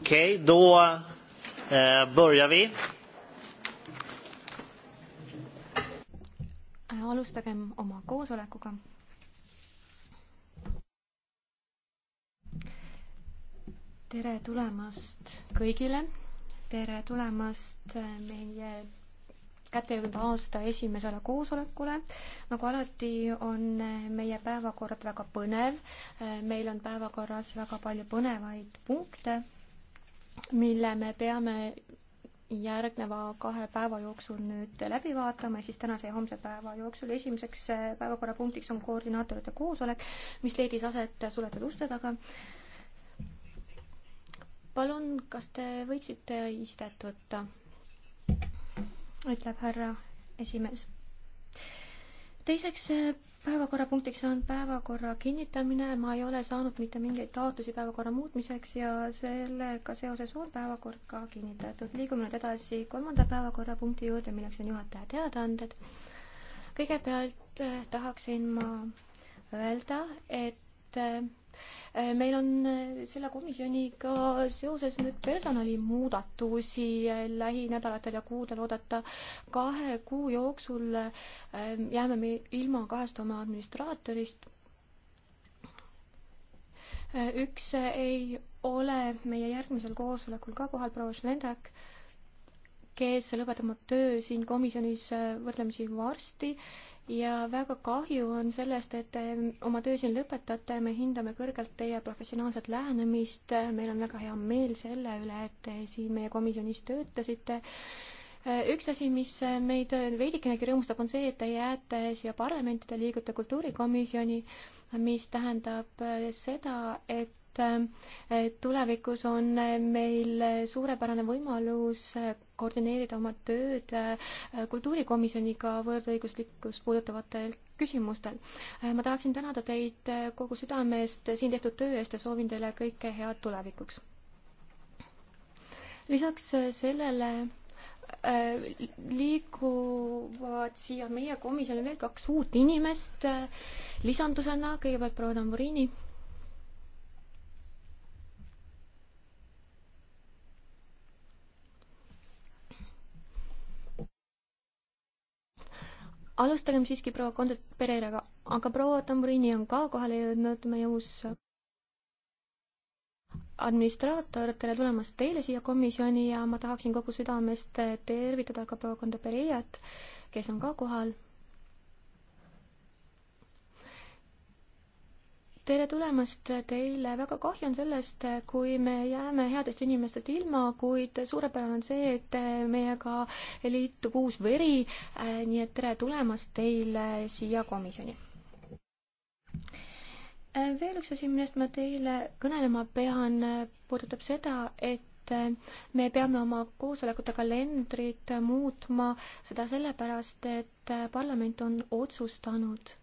Okej, okay, då eh, börjar vi. alustagem oma koosolekuga. tere tulemast kõigile, tere tulemast eh, meie kätte jõudnud aasta esimesele koosolekule. nagu alati, on eh, meie päevakord väga põnev. Eh, meil on päevakorras väga palju põnevaid punkte mille me peame järgneva kahe päeva jooksul nüüd läbi vaatama, siis tänase ja homse päeva jooksul. esimeseks päevakorrapunktiks on koordinaatorite koosolek, mis leidis aset suletud uste taga. palun, kas te võiksite istet võtta? ütleb härra esimees teiseks eh, päevakorrapunktiks on päevakorra kinnitamine, ma ei ole saanud mitte mingeid taotlusi päevakorra muutmiseks ja sellega seoses on päevakord ka kinnitatud. liigume nüüd edasi kolmanda päevakorrapunkti juurde, milleks on juhataja teadaanded. kõigepealt eh, tahaksin ma öelda, et eh, Äh, meil on äh, selle komisjoniga seoses nüüd personalimuudatusi äh, lähinädalatel ja kuudel oodata. kahe kuu jooksul jääme me ilma kahest oma administraatorist. üks ei ole meie järgmisel koosolekul ka kohal, proua Šlendak kes lõpetab oma töö siin komisjonis võrdlemisi varsti ja väga kahju on sellest, et te oma töö siin lõpetate, me hindame kõrgelt teie professionaalset lähenemist, meil on väga hea meel selle üle, et te siin meie komisjonis töötasite. üks asi, mis meid veidikenegi rõõmustab, on see, et te jääte siia parlamenti, te liigute kultuurikomisjoni, mis tähendab seda, et et tulevikus on meil suurepärane võimalus koordineerida oma tööd äh, kultuurikomisjoniga võrdõiguslikkust puudutavatel küsimustel. Äh, ma tahaksin tänada teid äh, kogu südamest siin tehtud töö eest ja soovin teile kõike head tulevikuks. lisaks sellele liiguvad siia meie komisjoni veel kaks uut inimest lisandusena, kõigepealt proua Tamburini alustagem siiski proua Kondrat Pereiraga, aga proua Tamburini on ka kohale jõudnud, meie uus administraator, tere tulemast teile siia komisjoni ja ma tahaksin kogu südamest tervitada ka proua Kondrat Pereirat, kes on ka kohal tere tulemast teile, väga kahju on sellest, kui me jääme headest inimestest ilma, kuid suurepärane on see, et meiega liitub uus veri, nii et tere tulemast teile siia komisjoni. veel üks asi, millest ma teile kõnelema pean, puudutab seda, et me peame oma koosolekute kalendrit muutma, seda sellepärast, et parlament on otsustanud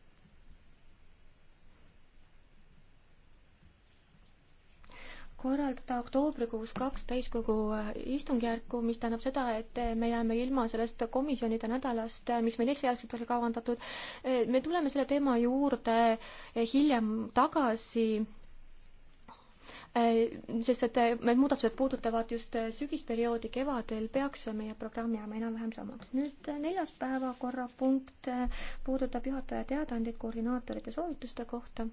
korraldada oktoobrikuus kaks täiskogu äh, istungjärku, mis tähendab seda, et äh, me jääme ilma sellest komisjonide nädalast, äh, mis meil esialgselt oli kavandatud. me tuleme selle teema juurde hiljem tagasi sest et need muudatused puudutavad just sügisperioodi, kevadel peaks meie programm jääma enam-vähem samaks. nüüd neljas päevakorrapunkt puudutab juhataja teadaandeid koordinaatorite soovituste kohta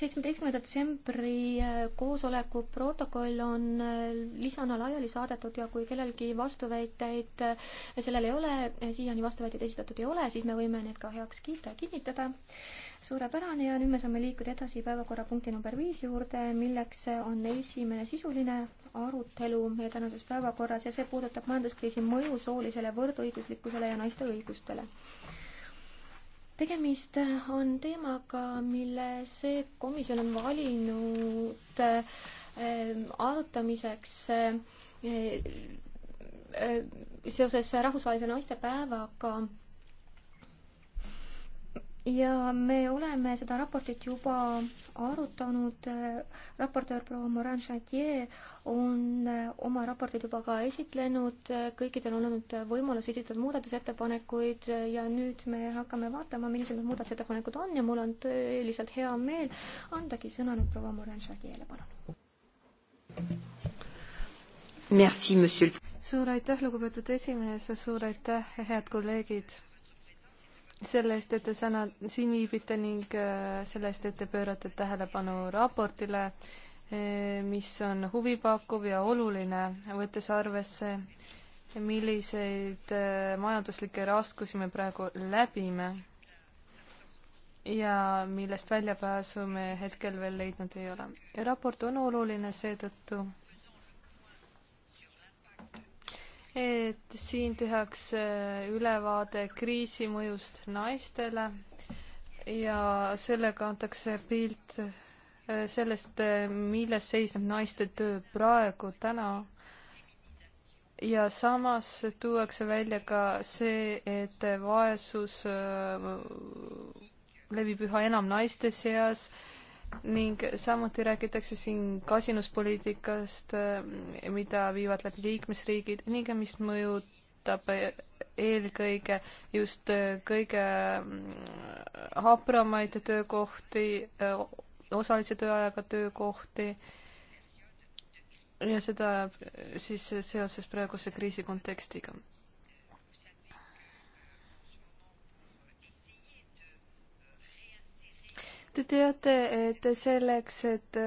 seitsmeteistkümnenda detsembri äh, koosoleku protokoll on äh, lisana laiali saadetud ja kui kellelgi vastuväiteid äh, sellel ei ole, siiani vastuväiteid esitatud ei ole, siis me võime need ka heaks kiita ja kinnitada. suurepärane ja nüüd me saame liikuda edasi päevakorrapunkti number viis juurde, milleks on esimene sisuline arutelu meie tänases päevakorras ja see puudutab majanduskriisi mõju soolisele võrdõiguslikkusele ja naiste õigustele tegemist on teemaga, mille see komisjon on valinud ähm, arutamiseks äh, äh, seoses rahvusvahelise naistepäevaga ja me oleme seda raportit juba arutanud, raportöör proua Morin Chantier on oma raportit juba ka esitlenud, kõikidel on olnud võimalus esitada muudatusettepanekuid ja nüüd me hakkame vaatama, millised need muudatusettepanekud on ja mul on tõeliselt hea meel andagi sõna nüüd proua Morin Chantierile, palun. suur aitäh, lugupeetud esimees ja suur aitäh, head kolleegid selle eest, et te täna siin viibite ning äh, selle eest, et te pöörate tähelepanu raportile, äh, mis on huvipakkuv ja oluline, võttes arvesse, milliseid äh, majanduslikke raskusi me praegu läbime ja millest väljapääsu me hetkel veel leidnud ei ole. raport on oluline seetõttu, et siin tehakse ülevaade kriisi mõjust naistele ja sellega antakse pilt äh, sellest, äh, milles seisneb naiste töö praegu, täna. ja samas tuuakse välja ka see, et vaesus äh, levib üha enam naiste seas ning samuti räägitakse siin kasinuspoliitikast, eh, mida viivad läbi liikmesriigid ning mis mõjutab eelkõige just eh, kõige mm, hapramaid töökohti, eh, osalise tööajaga töökohti ja seda siis seoses praeguse kriisi kontekstiga Te teate, et selleks, et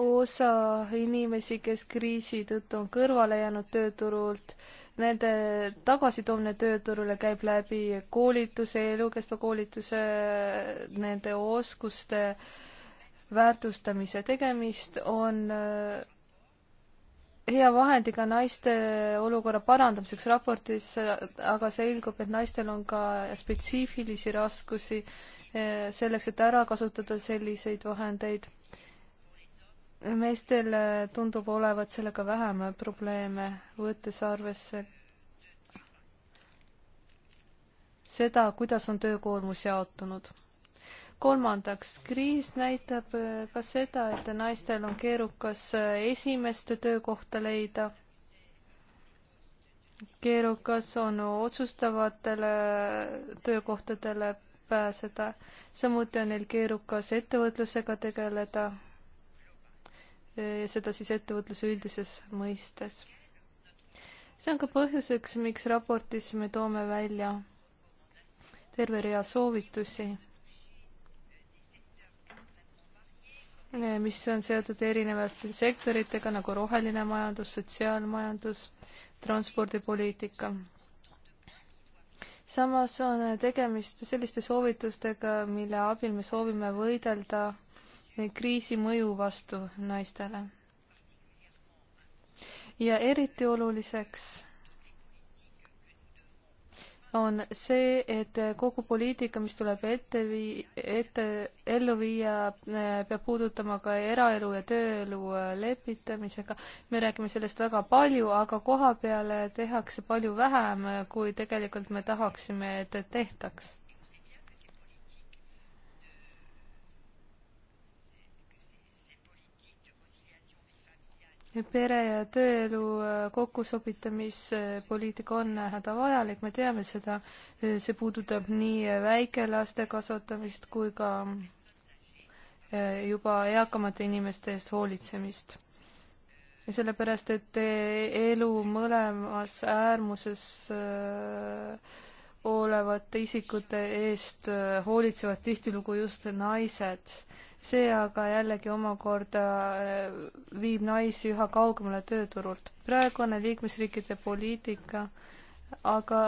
osa inimesi, kes kriisi tõttu on kõrvale jäänud tööturult, nende tagasitoomine tööturule käib läbi koolituse, elukestva koolituse, nende oskuste väärtustamise tegemist on äh, hea vahendiga naiste olukorra parandamiseks raportis, aga selgub, et naistel on ka spetsiifilisi raskusi Eh, selleks, et ära kasutada selliseid vahendeid. meestel eh, tundub olevat sellega vähem probleeme, võttes arvesse seda, kuidas on töökoormus jaotunud. kolmandaks, kriis näitab eh, ka seda, et naistel on keerukas esimest töökohta leida. keerukas on otsustavatele töökohtadele pääseda. samuti on neil keerukas ettevõtlusega tegeleda ja seda siis ettevõtluse üldises mõistes. see on ka põhjuseks, miks raportis me toome välja terve rea soovitusi, mis on seotud erinevate sektoritega nagu roheline majandus, sotsiaalmajandus, transpordipoliitika samas on tegemist selliste soovitustega, mille abil me soovime võidelda kriisi mõju vastu naistele. ja eriti oluliseks on see, et kogu poliitika, mis tuleb ette vii-, ette, ellu viia, peab puudutama ka eraelu ja tööelu äh, lepitamisega. me räägime sellest väga palju, aga koha peale tehakse palju vähem, kui tegelikult me tahaksime, et tehtaks pere- ja tööelu äh, kokkusobitamispoliitika on hädavajalik, me teame seda, äh, see puudutab nii väikelaste kasvatamist kui ka äh, juba eakamate inimeste eest hoolitsemist. ja sellepärast, et elu mõlemas äärmuses olevate isikute eest hoolitsevad tihtilugu just naised see aga jällegi omakorda äh, viib naisi üha kaugemale tööturult. praegune liikmesriikide poliitika aga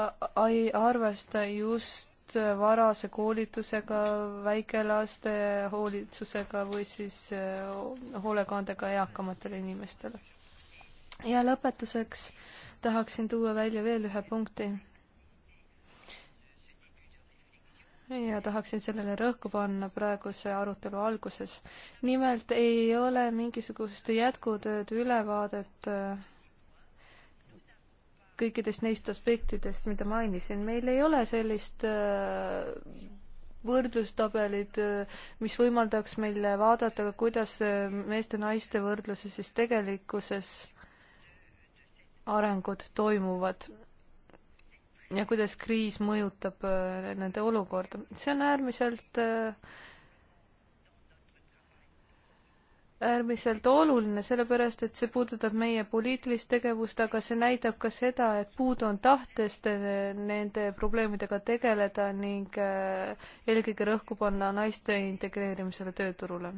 ei arvesta just varase koolitusega, väikelaste hoolitsusega või siis äh, hoolekandega eakamatele inimestele. ja lõpetuseks tahaksin tuua välja veel ühe punkti ja tahaksin sellele rõhku panna praeguse arutelu alguses. nimelt ei ole mingisugust jätkutööd, ülevaadet äh, kõikidest neist aspektidest, mida mainisin. meil ei ole sellist äh, võrdlustabelid, äh, mis võimaldaks meil vaadata, kuidas meeste-naiste võrdluses siis tegelikkuses arengud toimuvad ja kuidas kriis mõjutab äh, nende olukorda. see on äärmiselt, äh, äärmiselt oluline, sellepärast et see puudutab meie poliitilist tegevust, aga see näitab ka seda, et puudu on tahtest äh, nende probleemidega tegeleda ning eelkõige rõhku panna naiste integreerimisele tööturule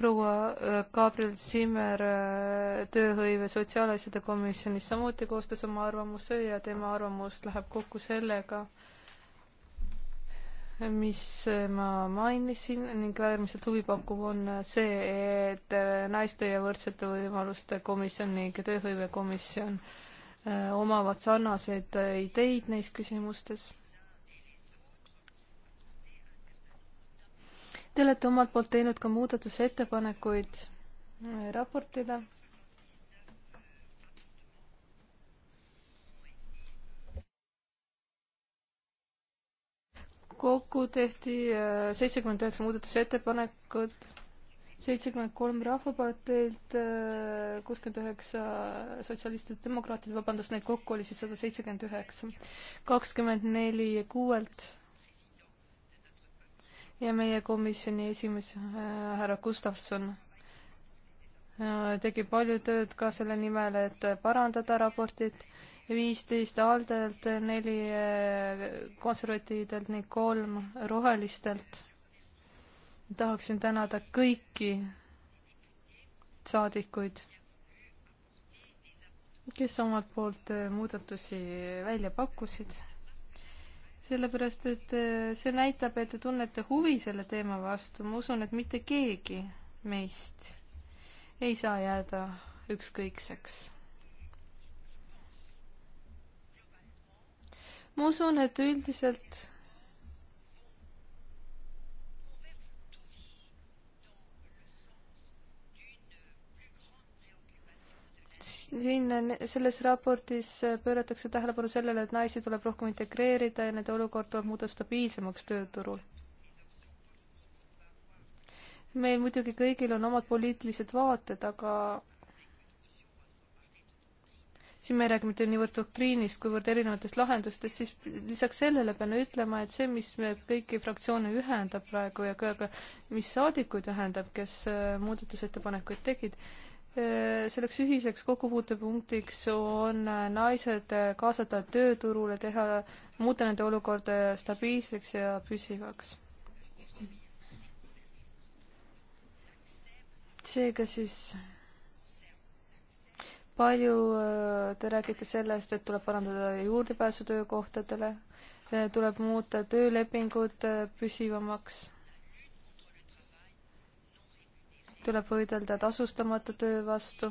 proua äh, Gabriel Zimmer äh, tööhõive sotsiaalasjade komisjonis samuti koostas oma arvamuse ja tema arvamus läheb kokku sellega, mis äh, ma mainisin ning äärmiselt huvipakkuv on see, et naiste ja võrdsete võimaluste komisjon ning tööhõivekomisjon omavad sarnaseid ideid neis küsimustes Te olete omalt poolt teinud ka muudatusettepanekuid eh, raportile. kokku tehti eh, seitsekümmend üheksa muudatusettepanekut, seitsekümmend kolm Rahvaparteilt, eh, kuuskümmend üheksa sotsialistid, demokraatid, vabandust, neid kokku oli siis sada seitsekümmend üheksa. kakskümmend neli kuuelt ja meie komisjoni esimees äh, härra Gustavson äh, tegi palju tööd ka selle nimel, et parandada raportit. viisteist ALDE-lt, neli äh, konservatiividelt ning kolm rohelistelt. tahaksin tänada kõiki saadikuid, kes omalt poolt muudatusi välja pakkusid sellepärast, et äh, see näitab, et te tunnete huvi selle teema vastu, ma usun, et mitte keegi meist ei saa jääda ükskõikseks. ma usun, et üldiselt siin selles raportis pööratakse tähelepanu sellele, et naisi tuleb rohkem integreerida ja nende olukord tuleb muuta stabiilsemaks tööturul. meil muidugi kõigil on omad poliitilised vaated, aga siin me ei räägi mitte niivõrd doktriinist, kuivõrd erinevatest lahendustest, siis lisaks sellele pean ütlema, et see, mis kõiki fraktsioone ühendab praegu ja ka, mis saadikuid ühendab, kes äh, muudatusettepanekuid tegid, selleks ühiseks kokkupuutepunktiks on äh, naised äh, kaasata tööturule, teha, muuta nende olukorda äh, stabiilseks ja püsivaks. seega siis palju te räägite sellest, et tuleb parandada juurdepääsu töökohtadele, tuleb muuta töölepingud püsivamaks tuleb võidelda tasustamata töö vastu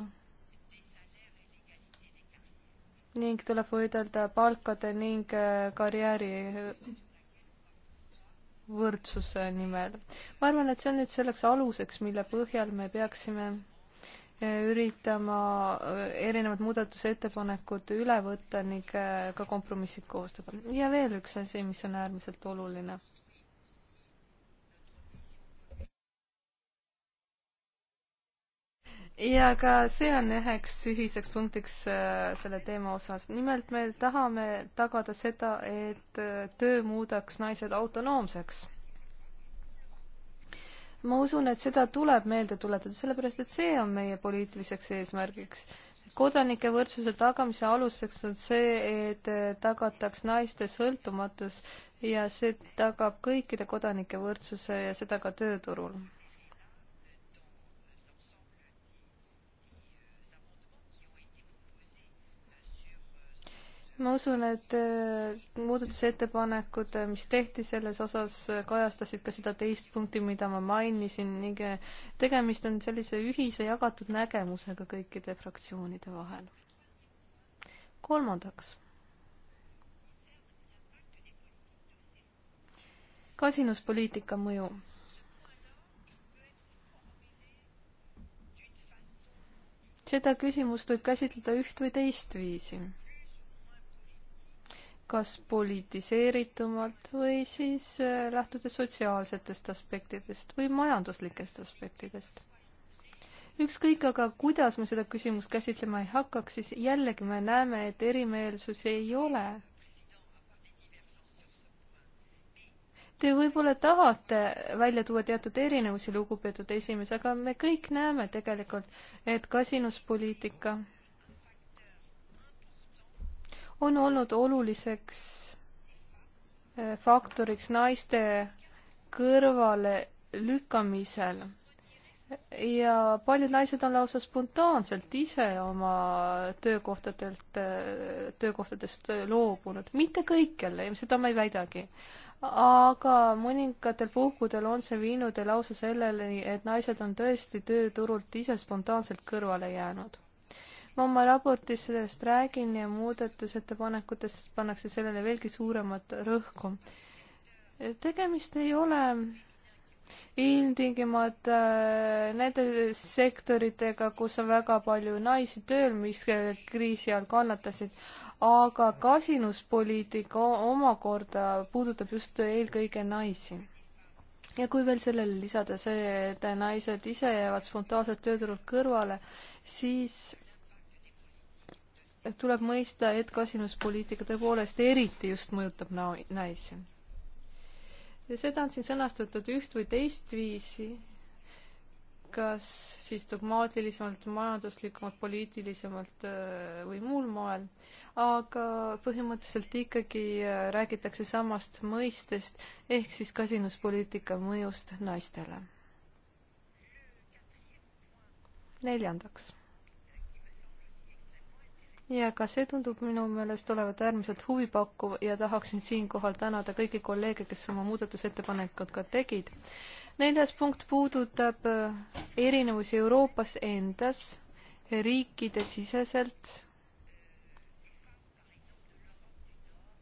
ning tuleb võidelda palkade ning äh, karjääri äh, võrdsuse nimel. ma arvan, et see on nüüd selleks aluseks, mille põhjal me peaksime äh, üritama erinevad muudatusettepanekud üle võtta ning ka kompromissid koostada. ja veel üks asi, mis on äärmiselt oluline ja ka see on üheks ühiseks punktiks äh, selle teema osas. nimelt me tahame tagada seda, et äh, töö muudaks naised autonoomseks. ma usun, et seda tuleb meelde tuletada, sellepärast et see on meie poliitiliseks eesmärgiks. kodanike võrdsuse tagamise aluseks on see, et äh, tagataks naiste sõltumatus ja see tagab kõikide kodanike võrdsuse ja seda ka tööturul ma usun, et äh, muudatusettepanekud, äh, mis tehti selles osas, äh, kajastasid ka seda teist punkti, mida ma mainisin ning tegemist on sellise ühise jagatud nägemusega kõikide fraktsioonide vahel. kolmandaks. kasinuspoliitika mõju seda küsimust võib käsitleda üht või teist viisi kas politiseeritumalt või siis äh, lähtudes sotsiaalsetest aspektidest või majanduslikest aspektidest. ükskõik aga, kuidas me seda küsimust käsitlema ei hakkaks, siis jällegi me näeme, et erimeelsusi ei ole. Te võib-olla tahate välja tuua teatud erinevusi, lugupeetud esimees, aga me kõik näeme tegelikult, et kasinuspoliitika on olnud oluliseks eh, faktoriks naiste kõrvale lükkamisel ja paljud naised on lausa spontaanselt ise oma töökohtadelt, eh, töökohtadest loobunud, mitte kõikjal, seda ma ei väidagi, aga mõningatel puhkudel on see viinud lausa selleni, et naised on tõesti tööturult ise spontaanselt kõrvale jäänud ma oma raportis sellest räägin ja muudatusettepanekutest pannakse sellele veelgi suuremat rõhku. tegemist ei ole ilmtingimata äh, nende sektoritega, kus on väga palju naisi tööl, mis kriisi all kannatasid, aga kasinuspoliitika omakorda puudutab just eelkõige naisi. ja kui veel sellele lisada see, et naised ise jäävad spontaanselt tööturult kõrvale, siis tuleb mõista, et kasinuspoliitika tõepoolest eriti just mõjutab naisi. ja seda on siin sõnastatud üht või teist viisi, kas siis dogmaatilisemalt, majanduslikumalt, poliitilisemalt äh, või muul moel, aga põhimõtteliselt ikkagi äh, räägitakse samast mõistest ehk siis kasinuspoliitika mõjust naistele. neljandaks ja ka see tundub minu meelest olevat äärmiselt huvipakkuv ja tahaksin siinkohal tänada kõiki kolleege, kes oma muudatusettepanekud ka tegid. neljas punkt puudutab äh, erinevusi Euroopas endas, riikide siseselt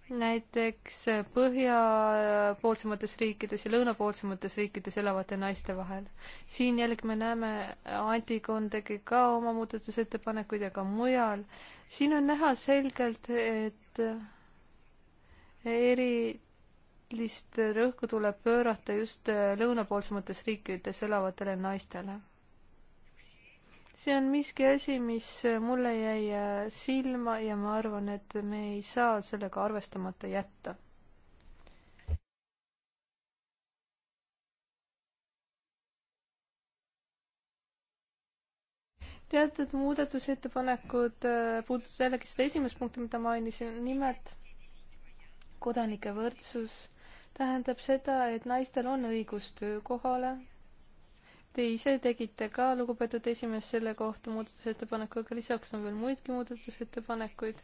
näiteks põhjapoolsemates riikides ja lõunapoolsemates riikides elavate naiste vahel. siin jällegi me näeme, Antikon tegi ka oma muudatusettepanekuid ja ka mujal. siin on näha selgelt, et erilist rõhku tuleb pöörata just lõunapoolsemates riikides elavatele naistele see on miski asi, mis mulle jäi äh, silma ja ma arvan, et me ei saa sellega arvestamata jätta. teatud muudatusettepanekud äh, puudutavad jällegi seda esimest punkti, mida mainisin, nimelt kodanike võrdsus tähendab seda, et naistel on õigus töökohale Te ise tegite ka, lugupeetud esimees, selle kohta muudatusettepaneku, aga lisaks on veel muidki muudatusettepanekuid.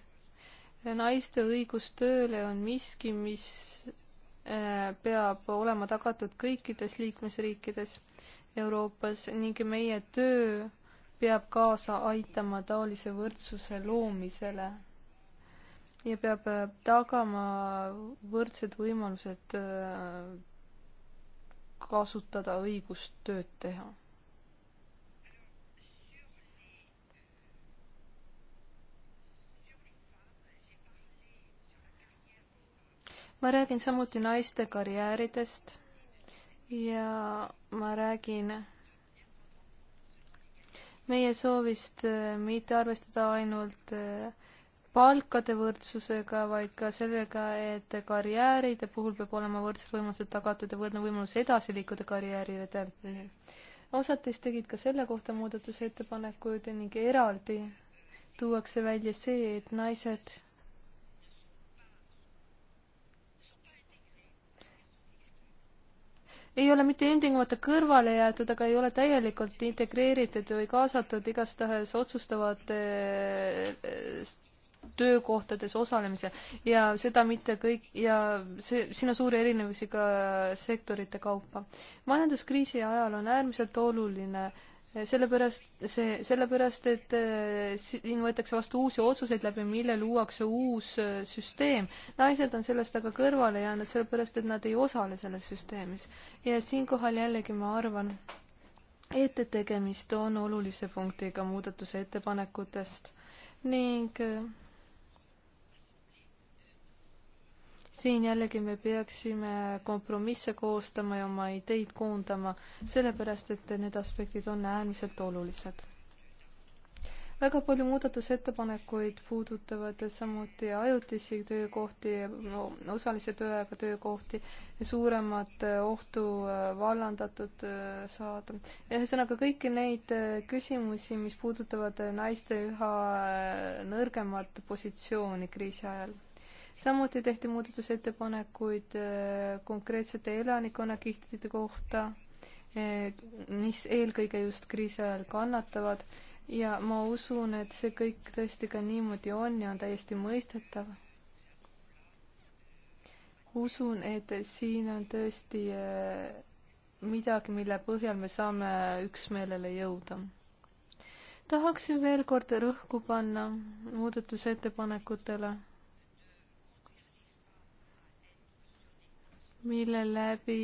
naiste õigus tööle on miski, mis äh, peab olema tagatud kõikides liikmesriikides Euroopas ning meie töö peab kaasa aitama taolise võrdsuse loomisele ja peab äh, tagama võrdsed võimalused äh, kasutada õigust tööd teha. ma räägin samuti naiste karjääridest ja ma räägin meie soovist mitte arvestada ainult äh, palkade võrdsusega, vaid ka sellega, et karjääride puhul peab olema võrdsed võimalused tagatud ja võrdne võimalus edasi liikuda karjääridel. osad teist tegid ka selle kohta muudatusettepanekuid ning eraldi tuuakse välja see, et naised ei ole mitte ilmtingimata kõrvale jäetud, aga ei ole täielikult integreeritud või kaasatud igastahes otsustavate töökohtades osalemise ja seda mitte kõik ja see, siin on suuri erinevusi ka sektorite kaupa. majanduskriisi ajal on äärmiselt oluline eh, sellepärast, see, sellepärast, et eh, siin võetakse vastu uusi otsuseid, läbi mille luuakse uus eh, süsteem. naised on sellest aga kõrvale jäänud, sellepärast et nad ei osale selles süsteemis. ja siinkohal jällegi ma arvan, et tegemist on olulise punktiga muudatuse ettepanekutest ning siin jällegi me peaksime kompromisse koostama ja oma ideid koondama, sellepärast et need aspektid on äärmiselt olulised. väga palju muudatusettepanekuid puudutavad samuti ajutisi töökohti no,, osalise tööajaga töökohti ja suuremat ohtu vallandatud saada. ühesõnaga kõiki neid küsimusi, mis puudutavad naiste üha nõrgemat positsiooni kriisi ajal samuti tehti muudatusettepanekuid äh, konkreetsete elanikkonnakihtide kohta, äh, mis eelkõige just kriisi ajal kannatavad ja ma usun, et see kõik tõesti ka niimoodi on ja on täiesti mõistetav. usun, et siin on tõesti äh, midagi, mille põhjal me saame üksmeelele jõuda. tahaksin veel kord rõhku panna muudatusettepanekutele mille läbi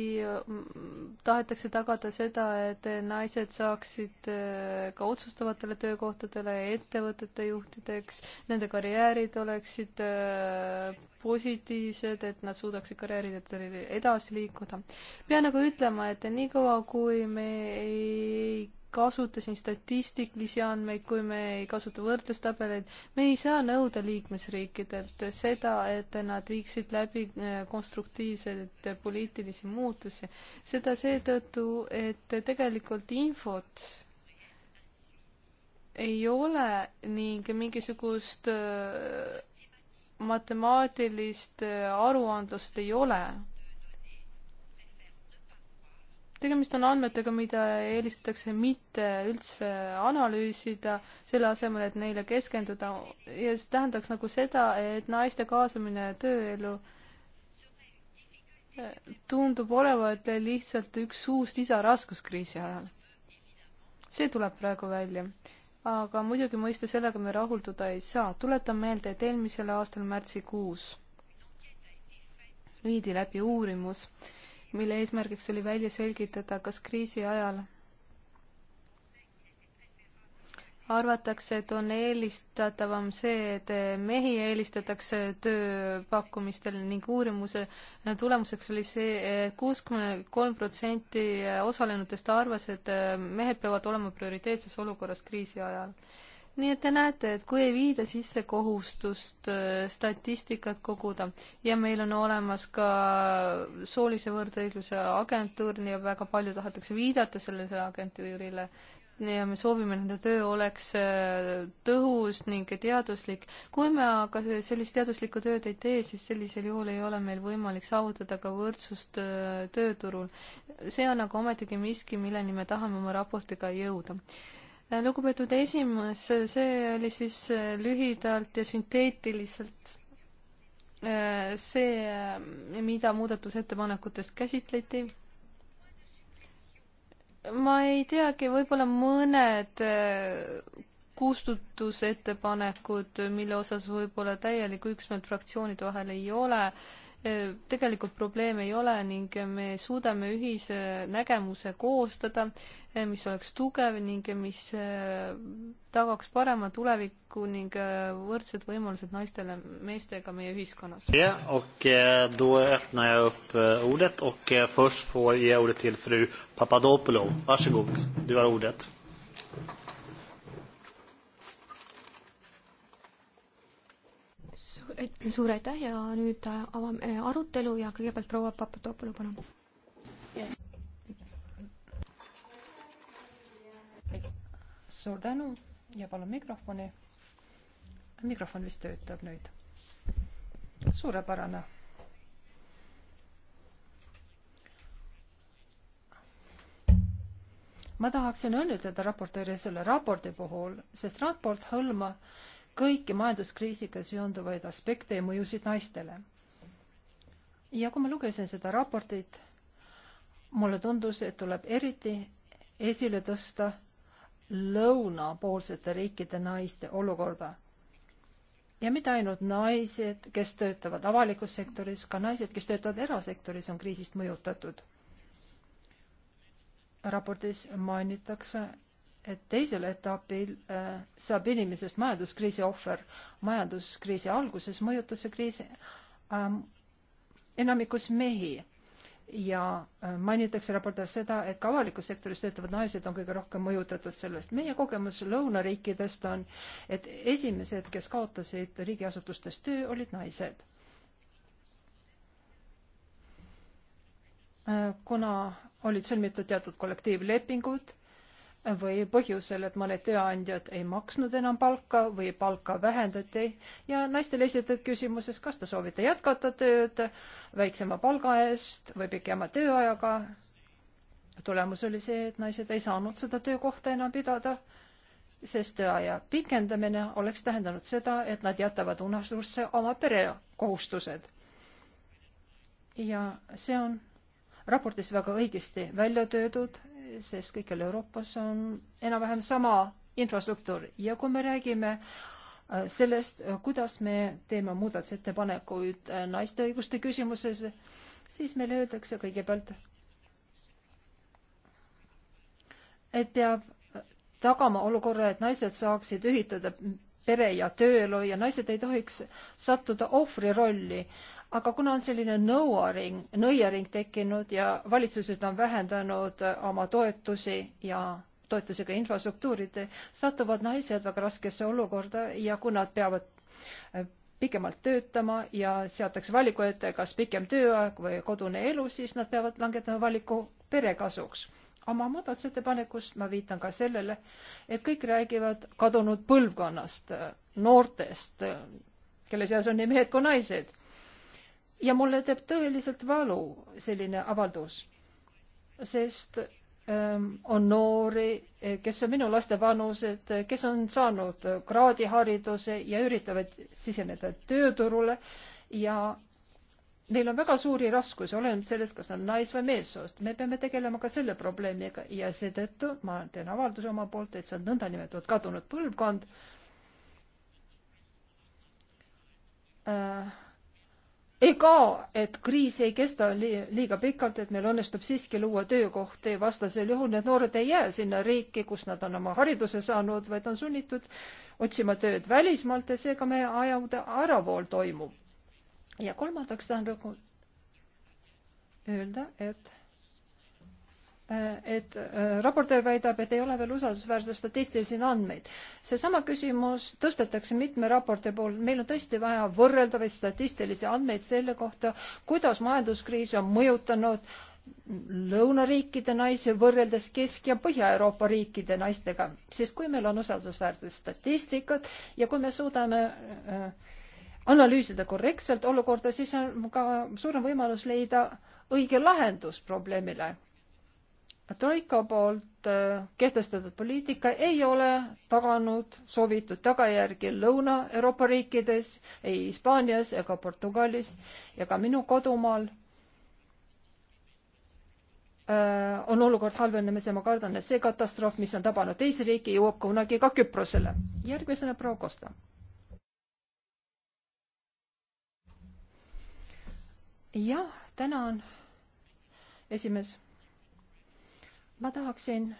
mm, tahetakse tagada seda, et naised saaksid äh, ka otsustavatele töökohtadele ettevõtete juhtideks, nende karjäärid oleksid äh, positiivsed, et nad suudaksid karjääridel edasi liikuda. pean aga ütlema, et niikaua, kui me ei kasuta siin statistilisi andmeid, kui me ei kasuta võrdlustabeleid, me ei saa nõuda liikmesriikidelt seda, et nad viiksid läbi äh, konstruktiivseid poliitilisi muutusi. seda seetõttu, et tegelikult infot ei ole ning mingisugust äh, matemaatilist äh, aruandlust ei ole tegemist on andmetega, mida eelistatakse mitte üldse analüüsida, selle asemel, et neile keskenduda ja see tähendaks nagu seda, et naiste kaasamine tööellu eh, tundub olevat lihtsalt üks uus lisaraskus kriisi ajal. see tuleb praegu välja. aga muidugi mõista sellega me rahulduda ei saa. tuletan meelde, et eelmisel aastal märtsikuus viidi läbi uurimus äh, mille eesmärgiks oli välja selgitada, kas kriisi ajal arvatakse, et on eelistatavam see, et mehi eelistatakse tööpakkumistel ning uurimuse tulemuseks oli see et, et kuuskümmend kolm protsenti osalenutest arvas, et mehed peavad olema prioriteetses olukorras kriisi ajal nii et te näete, et kui ei viida sisse kohustust äh, statistikat koguda ja meil on olemas ka soolise võrdõigluse agentuur ja väga palju tahetakse viidata sellele agentuurile ja me soovime, et nende töö oleks äh, tõhus ning teaduslik. kui me aga sellist teaduslikku tööd ei tee, siis sellisel juhul ei ole meil võimalik saavutada ka võrdsust äh, tööturul. see on aga ometigi miski, milleni me tahame oma raportiga jõuda lugupeetud esimees, see oli siis äh, lühidalt ja sünteetiliselt äh, see, äh, mida muudatusettepanekutest käsitleti. ma ei teagi, võib-olla mõned kustutusettepanekud, mille osas võib-olla täielikku üksmeelt fraktsioonide vahel ei ole tegelikult probleeme ei ole ning me suudame ühise nägemuse koostada, mis oleks tugev ning mis äh, tagaks parema tuleviku ning äh, võrdsed võimalused naistele, meestega meie ühiskonnas. Eh, eh, eh, Papadopoulou, varsågod, du har ordet. suur aitäh ja nüüd äh, avame äh, arutelu ja kõigepealt proua Papadopoulou, palun yes.. suur tänu ja palun mikrofoni. mikrofon vist töötab nüüd. suurepärane. ma tahaksin õnnitleda raportööri selle raporti puhul, sest raport hõlma kõiki majanduskriisiga seonduvaid aspekte ja mõjusid naistele. ja kui ma lugesin seda raportit, mulle tundus, et tuleb eriti esile tõsta lõunapoolsete riikide naiste olukorda. ja mitte ainult naised, kes töötavad avalikus sektoris, ka naised, kes töötavad erasektoris, on kriisist mõjutatud. raportis mainitakse, et teisel etapil äh, saab inimesest majanduskriisi ohver. majanduskriisi alguses mõjutas see kriis ähm, enamikus mehi ja äh, mainitakse raportis seda, et ka avalikus sektoris töötavad naised on kõige rohkem mõjutatud sellest. meie kogemus lõunariikidest on, et esimesed, kes kaotasid riigiasutustes töö, olid naised äh,. kuna olid sõlmitud teatud kollektiivlepingud või põhjusel, et mõned tööandjad ei maksnud enam palka või palka vähendati ja naistele esitatud küsimuses, kas te soovite jätkata tööd väiksema palga eest või pikema tööajaga. tulemus oli see, et naised ei saanud seda töökohta enam pidada, sest tööaja pikendamine oleks tähendanud seda, et nad jätavad unustusse oma perekohustused. ja see on raportis väga õigesti välja töödud sest kõikjal Euroopas on enam-vähem sama infrastruktuur ja kui me räägime äh, sellest, äh, kuidas me teeme muudatusettepanekuid äh, naiste õiguste küsimuses, siis meile öeldakse kõigepealt, et peab tagama olukorra, et naised saaksid ühitada pere- ja tööelu ja naised ei tohiks sattuda ohvri rolli. aga kuna on selline nõuaring, nõiaring tekkinud ja valitsused on vähendanud oma toetusi ja toetusega infrastruktuurid, satuvad naised väga raskesse olukorda ja kui nad peavad äh, pikemalt töötama ja seatakse valiku ette, kas pikem tööaeg või kodune elu, siis nad peavad langetama valiku pere kasuks oma muudatusettepanekust ma viitan ka sellele, et kõik räägivad kadunud põlvkonnast, noortest, kelle seas on nii mehed kui naised. ja mulle teeb tõeliselt valu selline avaldus, sest ähm, on noori, kes on minu laste vanused, kes on saanud kraadihariduse ja üritavad siseneda tööturule ja neil on väga suuri raskusi, olenemata sellest, kas on nais- või meessoost. me peame tegelema ka selle probleemiga ja seetõttu ma teen avalduse oma poolt, et see on nõndanimetatud kadunud põlvkond äh,. ei kao, et kriis ei kesta li liiga pikalt, et meil õnnestub siiski luua töökohti, vastasel juhul need noored ei jää sinna riiki, kus nad on oma hariduse saanud, vaid on sunnitud otsima tööd välismaalt ja seega meie ajavääravool toimub ja kolmandaks tahan rõhu öelda, et äh, et äh, raportöör väidab, et ei ole veel usaldusväärseid statistilisi andmeid. seesama küsimus tõstetakse mitme raporti puhul, meil on tõesti vaja võrreldavaid statistilisi andmeid selle kohta, kuidas majanduskriis on mõjutanud lõunariikide naisi võrreldes Kesk- ja Põhja-Euroopa riikide naistega, sest kui meil on usaldusväärset statistikat ja kui me suudame äh, analüüsida korrektselt olukorda, siis on ka suurem võimalus leida õige lahendus probleemile. troika poolt äh, kehtestatud poliitika ei ole taganud soovitud tagajärgi Lõuna-Euroopa riikides, ei Hispaanias ega Portugalis ja ka minu kodumaal äh, on olukord halvenemas ja ma kardan, et see katastroof, mis on tabanud teisi riike, jõuab kunagi ka Küprosele. järgmisena proua Kosta jah, tänan, esimees. ma tahaksin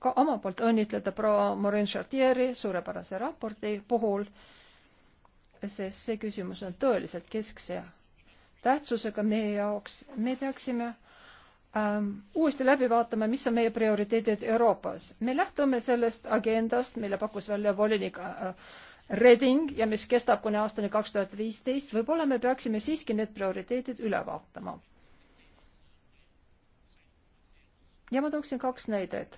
ka oma poolt õnnitleda proua Maureen Chartieri suurepärase raporti puhul, sest see küsimus on tõeliselt keskse tähtsusega meie jaoks. me peaksime ähm, uuesti läbi vaatama, mis on meie prioriteedid Euroopas. me lähtume sellest agendast, mille pakkus välja volinik äh, Reding ja mis kestab kuni aastani kaks tuhat viisteist, võib-olla me peaksime siiski need prioriteedid üle vaatama. ja ma tooksin kaks näidet.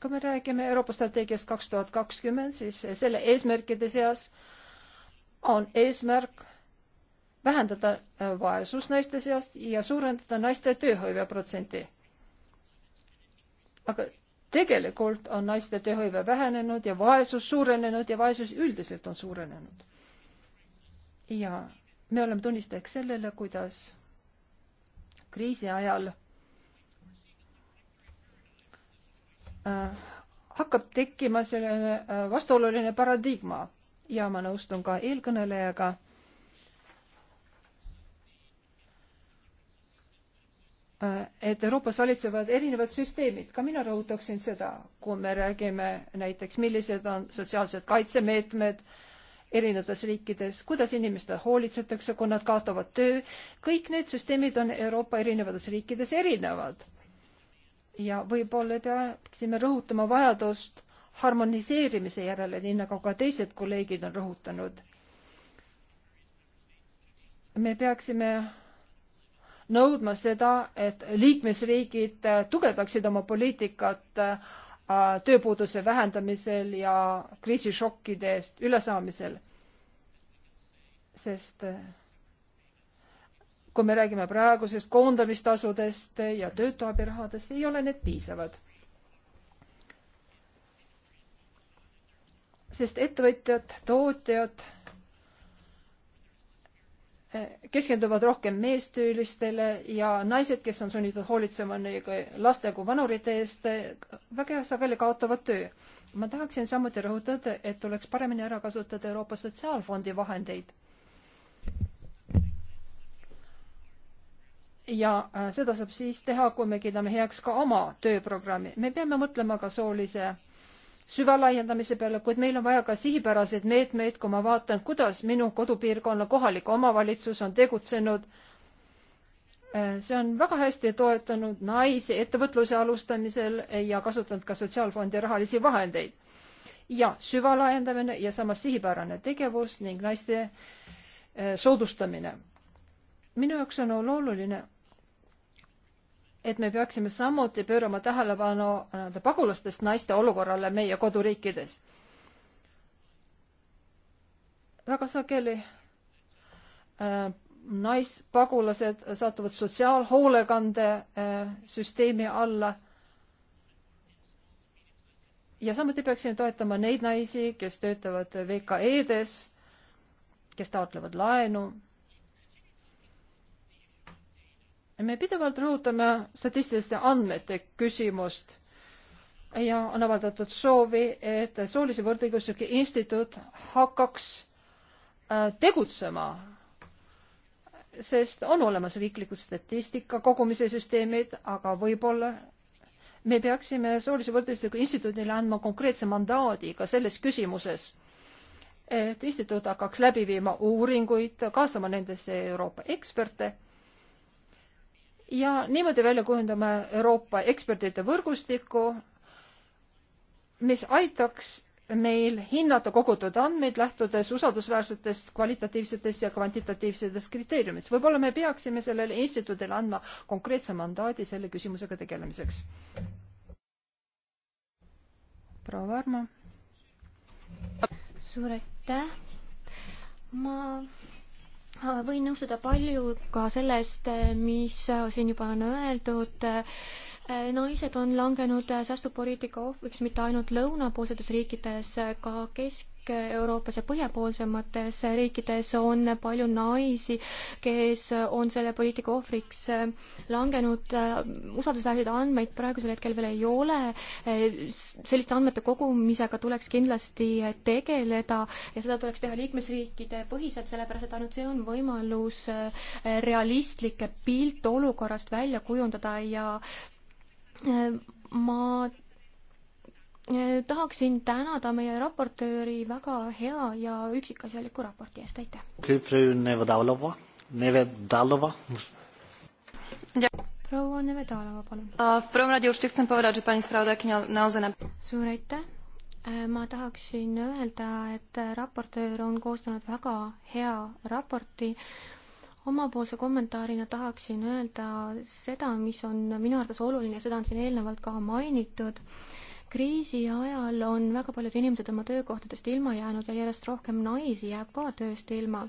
kui me räägime Euroopa strateegiast kaks tuhat kakskümmend, siis selle eesmärkide seas on eesmärk vähendada äh, vaesust naiste seast ja suurendada naiste tööhõive protsenti. aga tegelikult on naiste tööhõive vähenenud ja vaesus suurenenud ja vaesus üldiselt on suurenenud. ja me oleme tunnistajaks sellele, kuidas kriisi ajal äh, hakkab tekkima selline äh, vastuoluline paradigma ja ma nõustun ka eelkõnelejaga Äh, et Euroopas valitsevad erinevad süsteemid, ka mina rõhutaksin seda, kui me räägime näiteks, millised on sotsiaalsed kaitsemeetmed erinevates riikides, kuidas inimeste hoolitsetakse, kui nad kaotavad töö, kõik need süsteemid on Euroopa erinevates riikides erinevad. ja võib-olla peaksime rõhutama vajadust harmoniseerimise järele, nii nagu ka teised kolleegid on rõhutanud. me peaksime nõudma seda, et liikmesriigid äh, tugevdaksid oma poliitikat äh, tööpuuduse vähendamisel ja kriisišokkide eest ülesaamisel. sest äh, kui me räägime praegusest koondamistasudest ja töötuabirahadest, ei ole need piisavad sest ettevõtjad, tootjad keskenduvad rohkem meestöölistele ja naised, kes on sunnitud hoolitsema nii laste kui vanurite eest, väga sageli kaotavad töö. ma tahaksin samuti rõhutada, et tuleks paremini ära kasutada Euroopa Sotsiaalfondi vahendeid. ja äh, seda saab siis teha, kui me kiidame heaks ka oma tööprogrammi. me peame mõtlema ka soolise süvalaiendamise peale, kuid meil on vaja ka sihipäraseid meetmeid, kui ma vaatan, kuidas minu kodupiirkonna kohalik omavalitsus on tegutsenud. Äh, see on väga hästi toetanud naisi ettevõtluse alustamisel ja kasutanud ka Sotsiaalfondi rahalisi vahendeid. ja süvalaiendamine ja samas sihipärane tegevus ning naiste äh, soodustamine. minu jaoks on oluline et me peaksime samuti pöörama tähelepanu nii-öelda pagulastest naiste olukorrale meie koduriikides. väga sageli äh, naispagulased satuvad sotsiaalhoolekande äh, süsteemi alla. ja samuti peaksime toetama neid naisi, kes töötavad VKE-des, kes taotlevad laenu me pidevalt rõhutame statistiliste andmete küsimust ja on avaldatud soovi, et Soolise Võrdõiguslike Instituut hakkaks äh, tegutsema, sest on olemas riiklikud statistika kogumise süsteemid, aga võib-olla me peaksime Soolise Võrdõiguslike Instituudile andma konkreetse mandaadi ka selles küsimuses, et instituut hakkaks läbi viima uuringuid, kaasama nendesse Euroopa eksperte ja niimoodi välja kujundame Euroopa ekspertide võrgustiku, mis aitaks meil hinnata kogutud andmeid lähtudes usaldusväärsetest kvalitatiivsetest ja kvantitatiivsetest kriteeriumidest. võib-olla me peaksime sellele instituudile andma konkreetse mandaadi selle küsimusega tegelemiseks. proua Varma. suur aitäh. ma Äh, võin nõustuda paljuga sellest, äh, mis äh, siin juba on öeldud. naised on langenud säästupoliitika ohvriks mitte ainult lõunapoolsetes riikides, ka kesk Kesk-Euroopas ja põhjapoolsemates riikides on palju naisi, kes on selle poliitika ohvriks langenud. usaldusväärseid andmeid praegusel hetkel veel ei ole. selliste andmete kogumisega tuleks kindlasti tegeleda ja seda tuleks teha liikmesriikide põhiselt, sellepärast et ainult see on võimalus realistlikke pilte olukorrast välja kujundada ja ma tahaksin tänada meie raportööri väga hea ja üksikasjaliku raporti eest, aitäh! proua Nevedalova, palun! V prvom rade určite chcem povedať, že pani spravodajkyňa naozaj suur aitäh! Äh, ma tahaksin öelda, et raportöör on koostanud väga hea raporti, omapoolse kommentaarina tahaksin öelda seda, mis on minu arvates oluline, seda on siin eelnevalt ka mainitud, kriisi ajal on väga paljud inimesed oma töökohtadest ilma jäänud ja järjest rohkem naisi jääb ka tööst ilma.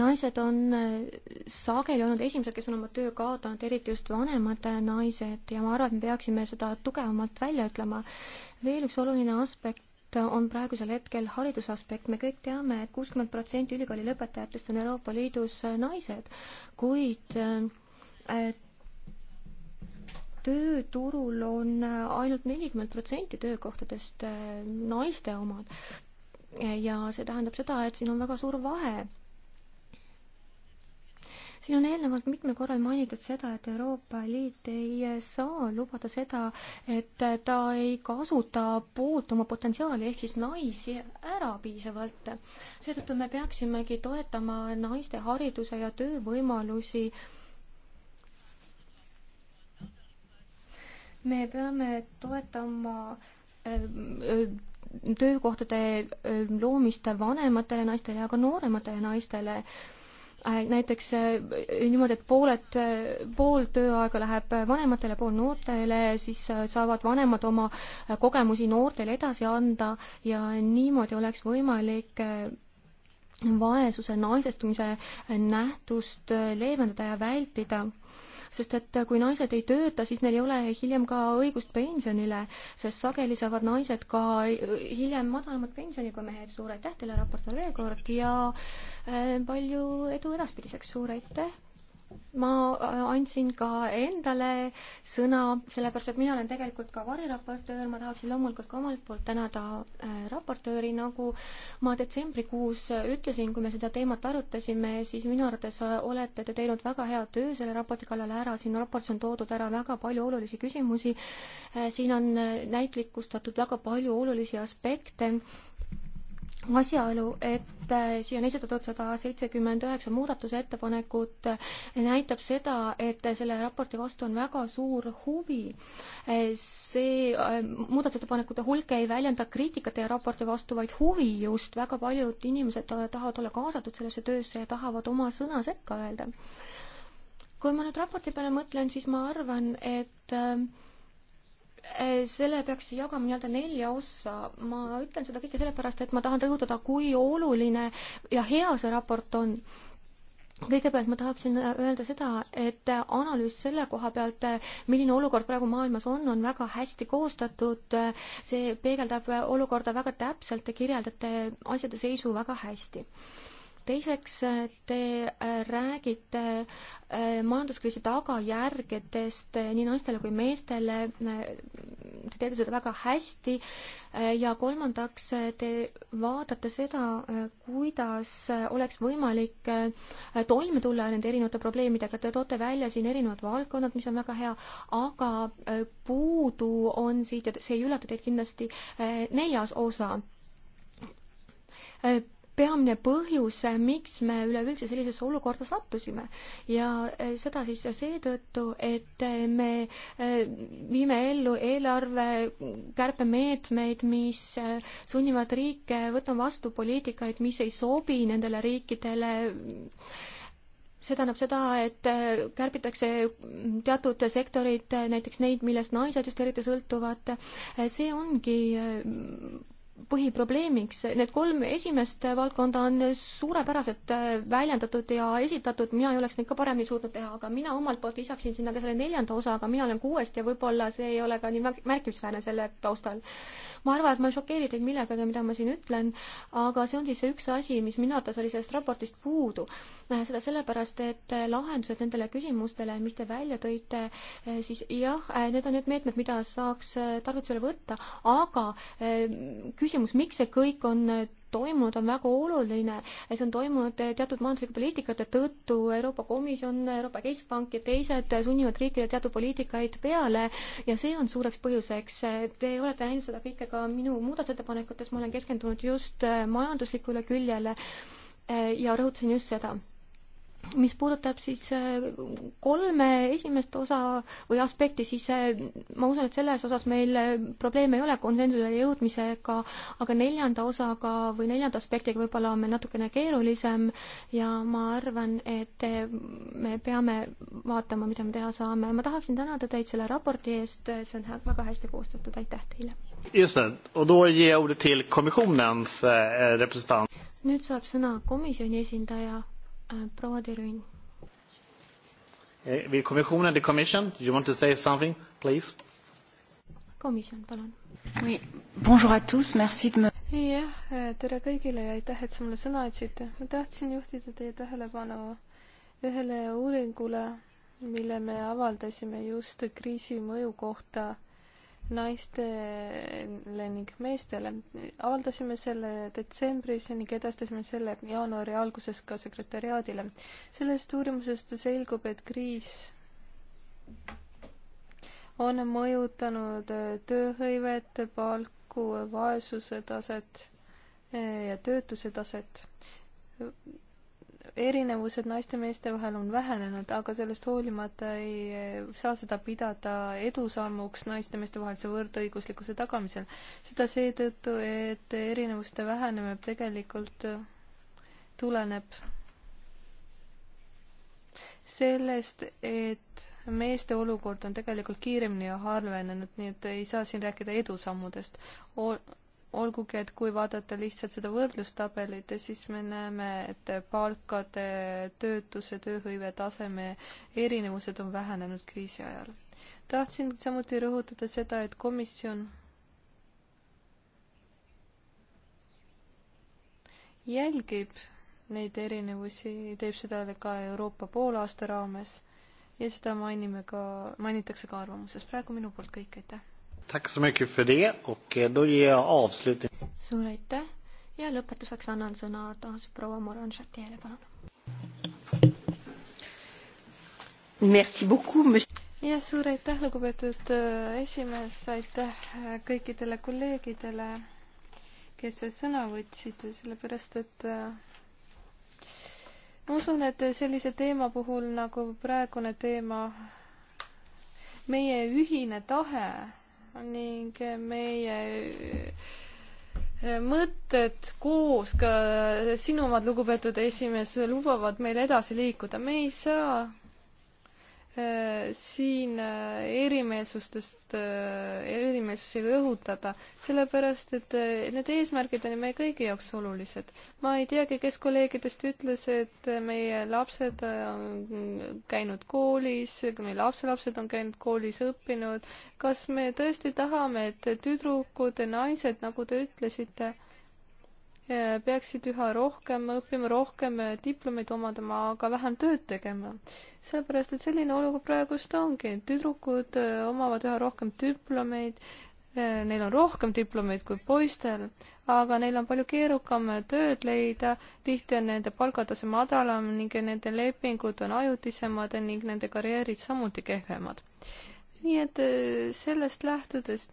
naised on äh, sageli olnud esimesed, kes on oma töö kaotanud, eriti just vanemad naised ja ma arvan, et me peaksime seda tugevamalt välja ütlema. veel üks oluline aspekt on praegusel hetkel haridusaspekt, me kõik teame et, et kuuskümmend protsenti ülikooli lõpetajatest on Euroopa Liidus äh, naised, kuid äh, tööturul on ainult nelikümmend protsenti töökohtadest äh, naiste omad. ja see tähendab seda, et siin on väga suur vahe. siin on eelnevalt mitmel korral mainitud seda, et Euroopa Liit ei saa lubada seda, et ta ei kasuta poolt oma potentsiaali ehk siis naisi ära piisavalt. seetõttu me peaksimegi toetama naiste hariduse ja töövõimalusi äh, me peame toetama ähm, äh, töökohtade ähm, loomist vanematele naistele ja ka noorematele naistele. Äh, näiteks äh, niimoodi, et pooled, pool tööaega läheb vanematele, pool noortele, siis saavad vanemad oma kogemusi noortele edasi anda ja niimoodi oleks võimalik vaesuse naisestumise nähtust leevendada ja vältida. sest et kui naised ei tööta, siis neil ei ole hiljem ka õigust pensionile, sest sageli saavad naised ka hiljem madalamat pensioni kui mehed. suur aitäh teile, raportöör, veel kord ja äh, palju edu edaspidiseks, suur aitäh! ma andsin ka endale sõna, sellepärast et mina olen tegelikult ka variraportöör, ma tahaksin loomulikult ka omalt poolt tänada äh, raportööri, nagu ma detsembrikuus ütlesin, kui me seda teemat arutasime, siis minu arvates olete te teinud väga hea töö selle raporti kallal ära, siin raportis on toodud ära väga palju olulisi küsimusi, äh, siin on näitlikustatud väga palju olulisi aspekte asjaolu, et äh, siia on esitatud sada seitsekümmend üheksa muudatusettepanekut, äh, näitab seda, et äh, selle raporti vastu on väga suur huvi. see muudatusettepanekute hulk ei väljenda kriitikat teie raporti vastu, vaid huvi just, väga paljud inimesed tahavad olla kaasatud sellesse töösse ja tahavad oma sõna sekka öelda. kui ma nüüd raporti peale mõtlen, siis ma arvan, et äh, Eh, selle peaks jagama nii-öelda nelja ossa. ma ütlen seda kõike sellepärast, et ma tahan rõhutada, kui oluline ja hea see raport on. kõigepealt ma tahaksin öelda seda, et analüüs selle koha pealt, milline olukord praegu maailmas on, on väga hästi koostatud. see peegeldab olukorda väga täpselt, te kirjeldate asjade seisu väga hästi teiseks, te äh, räägite äh, majanduskriisi tagajärgedest äh, nii naistele kui meestele, te teete seda väga hästi, ja kolmandaks, te vaatate seda, kuidas oleks võimalik toime tulla nende erinevate probleemidega, te toote välja siin erinevad valdkonnad, mis on väga hea, aga puudu on siit, ja see ei üllata teid kindlasti, neljas osa peamine põhjus, miks me üleüldse sellisesse olukorda sattusime. ja e, seda siis seetõttu, et e, me e, viime ellu eelarve kärpemeetmeid, mis sunnivad riike võtma vastu poliitikaid, mis ei sobi nendele riikidele see tähendab seda, et kärbitakse teatud sektorid, näiteks neid, millest naised just eriti sõltuvad, see ongi põhiprobleemiks. Need kolm esimest valdkonda on suurepäraselt väljendatud ja esitatud, mina ei oleks neid ka paremini suutnud teha, aga mina omalt poolt lisaksin sinna ka selle neljanda osa, aga mina olen kuuest ja võib-olla see ei ole ka nii märkimisväärne selle taustal. ma arvan, et ma ei šokeeri teid millegagi, mida ma siin ütlen, aga see on siis see üks asi, mis minu arvates oli sellest raportist puudu. seda sellepärast, et lahendused nendele küsimustele, mis te välja tõite, siis jah, need on need meetmed, mida saaks tarvitusele võtta, aga eh, küs-, küsimus, miks see kõik on äh, toimunud, on väga oluline. see on toimunud äh, teatud majanduslike poliitikate tõttu, Euroopa Komisjon, Euroopa Keskpank ja teised äh, sunnivad riikide teatud poliitikaid peale ja see on suureks põhjuseks. Te olete näinud seda kõike ka minu muudatusettepanekutes, ma olen keskendunud just majanduslikule küljele ja rõhutasin just seda mis puudutab siis äh, kolme esimest osa või aspekti, siis äh, ma usun, et selles osas meil äh, probleeme ei ole konsensusele jõudmisega, aga neljanda osaga või neljanda aspektiga võib-olla on meil natukene keerulisem ja ma arvan, et me peame vaatama, mida me teha saame. ma tahaksin tänada teid selle raporti eest, see on väga hästi koostatud, aitäh teile! just, ja too jõudi til komisjonis representant. nüüd saab sõna komisjoni esindaja proua Tervin. Will Commission and the Commission, you want to say something, please? komisjon, palun. Oui, bonjour à tous, merci de me jah, eh, tere kõigile ja aitäh, et sa mulle sõna andsite. ma tahtsin juhtida teie tähelepanu ühele uuringule, mille me avaldasime just kriisi mõju kohta naistele ning meestele. avaldasime selle detsembris ning edastasime selle jaanuari alguses ka sekretäriaadile. sellest uurimusest selgub, et kriis on mõjutanud tööhõivet, palku, vaesuse taset eh, ja töötuse taset erinevused naiste ja meeste vahel on vähenenud, aga sellest hoolimata ei saa seda pidada edusammuks naiste ja meeste vahelise võrdõiguslikkuse tagamisel. seda seetõttu, et erinevuste vähenemine tegelikult tuleneb sellest, et meeste olukord on tegelikult kiiremini halvenenud, nii et ei saa siin rääkida edusammudest olgugi, et kui vaadata lihtsalt seda võrdlustabelit, siis me näeme, et palkade, töötuse, tööhõive taseme erinevused on vähenenud kriisi ajal. tahtsin samuti rõhutada seda, et komisjon jälgib neid erinevusi, teeb seda ka Euroopa poolaasta raames ja seda mainime ka, mainitakse ka arvamuses. praegu minu poolt kõik, aitäh! Tack så mycket för det och eh, då ger jag avslutning. suur aitäh ja lõpetuseks annan sõna taas proua Moran Chatiele, palun. Merci beaucoup, monsieur. ja suur aitäh, lugupeetud äh, esimees, aitäh äh, kõikidele kolleegidele, kes sõna võtsid, sellepärast et äh, ma usun, et sellise teema puhul nagu praegune teema, meie ühine tahe ning meie äh, mõtted koos, ka sinu omad, lugupeetud esimees, lubavad meil edasi liikuda. me ei saa Äh, siin äh, erimeelsustest, äh, erimeelsusi rõhutada, sellepärast et need eesmärgid on ju meie kõigi jaoks olulised. ma ei teagi, kes kolleegidest ütles, et meie lapsed on käinud koolis, meie lapselapsed on käinud koolis, õppinud. kas me tõesti tahame, et tüdrukud ja naised, nagu te ütlesite, peaksid üha rohkem õppima, rohkem diplomeid omandama, aga vähem tööd tegema. sellepärast, et selline olukord praegust ongi, tüdrukud äh, omavad üha rohkem diplomeid, äh, neil on rohkem diplomeid kui poistel, aga neil on palju keerukam tööd leida, tihti on nende palgatase madalam ning nende lepingud on ajutisemad ning nende karjäärid samuti kehvemad. nii et äh, sellest lähtudes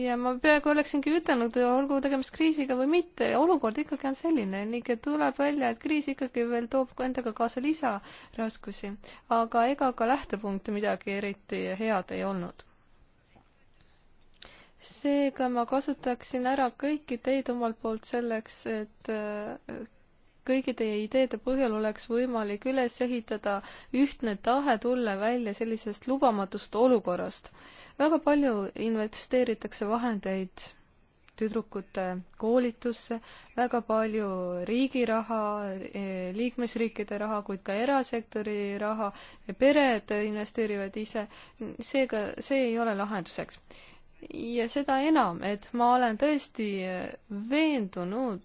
ja ma peaaegu oleksingi ütelnud, olgu tegemist kriisiga või mitte, olukord ikkagi on selline ning tuleb välja, et kriis ikkagi veel toob endaga kaasa lisaraskusi, aga ega ka lähtepunkt midagi eriti head ei olnud. seega ma kasutaksin ära kõiki teid omalt poolt selleks, et kõigi teie ideede põhjal oleks võimalik üles ehitada ühtne tahe tulla välja sellisest lubamatust olukorrast. väga palju investeeritakse vahendeid tüdrukute koolitusse, väga palju riigi raha, eh, liikmesriikide raha, kuid ka erasektori raha, pered investeerivad ise, seega see ei ole lahenduseks. ja seda enam, et ma olen tõesti veendunud,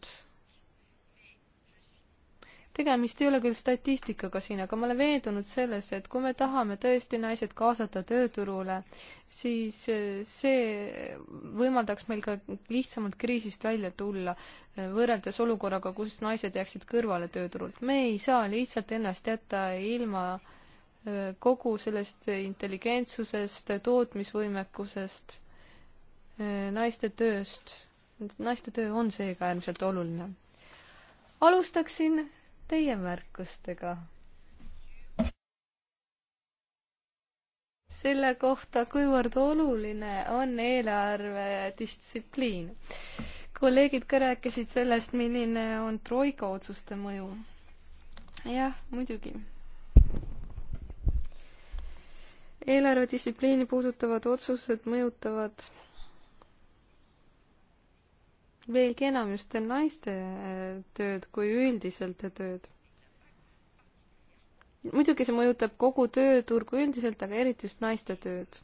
tegemist ei ole küll statistikaga siin, aga ma olen veendunud selles, et kui me tahame tõesti naised kaasata tööturule, siis eh, see võimaldaks meil ka lihtsamalt kriisist välja tulla, eh, võrreldes olukorraga, kus naised jääksid kõrvale tööturult. me ei saa lihtsalt ennast jätta ilma eh, kogu sellest intelligentsusest, tootmisvõimekusest, naiste tööst. naiste töö on seega äärmiselt oluline. alustaksin teie märkustega selle kohta, kuivõrd oluline on eelarvedistsipliin. kolleegid ka rääkisid sellest, milline on Troika otsuste mõju. jah, muidugi. eelarvedistsipliini puudutavad otsused mõjutavad veelgi enam just naiste äh, tööd kui üldiselt tööd. muidugi see mõjutab kogu tööturgu üldiselt, aga eriti just naiste tööd.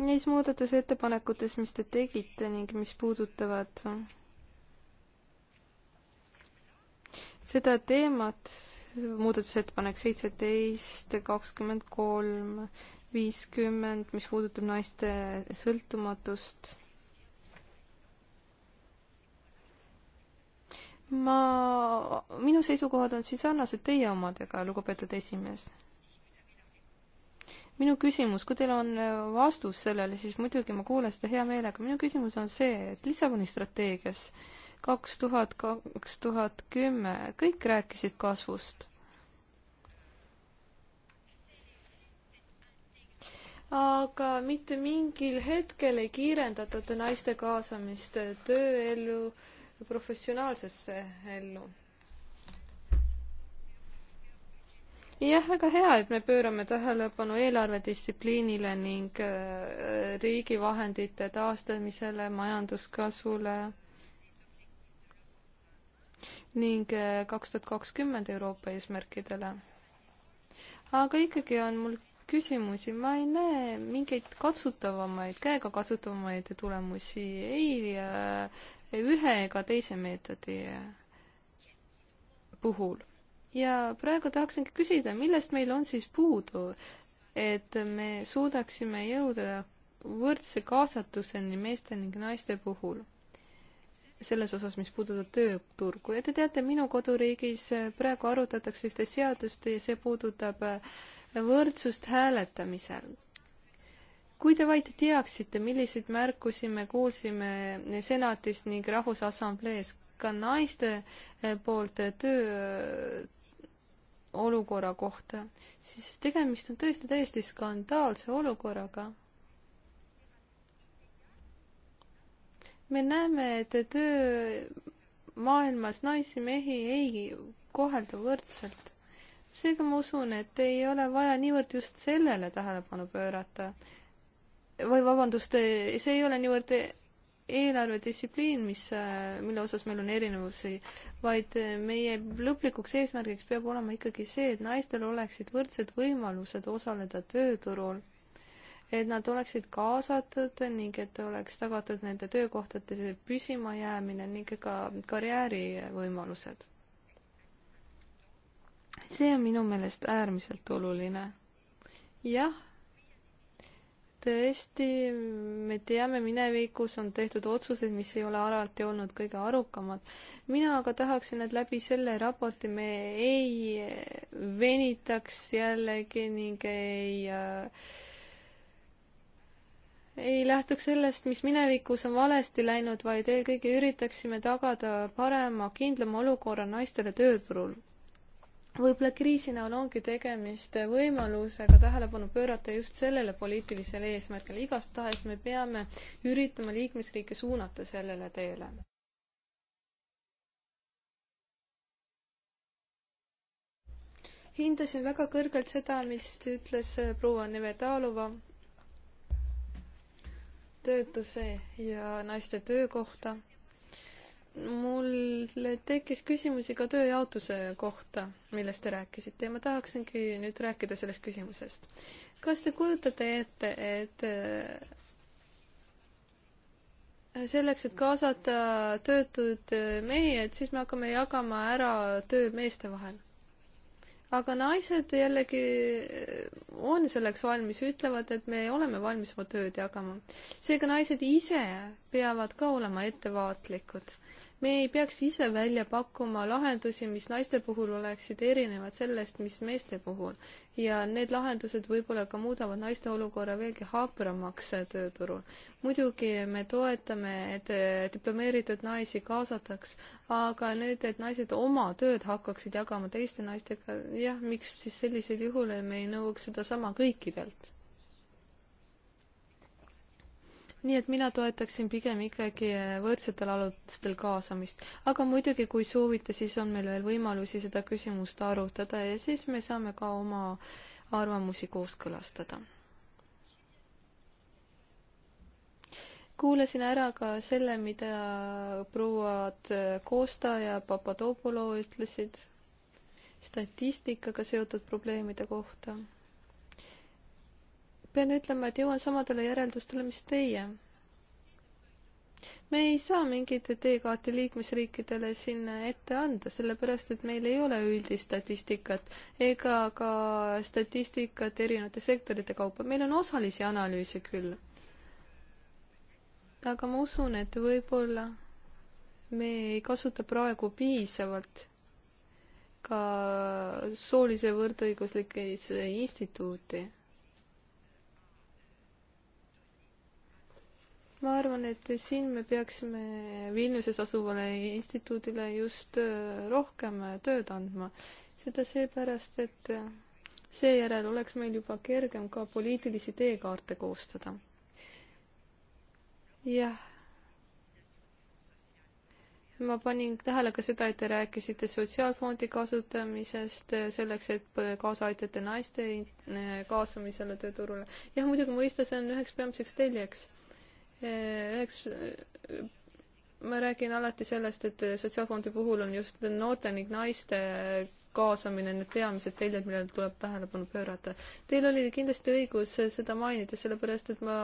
Neis muudatusettepanekutes, mis te tegite ning mis puudutavad seda teemat, muudatusettepanek seitseteist, kakskümmend kolm, viiskümmend, mis puudutab naiste sõltumatust. ma, minu seisukohad on siin sarnased teie omadega, lugupeetud esimees. minu küsimus, kui teil on äh, vastus sellele, siis muidugi ma kuulan seda hea meelega, minu küsimus on see, et Lissaboni strateegias äh, kaks tuhat, kaks tuhat kümme, kõik rääkisid kasvust. aga mitte mingil hetkel ei kiirendatud naiste kaasamist tööellu, professionaalsesse ellu. jah, väga hea, et me pöörame tähelepanu eelarvedistsipliinile ning äh, riigi vahendite taastamisele, majanduskasvule ning äh, kaks tuhat kakskümmend Euroopa eesmärkidele. aga ikkagi on mul küsimusi, ma ei näe mingeid katsutavamaid, käegakatsutavamaid tulemusi äh, ei ühe ega teise meetodi äh, puhul. ja praegu tahaksingi küsida, millest meil on siis puudu, et me suudaksime jõuda võrdse kaasatuseni meeste ning naiste puhul selles osas, mis puudutab tööturgu ja te teate, minu koduriigis eh, praegu arutatakse ühte seadust ja see puudutab eh, võrdsust hääletamisel. kui te vaid teaksite, milliseid märkusi me kuulsime senatis ning Rahvusassamblees ka naiste eh, poolt töö olukorra kohta, siis tegemist on tõesti täiesti skandaalse olukorraga me näeme, et töömaailmas naisi-mehi ei kohelda võrdselt. seega ma usun, et ei ole vaja niivõrd just sellele tähelepanu pöörata. või vabandust, see ei ole niivõrd eelarvedistsipliin, mis, mille osas meil on erinevusi, vaid meie lõplikuks eesmärgiks peab olema ikkagi see, et naistel oleksid võrdsed võimalused osaleda tööturul et nad oleksid kaasatud ning et oleks tagatud nende töökohtade püsima jäämine ning ka karjäärivõimalused. see on minu meelest äärmiselt oluline. jah, tõesti, me teame, minevikus on tehtud otsuseid, mis ei ole alati olnud kõige arukamad. mina aga tahaksin, et läbi selle raporti me ei venitaks jällegi ning ei äh, ei lähtuks sellest, mis minevikus on valesti läinud, vaid eelkõige üritaksime tagada parema, kindlama olukorra naistele tööturul. võib-olla kriisi näol ongi tegemist võimalusega tähelepanu pöörata just sellele poliitilisele eesmärgile, igastahes me peame üritama liikmesriike suunata sellele teele. hindasin väga kõrgelt seda, mis ütles proua Nevetalova töötuse ja naiste töökohta. mul tekkis küsimusi ka tööjaotuse kohta, millest te rääkisite ja ma tahaksingi nüüd rääkida sellest küsimusest. kas te kujutate ette, et äh, selleks, et kaasata töötud äh, mehi, et siis me hakkame jagama ära töö meeste vahel? aga naised jällegi eh, on selleks valmis, ütlevad, et me oleme valmis oma tööd jagama. seega naised ise peavad ka olema ettevaatlikud. me ei peaks ise välja pakkuma lahendusi, mis naiste puhul oleksid erinevad sellest, mis meeste puhul. ja need lahendused võib-olla ka muudavad naiste olukorra veelgi hapramaks tööturul. muidugi me toetame, et diplomeeritud naisi kaasataks, aga nüüd, et naised oma tööd hakkaksid jagama teiste naistega, jah, miks siis sellisel juhul me ei nõuaks sedasama kõikidelt nii et mina toetaksin pigem ikkagi võrdsetel alustel kaasamist. aga muidugi, kui soovite, siis on meil veel võimalusi seda küsimust arutada ja siis me saame ka oma arvamusi kooskõlastada. kuulasin ära ka selle, mida prouad Costa ja Papadopolo ütlesid statistikaga seotud probleemide kohta pean ütlema, et jõuan samadele järeldustele, mis teie. me ei saa mingeid teekaarte liikmesriikidele siin ette anda, sellepärast et meil ei ole üldist statistikat ega ka statistikat erinevate sektorite kaupa, meil on osalisi analüüse küll. aga ma usun, et võib-olla me ei kasuta praegu piisavalt ka soolise võrdõiguslikkuse instituuti ma arvan, et siin me peaksime Vilniuses asuvale instituudile just äh, rohkem äh, tööd andma. seda seepärast, et äh, seejärel oleks meil juba kergem ka poliitilisi teekaarte koostada. jah. ma panin tähele ka seda, et te rääkisite sotsiaalfondi kasutamisest selleks, et kaasa aitate naiste kaasamisele tööturule. jah, muidugi mõista, see on üheks peamiseks teljeks üheks, äh, äh, ma räägin alati sellest, et äh, sotsiaalfondi puhul on just noorte ning naiste kaasamine need peamised teljed, millele tuleb tähelepanu pöörata. Teil oli kindlasti õigus seda mainida, sellepärast et ma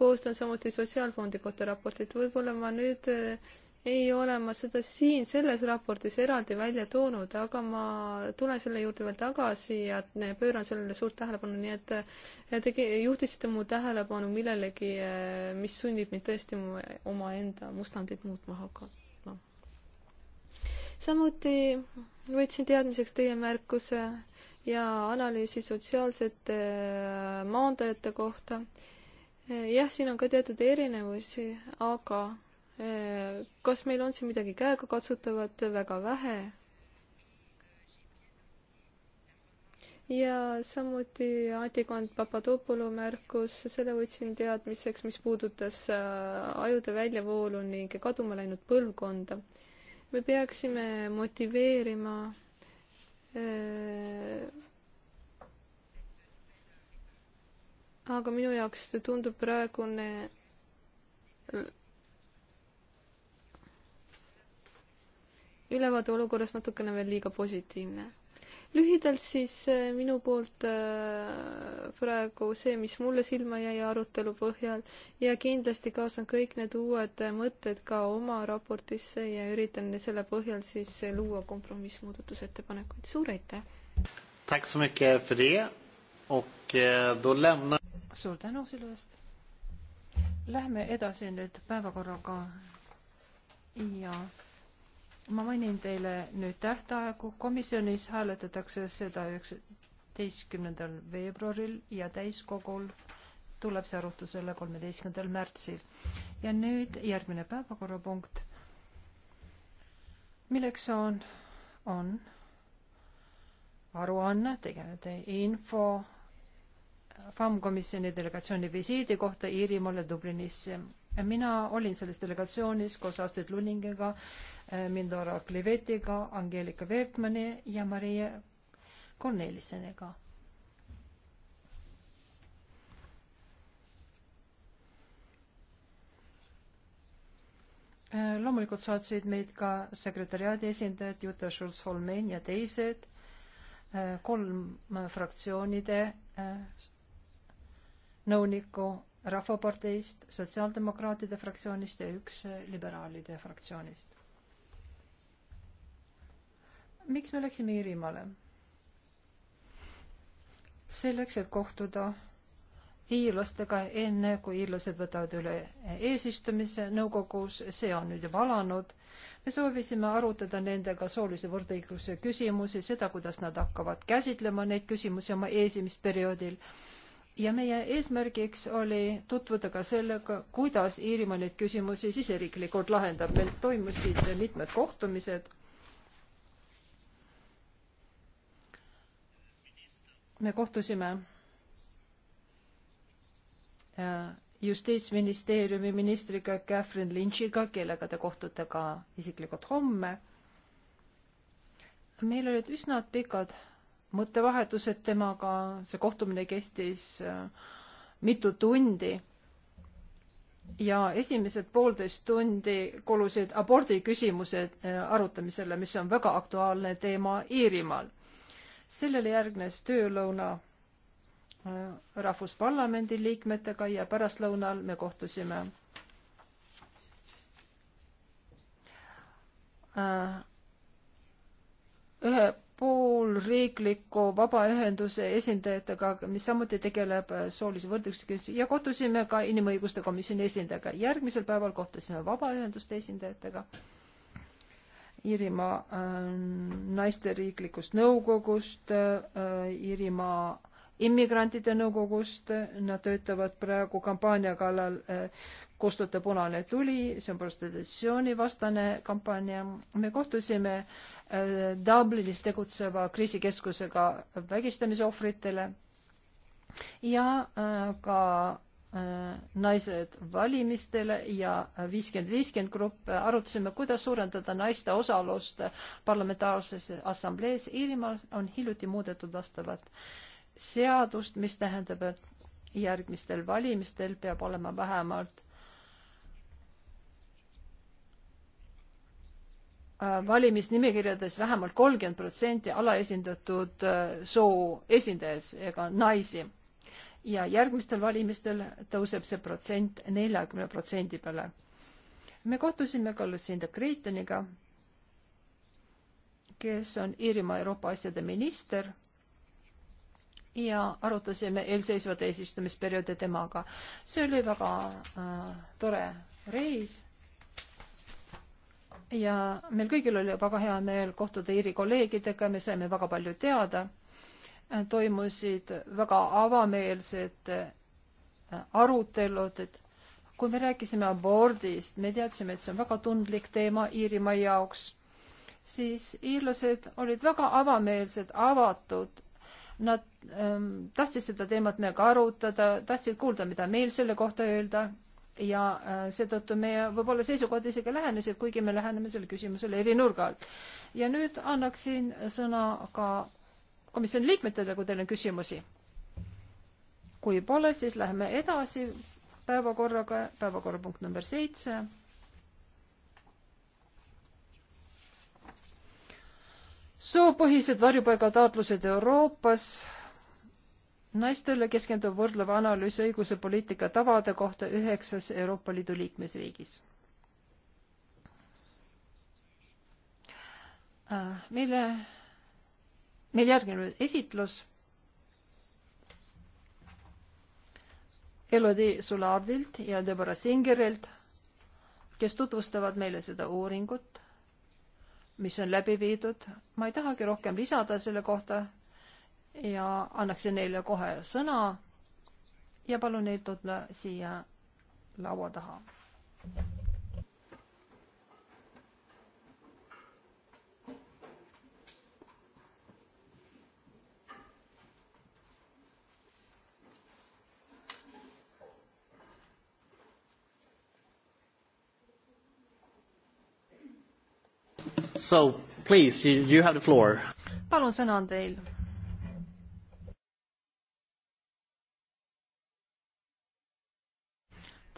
koostan samuti sotsiaalfondi kohta raportit, võib-olla ma nüüd äh, ei ole ma seda siin selles raportis eraldi välja toonud, aga ma tulen selle juurde veel tagasi ja pööran sellele suurt tähelepanu, nii et te juhtisite mu tähelepanu millelegi, mis sunnib mind tõesti mu omaenda mustandit muutma hakkama. samuti võtsin teadmiseks teie märkuse ja analüüsi sotsiaalsete maandajate kohta. jah, siin on ka teatud erinevusi, aga kas meil on siin midagi käegakatsutavat? väga vähe. ja samuti Antikond Papadopoulou märkus, selle võtsin teadmiseks, mis puudutas äh, ajude väljavoolu ning kaduma läinud põlvkonda. me peaksime motiveerima äh, aga minu jaoks tundub praegune ülevaade olukorrast natukene veel liiga positiivne. lühidalt siis äh, minu poolt äh, praegu see, mis mulle silma jäi arutelu põhjal ja kindlasti kaasan kõik need uued mõtted ka oma raportisse ja üritan selle põhjal siis luua kompromissmuudatusettepanekuid. suur aitäh! Tack så mycket för det. Och eh, då lämnar... Suur tänu selle eest. Lähme edasi nüüd päevakorraga ja ma mainin teile nüüd tähtaegu, komisjonis hääletatakse seda üheksateistkümnendal veebruaril ja täiskogul tuleb see arutusele kolmeteistkümnendal märtsil. ja nüüd järgmine päevakorrapunkt, milleks on, on aruanne, tegelikult info FAM komisjoni delegatsiooni visiidi kohta Iirimaale Dublinisse. mina olin selles delegatsioonis koos Astrid Luningiga Äh, Mindora Klivetiga, Angeelika Vertmani ja Marie Kornelisseniga. Äh, loomulikult saatsid meid ka sekretäriaadi esindajad Jutta Schulz-Holmen ja teised, äh, kolm fraktsioonide nõunikku Rahvaparteist, Sotsiaaldemokraatide fraktsioonist ja üks liberaalide fraktsioonist miks me läksime Iirimaale? selleks, et kohtuda iirlastega enne, kui iirlased võtavad üle eesistumise nõukogus, see on nüüd juba alanud. me soovisime arutada nendega soolise võrdõiguse küsimusi, seda, kuidas nad hakkavad käsitlema neid küsimusi oma eesimisperioodil. ja meie eesmärgiks oli tutvuda ka sellega, kuidas Iirimaa neid küsimusi siseriiklikult lahendab. meil toimusid mitmed kohtumised me kohtusime äh, justiitsministeeriumi ministriga Catherine Lynch'iga, kellega te kohtute ka isiklikult homme. meil olid üsna pikad mõttevahetused temaga, see kohtumine kestis äh, mitu tundi. ja esimesed poolteist tundi kulusid abordiküsimused äh, arutamisele, mis on väga aktuaalne teema Iirimaal sellele järgnes töölõuna äh, Rahvusparlamendi liikmetega ja pärastlõunal me kohtusime äh, ühe poolriikliku vabaühenduse esindajatega, mis samuti tegeleb äh, soolise võrdõiguslikkusega ja kohtusime ka inimõiguste komisjoni esindajaga. järgmisel päeval kohtusime vabaühenduste esindajatega Iirimaa äh, naiste riiklikust nõukogust, äh, Iirimaa immigrantide nõukogust, nad töötavad praegu kampaania kallal äh, Kustuta punane tuli, see on prostitutsioonivastane kampaania. me kohtusime Dublinis tegutseva kriisikeskusega vägistamise ohvritele ja ka Äh, naised valimistele ja viiskümmend viiskümmend grupp äh, arutasime, kuidas suurendada naiste osalust parlamentaarses assamblees. Iirimaal on hiljuti muudetud vastavat seadust, mis tähendab, et järgmistel valimistel peab olema vähemalt äh, valimisnimekirjades vähemalt kolmkümmend protsenti alaesindatud soo esindajaid ega naisi ja järgmistel valimistel tõuseb see protsent neljakümne protsendi peale. me kohtusime ka Lucinda Creightoniga, kes on Iirimaa Euroopa asjade minister ja arutasime eelseisvat eesistumisperioodi temaga. see oli väga äh, tore reis. ja meil kõigil oli väga hea meel kohtuda Iiri kolleegidega, me saime väga palju teada toimusid väga avameelsed äh, arutelud, et kui me rääkisime abordist, me teadsime, et see on väga tundlik teema Iirimaa jaoks, siis iirlased olid väga avameelsed, avatud. Nad ähm, tahtsid seda teemat meiega arutada, tahtsid kuulda, mida meil selle kohta öelda ja äh, seetõttu meie võib-olla seisukohad isegi lähenesid, kuigi me läheneme selle küsimusele eri nurga alt. ja nüüd annaksin sõna ka komisjoni liikmetele, kui teil on küsimusi. kui pole, siis läheme edasi päevakorraga, päevakorrapunkt number seitse. soopõhised varjupaigataotlused Euroopas. naistele keskendub võrdlev analüüs õiguse poliitika tavade kohta üheksas Euroopa Liidu liikmesriigis äh, mille meil järgneb esitlus Elodie Sulardilt ja Deborah Singerilt, kes tutvustavad meile seda uuringut, mis on läbi viidud. ma ei tahagi rohkem lisada selle kohta ja annaksin neile kohe sõna ja palun neil tulla siia laua taha. So please, you, you have the floor. palun, sõna on teil.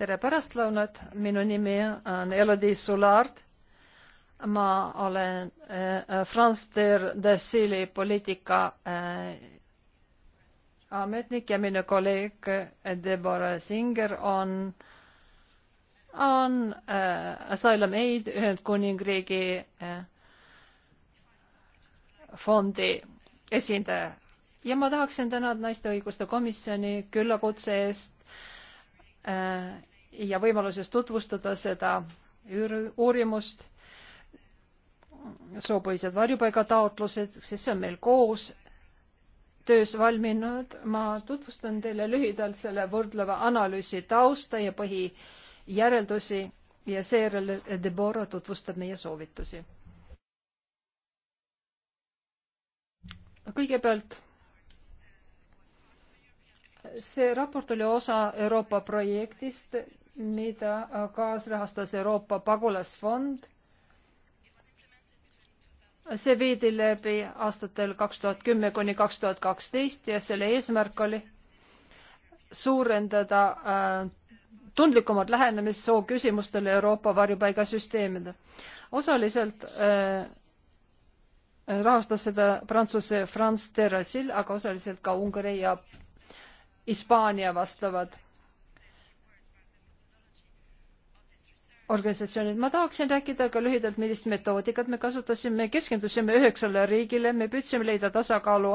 tere pärastlõunat, minu nimi on Elodie Soulard. ma olen äh, France Terdassili poliitika äh, ametnik ja minu kolleeg Deborah Singer on on äh, Asylum Aid Ühendkuningriigi äh, fondi esindaja ja ma tahaksin tänada naiste õiguste komisjoni küllakutse eest äh, ja võimalusest tutvustada seda uurimust, soopõhised varjupaigataotlused, sest see on meil koos töös valminud. ma tutvustan teile lühidalt selle võrdleva analüüsi tausta ja põhijäreldusi ja seejärel Deborah tutvustab meie soovitusi kõigepealt see raport oli osa Euroopa projektist, mida kaasrahastas Euroopa pagulasfond. see viidi läbi aastatel kaks tuhat kümme kuni kaks tuhat kaksteist ja selle eesmärk oli suurendada äh, tundlikumat lähenemist sooküsimustele Euroopa varjupaigasüsteemide. osaliselt äh, Äh, rahastas seda Prantsuse France Terrasil, aga osaliselt ka Ungari ja Hispaania vastavad organisatsioonid. ma tahaksin rääkida ka lühidalt, millist metoodikat me kasutasime, keskendusime üheksale riigile, me püüdsime leida tasakaalu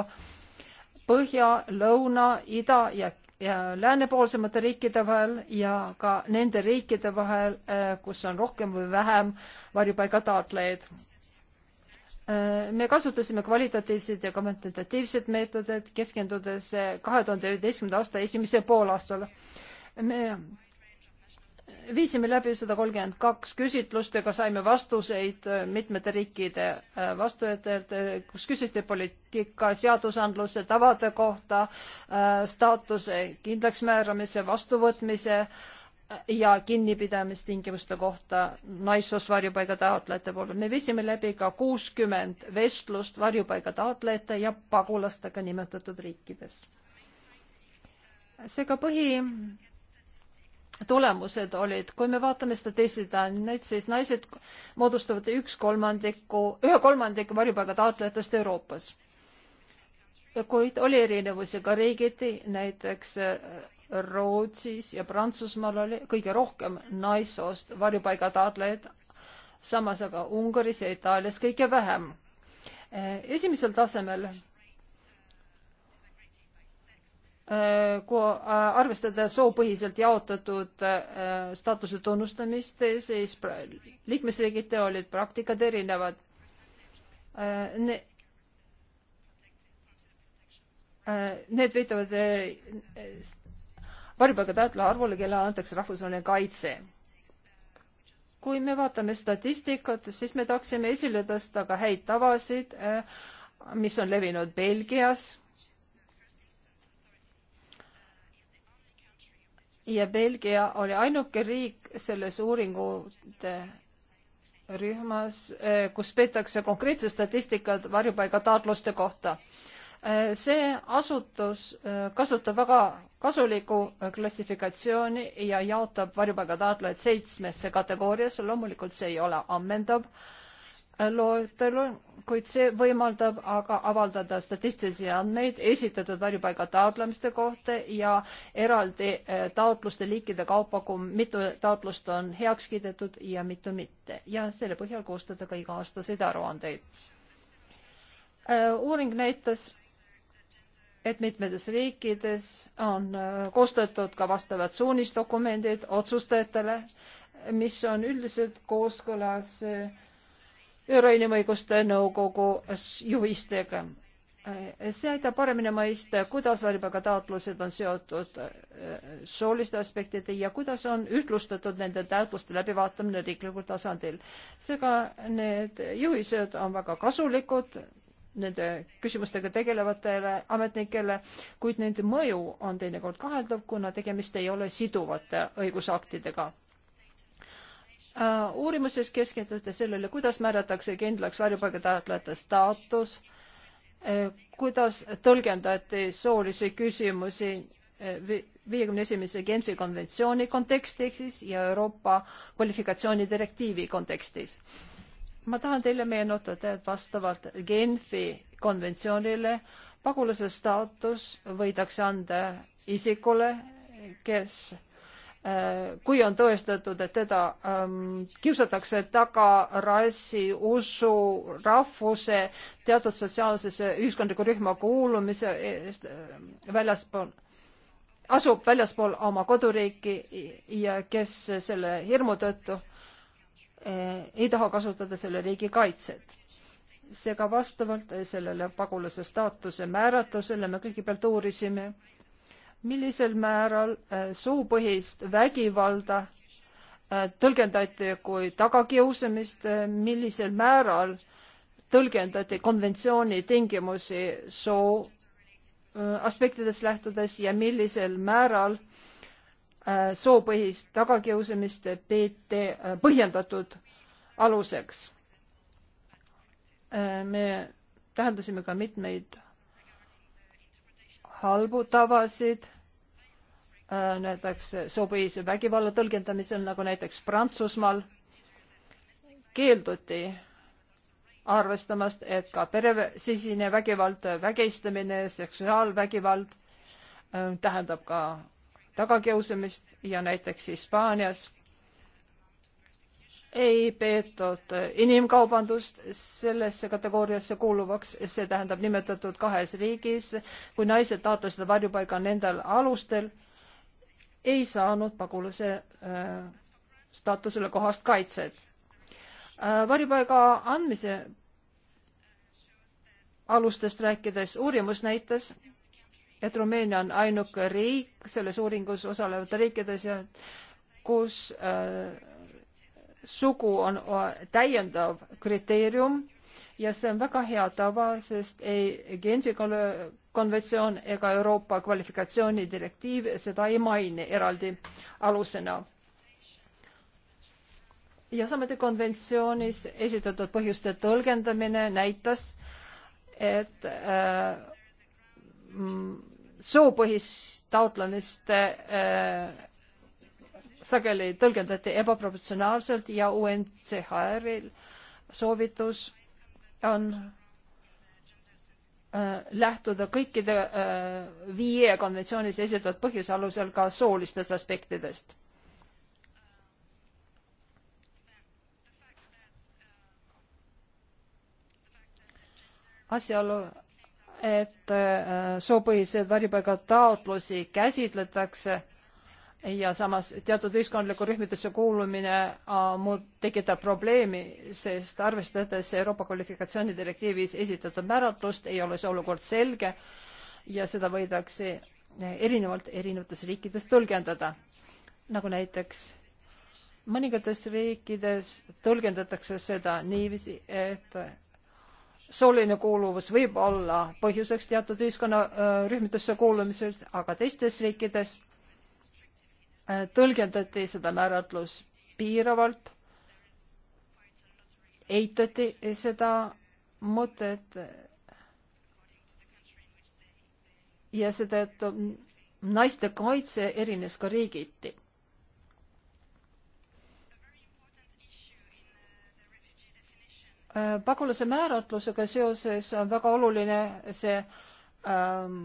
põhja, lõuna, ida ja, ja läänepoolsemate riikide vahel ja ka nende riikide vahel, äh, kus on rohkem või vähem varjupaigataotlejaid Äh, me kasutasime kvalitatiivseid ja kvantitatiivseid meetodeid, keskendudes äh, kahe tuhande üheteistkümnenda aasta esimesel poolaastal. me viisime läbi sada kolmkümmend kaks küsitlust, ega saime vastuseid äh, mitmete riikide vastujatelt, kus küsiti poliitika, seadusandluse, tavade kohta, staatuse kindlaksmääramise, vastuvõtmise äh, ja kinnipidamistingimuste kohta naissoost varjupaiga taotlejate poole. me viisime läbi ka kuuskümmend vestlust varjupaiga taotlejate ja pagulastega nimetatud riikides. seega põhi tulemused olid, kui me vaatame statistikaandmeid, siis naised moodustavad üks kolmandiku, ühe kolmandiku varjupaiga taotlejatest Euroopas. kuid oli erinevusi ka riigiti, näiteks Rootsis ja Prantsusmaal oli kõige rohkem naissoost varjupaigataotlejaid, samas aga Ungaris ja Itaalias kõige vähem. Eh, esimesel tasemel eh, kui eh, arvestada soopõhiselt jaotatud staatuse tunnustamist, siis liikmesriigid olid praktikad erinevad ne,. Need viitavad varjupaigataotleja arvule, kellele antakse rahvusvaheline kaitse. kui me vaatame statistikat, siis me tahaksime esile tõsta ka häid tavasid, äh, mis on levinud Belgias. ja Belgia oli ainuke riik selles uuringute rühmas, äh, kus peetakse konkreetset statistikat varjupaigataotluste kohta Äh, see asutus äh, kasutab väga kasulikku äh, klassifikatsiooni ja jaotab varjupaigataotlejaid seitsmesse kategooriasse, loomulikult see ei ole ammendav loetelu, kuid see võimaldab aga avaldada statistilisi andmeid esitatud varjupaiga taotlemiste kohta ja eraldi taotluste liikide kaupa, kui mitu taotlust on heaks kiidetud ja mitu mitte ja selle põhjal koostada ka iga-aastaseid aruandeid. uuring näitas, et mitmetes riikides on äh, koostatud ka vastavad suunisdokumendid otsustajatele, mis on üldiselt kooskõlas äh, ÜRO Inimõiguste Nõukogu juhistega. Äh, see aitab paremini mõista, kuidas varjupaigataotlused on seotud sooliste aspektide ja kuidas on ühtlustatud nende taotluste läbivaatamine riiklikul tasandil. seega need juhised on väga kasulikud nende küsimustega tegelevatele ametnikele, kuid nende mõju on teinekord kaheldav, kuna tegemist ei ole siduvate õigusaktidega äh, uurimuses keskenduti sellele, kuidas määratakse kindlaks varjupaigataotlejate staatus, äh, kuidas tõlgendati soolisi küsimusi äh, viiekümne esimese Genfi konventsiooni kontekstis ja Euroopa kvalifikatsioonidirektiivi kontekstis ma tahan teile meenutada, et vastavalt Genfi konventsioonile pagulase staatus võidakse anda isikule, kes äh, kui on tõestatud, et teda ähm, kiusatakse taga rassi, usu, rahvuse, teatud sotsiaalsesse ühiskondliku rühma kuulumise eest äh, väljaspool, asub väljaspool oma koduriiki ja kes selle hirmu tõttu ei taha kasutada selle riigi kaitset. seega vastavalt sellele pagulase staatuse määratlusele me kõigepealt uurisime, millisel määral äh, suupõhist vägivalda äh, tõlgendati kui tagakiusamist, äh, millisel määral tõlgendati konventsiooni tingimusi soo aspektidest lähtudes ja millisel määral äh, Äh, soopõhist tagakiusamist peeti äh, põhjendatud aluseks. Äh, me tähendasime ka mitmeid halbu tavasid, näiteks soopõhise vägivalla tõlgendamisel, nagu näiteks Prantsusmaal keelduti arvestamast, et ka peresisene vägivald, vägistamine, seksuaalvägivald tähendab ka tagakiusamist ja näiteks Hispaanias ei peetud inimkaubandust sellesse kategooriasse kuuluvaks, see tähendab nimetatud kahes riigis, kui naised taotlesid varjupaiga nendel alustel, ei saanud pagulase äh, staatusele kohast kaitset äh,. varjupaiga andmise alustest rääkides uurimus näitas, et Rumeenia on ainuke riik selles uuringus osalevate riikides, kus äh, sugu on äh, täiendav kriteerium ja see on väga hea tava, sest ei Genfi konventsioon ega Euroopa kvalifikatsioonidirektiiv seda ei maini eraldi alusena. ja samuti konventsioonis esitatud põhjuste tõlgendamine näitas, et äh, soopõhist taotlemist äh, sageli tõlgendati ebaproportsionaalselt ja UNCHR-il soovitus on äh, lähtuda kõikide äh, viie konventsioonis esitatud põhjuse alusel ka soolistest aspektidest. asjaolu et äh, soopõhiseid varjupaigataotlusi käsitletakse ja samas teatud ühiskondlikku rühmitesse kuulumine äh, tekitab probleemi, sest arvestades Euroopa kvalifikatsioonidirektiivis esitatud määratlust, ei ole see olukord selge ja seda võidakse äh, erinevalt erinevates riikides tõlgendada. nagu näiteks mõningates riikides tõlgendatakse seda niiviisi, et sooline kuuluvus võib olla põhjuseks teatud ühiskonnarühmitusse kuulumisest, aga teistes riikides äh, tõlgendati seda määratlust piiravalt, eitati seda mõtet ja seetõttu naiste kaitse erines ka riigiti Äh, pagulase määratlusega seoses on väga oluline see ähm,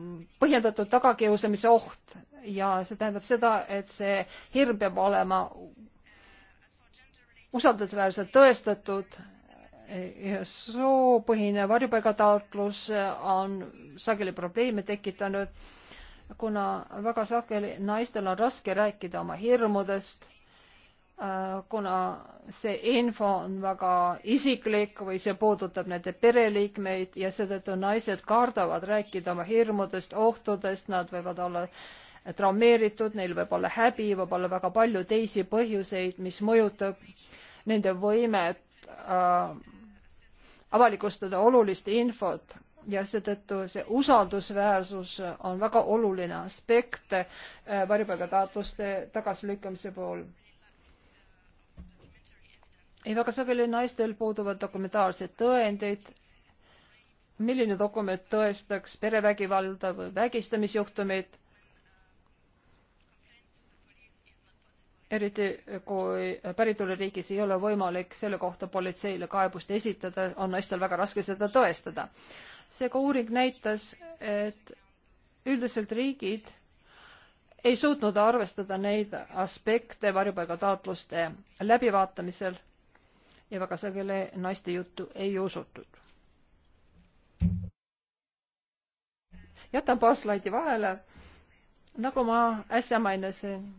põhjendatud tagakiusamise oht ja see tähendab seda, et see hirm peab olema usaldusväärselt tõestatud äh, ja soopõhine varjupaigataotlus on sageli probleeme tekitanud, kuna väga sageli naistel on raske rääkida oma hirmudest Äh, kuna see info on väga isiklik või see puudutab nende pereliikmeid ja seetõttu naised kardavad rääkida oma hirmudest, ohtudest, nad võivad olla traumeeritud, neil võib olla häbi, võib olla väga palju teisi põhjuseid, mis mõjutab nende võimet äh, avalikustada olulist infot ja seetõttu see usaldusväärsus on väga oluline aspekt äh, varjupaigataotluste tagasilükkamise puhul ei, väga sageli naistel puuduvad dokumentaalsed tõendeid, milline dokument tõestaks perevägivalda või vägistamisjuhtumeid. eriti kui päritoluriigis ei ole võimalik selle kohta politseile kaebust esitada, on naistel väga raske seda tõestada. seega uuring näitas, et üldiselt riigid ei suutnud arvestada neid aspekte varjupaigataotluste läbivaatamisel ja väga sageli naiste juttu ei usutud. jätan paar slaidi vahele. nagu ma äsja mainisin,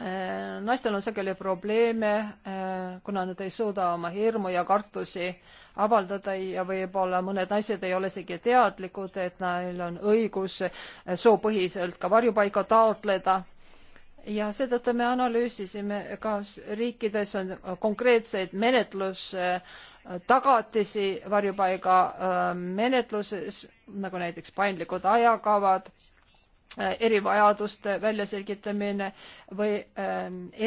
eh, naistel on sageli probleeme, eh, kuna nad ei suuda oma hirmu ja kartusi avaldada ja võib-olla mõned naised ei ole isegi teadlikud, et neil on õigus eh, soopõhiselt ka varjupaika taotleda ja seetõttu me analüüsisime, kas riikides on konkreetseid menetlustagatisi varjupaiga äh, menetluses, nagu näiteks paindlikud ajakavad, äh, erivajaduste väljaselgitamine või äh,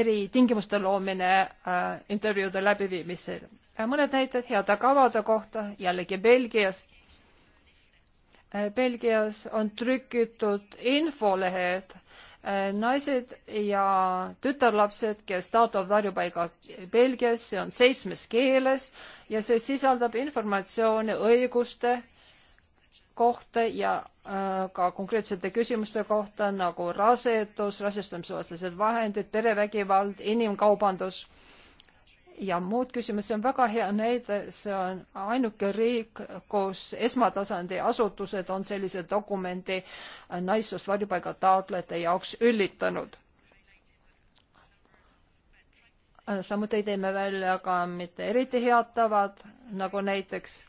eritingimuste loomine intervjuude läbiviimisel. mõned näited heade kavade kohta jällegi Belgiast. Belgias on trükitud infolehed naised ja tütarlapsed, kes taotlevad varjupaiga Belgias, see on seitsmes keeles ja see sisaldab informatsiooni õiguste kohta ja äh, ka konkreetsete küsimuste kohta nagu rasedus, rasestumisvastased vahendid, perevägivald, inimkaubandus äh, ja muud küsimused, see on väga hea näide, see on ainuke riik, kus esmatasandi asutused on sellise dokumendi naissoost varjupaiga taotlejate jaoks üllitanud. samuti teeme välja ka mitte eriti head tavad, nagu näiteks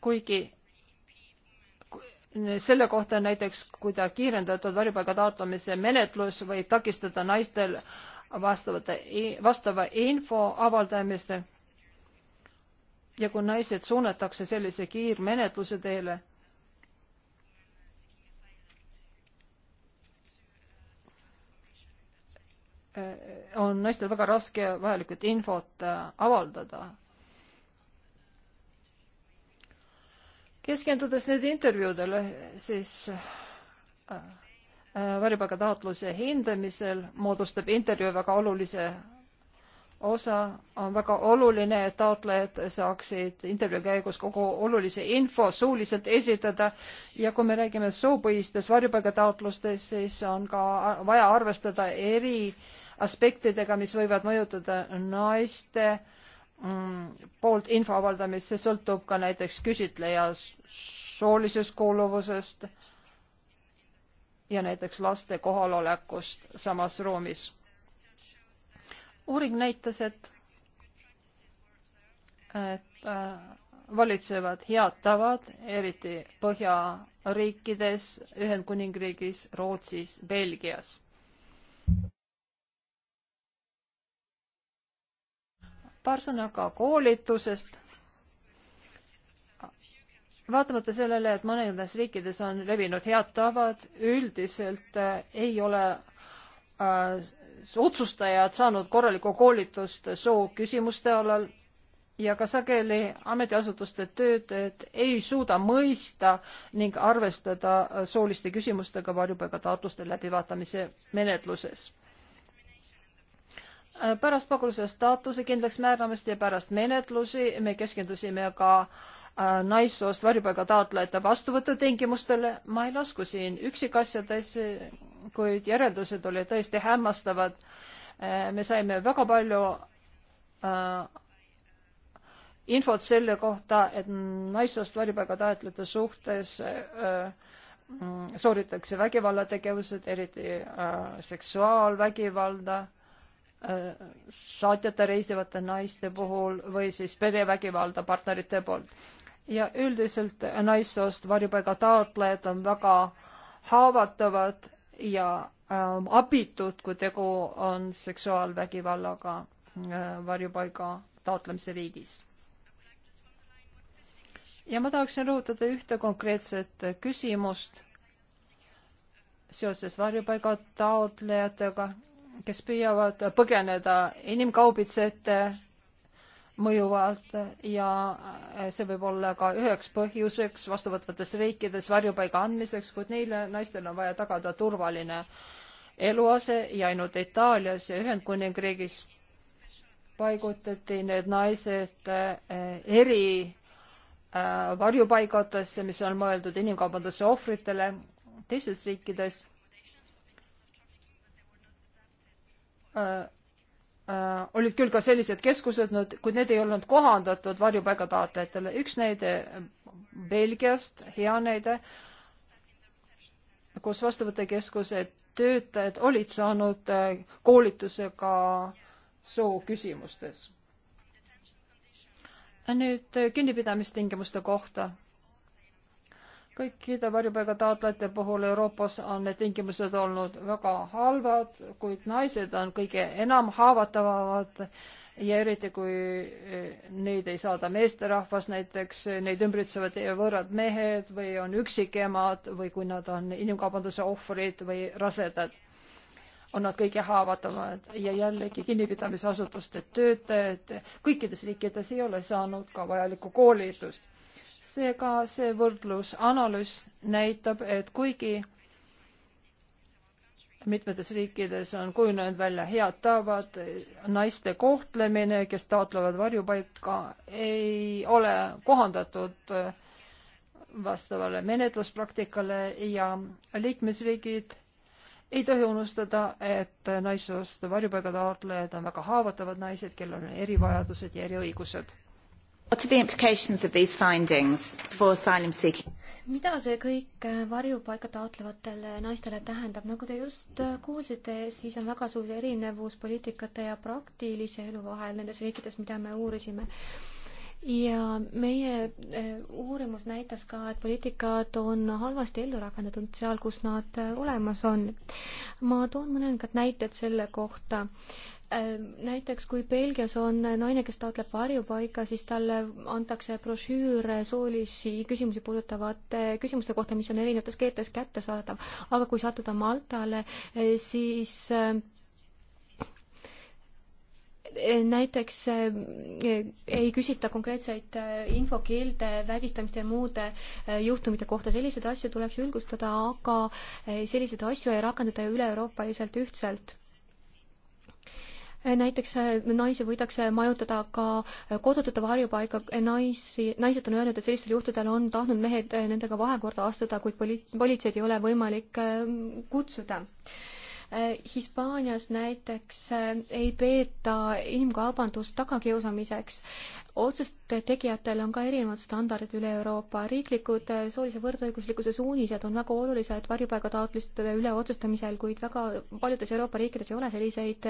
kuigi selle kohta näiteks, kui ta kiirendatud varjupaiga taotlemise menetlus võib takistada naistel äh, vastavate, vastava info avaldamist. ja kui naised suunatakse sellise kiirmenetluse teele, eh, on naistel väga raske vajalikult infot eh, avaldada. keskendudes nüüd intervjuudele, siis äh, Äh, varjupaigataotluse hindamisel moodustab intervjuu väga olulise osa. on väga oluline, et taotlejad saaksid intervjuu käigus kogu olulise info suuliselt esitada ja kui me räägime soopõhistest varjupaigataotlustest, siis on ka vaja arvestada eri aspektidega, mis võivad mõjutada naiste mm, poolt info avaldamist, see sõltub ka näiteks küsitleja soolisest kuuluvusest ja näiteks laste kohalolekust samas ruumis. uuring näitas, et, et äh, valitsevad head tavad, eriti Põhjariikides, Ühendkuningriigis, Rootsis, Belgias. paar sõna ka koolitusest vaatamata sellele, et mõnedes riikides on levinud head tavad, üldiselt äh, ei ole äh, otsustajad saanud korralikku koolitust soo küsimuste alal ja ka sageli ametiasutuste töötajad ei suuda mõista ning arvestada äh, sooliste küsimustega varjupaigataotluste läbivaatamise menetluses äh, pärast pagulase staatuse kindlaksmääramist ja pärast menetlusi me keskendusime ka äh, Äh, naissoost varjupaiga taotlejate vastuvõtutingimustele, ma ei lasku siin üksikasjadesse, kuid järeldused olid tõesti hämmastavad. Äh, me saime väga palju äh, infot selle kohta, et naissoost varjupaiga taotlejate suhtes äh, mm, sooritatakse vägivallategevused, eriti äh, seksuaalvägivalda äh, saatjata reisivate naiste puhul või siis perevägivalda partnerite poolt ja üldiselt naissoost varjupaiga taotlejad on väga haavatavad ja ähm, abitud, kui tegu on seksuaalvägivallaga äh, varjupaiga taotlemise riigis. ja ma tahaksin rõhutada ühte konkreetset küsimust seoses varjupaiga taotlejatega, kes püüavad põgeneda inimkaubitsejate mõjuvalt ja äh, see võib olla ka üheks põhjuseks vastuvõtvates riikides varjupaiga andmiseks, kuid neile naistele on vaja tagada turvaline eluase ja ainult Itaalias ja Ühendkuningriigis paigutati need naised äh, eri äh, varjupaigadesse, mis on mõeldud inimkaubanduse ohvritele teistes riikides Äh, olid küll ka sellised keskused, nad, kuid need ei olnud kohandatud varjupaiga taotlejatele. üks näide Belgiast, hea näide, kus vastuvõttekeskuse töötajad olid saanud äh, koolituse ka soo küsimustes. nüüd äh, kinnipidamistingimuste kohta kõikide varjupaigataotlejate puhul Euroopas on need tingimused olnud väga halvad, kuid naised on kõige enam haavatavad ja eriti, kui eh, neid ei saada meesterahvas, näiteks neid ümbritsevad võõrad mehed või on üksikemad või kui nad on inimkaubanduse ohvrid või rasedad, on nad kõige haavatavamad ja jällegi kinnipidamisasutuste töötajad kõikides riikides ei ole saanud ka vajalikku koolitust seega see võrdlusanalüüs näitab, et kuigi mitmetes riikides on kujunenud välja head tavad, naiste kohtlemine, kes taotlevad varjupaika, ei ole kohandatud äh, vastavale menetluspraktikale ja liikmesriigid ei tohi unustada, et naissoost varjupaiga taotlejad on väga haavatavad naised, kellel on erivajadused ja eriõigused What are the implications of these findings for asylum seeking? mida see kõik äh, varjupaika taotlevatele naistele tähendab, nagu te just äh, kuulsite, siis on väga suur erinevus poliitikate ja praktilise elu vahel nendes riikides, mida me uurisime. ja meie äh, uurimus näitas ka, et poliitikad on halvasti ellu rakendatud seal, kus nad olemas on. ma toon mõningad näited selle kohta Äh, näiteks kui Belgias on naine, kes taotleb varjupaika, siis talle antakse brošüür soolisi küsimusi puudutavate küsimuste kohta, mis on erinevates keeltes kättesaadav. aga kui sattuda Maltale, äh, siis äh, näiteks ei küsita konkreetseid infokeelde vägistamiste ja muude juhtumite kohta, selliseid asju tuleks julgustada, aga selliseid asju ei rakendata ju üle-euroopaliselt ühtselt Äh, näiteks äh, naisi võidakse majutada ka äh, kodutute varjupaiga, naisi, naised on öelnud, et sellistel juhtudel on tahtnud mehed nendega vahekorda astuda, kuid poli-, politseid ei ole võimalik kutsuda Äh, Hispaanias näiteks äh, ei peeta inimkaubandust tagakiusamiseks. otsuste tegijatel on ka erinevad standardid üle Euroopa. riiklikud äh, soolise võrdõiguslikkuse suunised on väga olulised varjupaigataotluste üle otsustamisel, kuid väga paljudes Euroopa riikides ei ole selliseid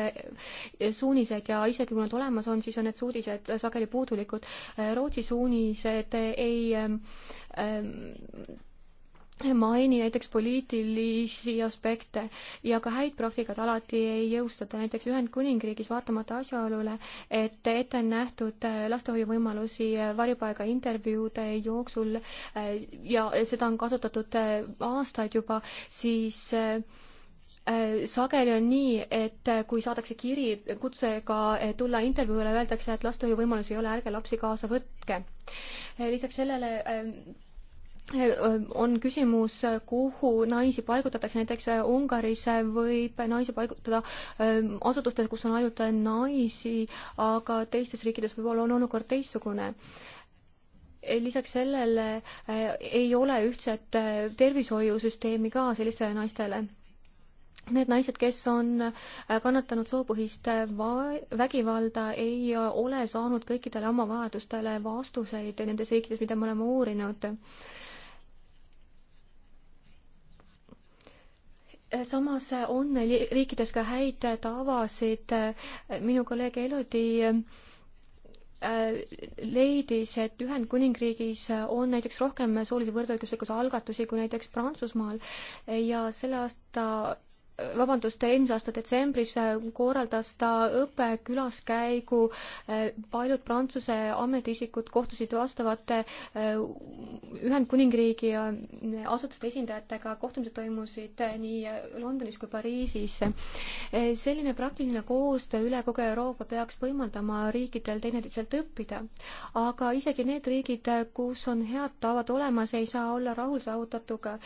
suuniseid ja isegi kui nad olemas on, siis on need suunised sageli puudulikud. Rootsi suunised ei ähm, ähm maini näiteks poliitilisi aspekte ja ka häid praktikaid alati ei jõustata, näiteks Ühendkuningriigis vaatamata asjaolule, et ette on nähtud äh, lastehoiuvõimalusi äh, varjupaiga intervjuude jooksul äh, ja seda on kasutatud aastaid juba, siis sageli on nii, et kui saadakse kiri kutsega tulla intervjuule, öeldakse, et lastehoiuvõimalusi ei ole, ärge lapsi kaasa võtke. lisaks sellele on küsimus, kuhu naisi paigutatakse, näiteks Ungaris võib naisi paigutada ähm, asutustes, kus on ainult naisi, aga teistes riikides võib-olla on olukord teistsugune lisaks sellele äh, ei ole ühtset äh, tervishoiusüsteemi ka sellistele naistele need naised, kes on äh, kannatanud soopõhist vägivalda, ei ole saanud kõikidele oma vajadustele vastuseid nendes riikides, mida me oleme uurinud samas on riikides ka häid tavasid, minu kolleeg Elodi äh, leidis, et Ühendkuningriigis on näiteks rohkem soolise võrdõiguslikkuse algatusi kui näiteks Prantsusmaal ja selle aasta vabandust, eelmise aasta detsembris äh, korraldas ta õppekülaskäigu, äh, paljud Prantsuse ametiisikud kohtusid vastavate äh, Ühendkuningriigi asutuste esindajatega, kohtumised toimusid nii Londonis kui Pariisis. selline praktiline koostöö üle kogu Euroopa peaks võimaldama riikidel teineteiselt õppida, aga isegi need riigid, kus on head tavad olemas, ei saa olla rahul saavutatuga.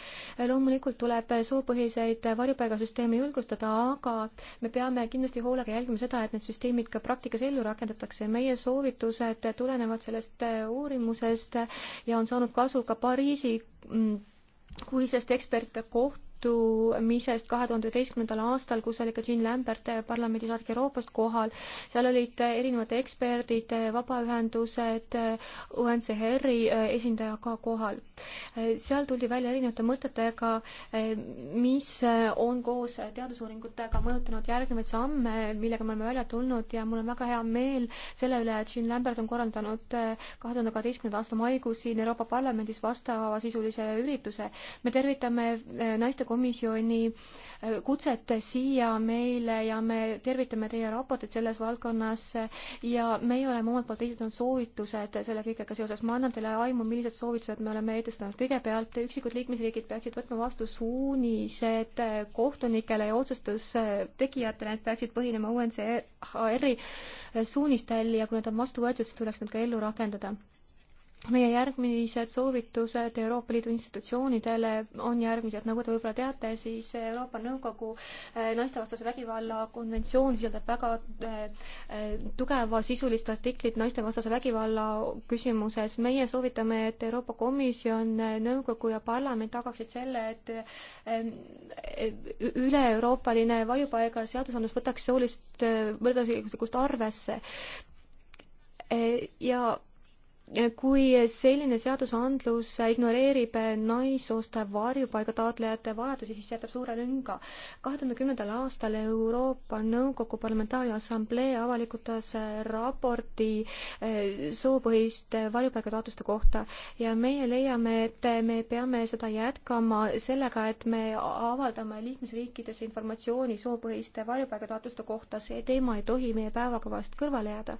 loomulikult tuleb soopõhiseid varjupaigasüsteeme süsteeme julgustada, aga me peame kindlasti hoolega jälgima seda, et need süsteemid ka praktikas ellu rakendatakse. meie soovitused tulenevad sellest äh, uurimusest ja on saanud kasu ka Pariisi mm, kuhisest ekspertide koht-, kohtumisest kahe tuhande üheteistkümnendal aastal, kus oli ka Jean Lambert, eh, parlamendisaadik Euroopast kohal. seal olid eh, erinevad eksperdid, eh, vabaühendused, UNCHR-i esindaja ka kohal. seal tuldi välja erinevate mõtetega, mis on koos teadusuuringutega mõjutanud järgnevaid samme, millega me oleme välja tulnud ja mul on väga hea meel selle üle, et Jean Lambert on korraldanud kahe tuhande kaheteistkümnenda aasta maikuus siin Euroopa Parlamendis vastavasisulise ürituse. me tervitame naiste komisjoni äh, kutset siia meile ja me tervitame teie raportit selles valdkonnas ja meie oleme omalt poolt esitanud soovitused selle kõigega seoses. ma annan teile aimu, millised soovitused me oleme edustanud. kõigepealt üksikud liikmesriigid peaksid võtma vastu suunised kohtunikele ja otsustustegijatele, need peaksid põhinema UNCHR-i suunistel ja kui need on vastu võetud, siis tuleks need ka ellu rakendada meie järgmised soovitused Euroopa Liidu institutsioonidele on järgmised, nagu te võib-olla teate, siis Euroopa Nõukogu eh, naistevastase vägivalla konventsioon sisaldab väga äh, tugeva sisulist artiklit naistevastase vägivalla küsimuses. meie soovitame, et Euroopa Komisjon, nõukogu ja parlament tagaksid selle, et äh, üle-euroopaline varjupaiga seadusandlus võtaks soolist äh, võrdõiguslikkust arvesse. ja kui selline seadusandlus ignoreerib naissoost varjupaiga taotlejate vajadusi, siis jätab suure lünga. kahe tuhande kümnendal aastal Euroopa Nõukogu Parlamentaarne Assamblee avalikutas raporti eh, soopõhiste varjupaigataotluste kohta ja meie leiame, et me peame seda jätkama sellega, et me avaldame liikmesriikides informatsiooni soopõhiste varjupaigataotluste kohta, see teema ei tohi meie päevakavast kõrvale jääda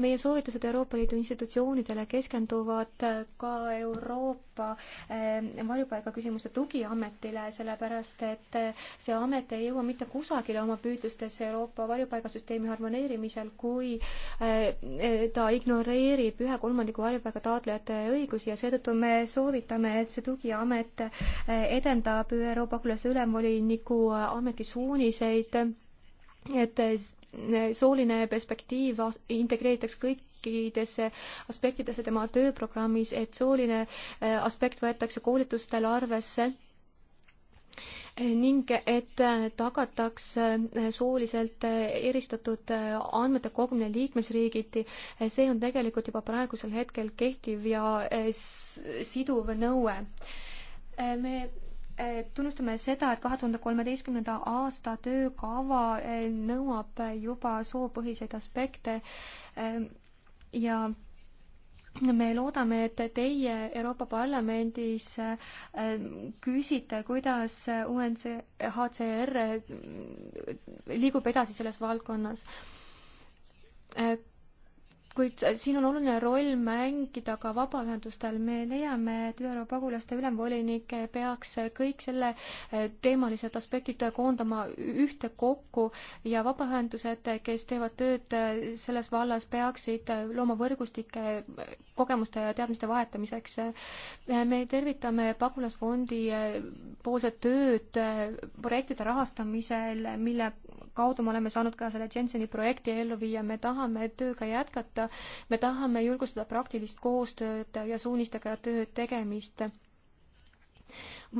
meie soovitused Euroopa Liidu institutsioonidele keskenduvad ka Euroopa eh, varjupaigaküsimuste tugiametile, sellepärast et eh, see amet ei jõua mitte kusagile oma püüdlustes Euroopa varjupaigasüsteemi harmoneerimisel, kui eh, ta ignoreerib ühe kolmandiku varjupaiga taotlejate õigusi ja seetõttu me soovitame, et see tugiamet edendab ÜRO pagulaste ülemvoliniku ametisuuniseid et eh, sooline perspektiiv integreeritakse kõikidesse aspektidesse tema tööprogrammis, et sooline eh, aspekt võetakse koolitustel arvesse eh, ning et tagataks sooliselt eristatud andmete kogumine liikmesriigiti, see on tegelikult juba praegusel hetkel kehtiv ja siduv nõue. me tunnustame seda, et kahe tuhande kolmeteistkümnenda aasta töökava eh, nõuab juba soopõhiseid aspekte eh, ja me loodame, et teie Euroopa Parlamendis eh, küsite, kuidas UNHCR liigub edasi selles valdkonnas kuid siin on oluline roll mängida ka vabaühendustel. me leiame, et ÜRO pagulaste ülemvolinik peaks kõik selle eh, teemalised aspektid koondama ühtekokku ja vabaühendused, kes teevad tööd eh, selles vallas, peaksid looma võrgustikke eh, kogemuste ja teadmiste vahetamiseks. me tervitame pagulasfondi poolset tööd projektide rahastamisel, mille kaudu me oleme saanud ka selle Jenseni projekti ellu viia, me tahame tööga jätkata, me tahame julgustada praktilist koostööd ja suunistega töö tegemist.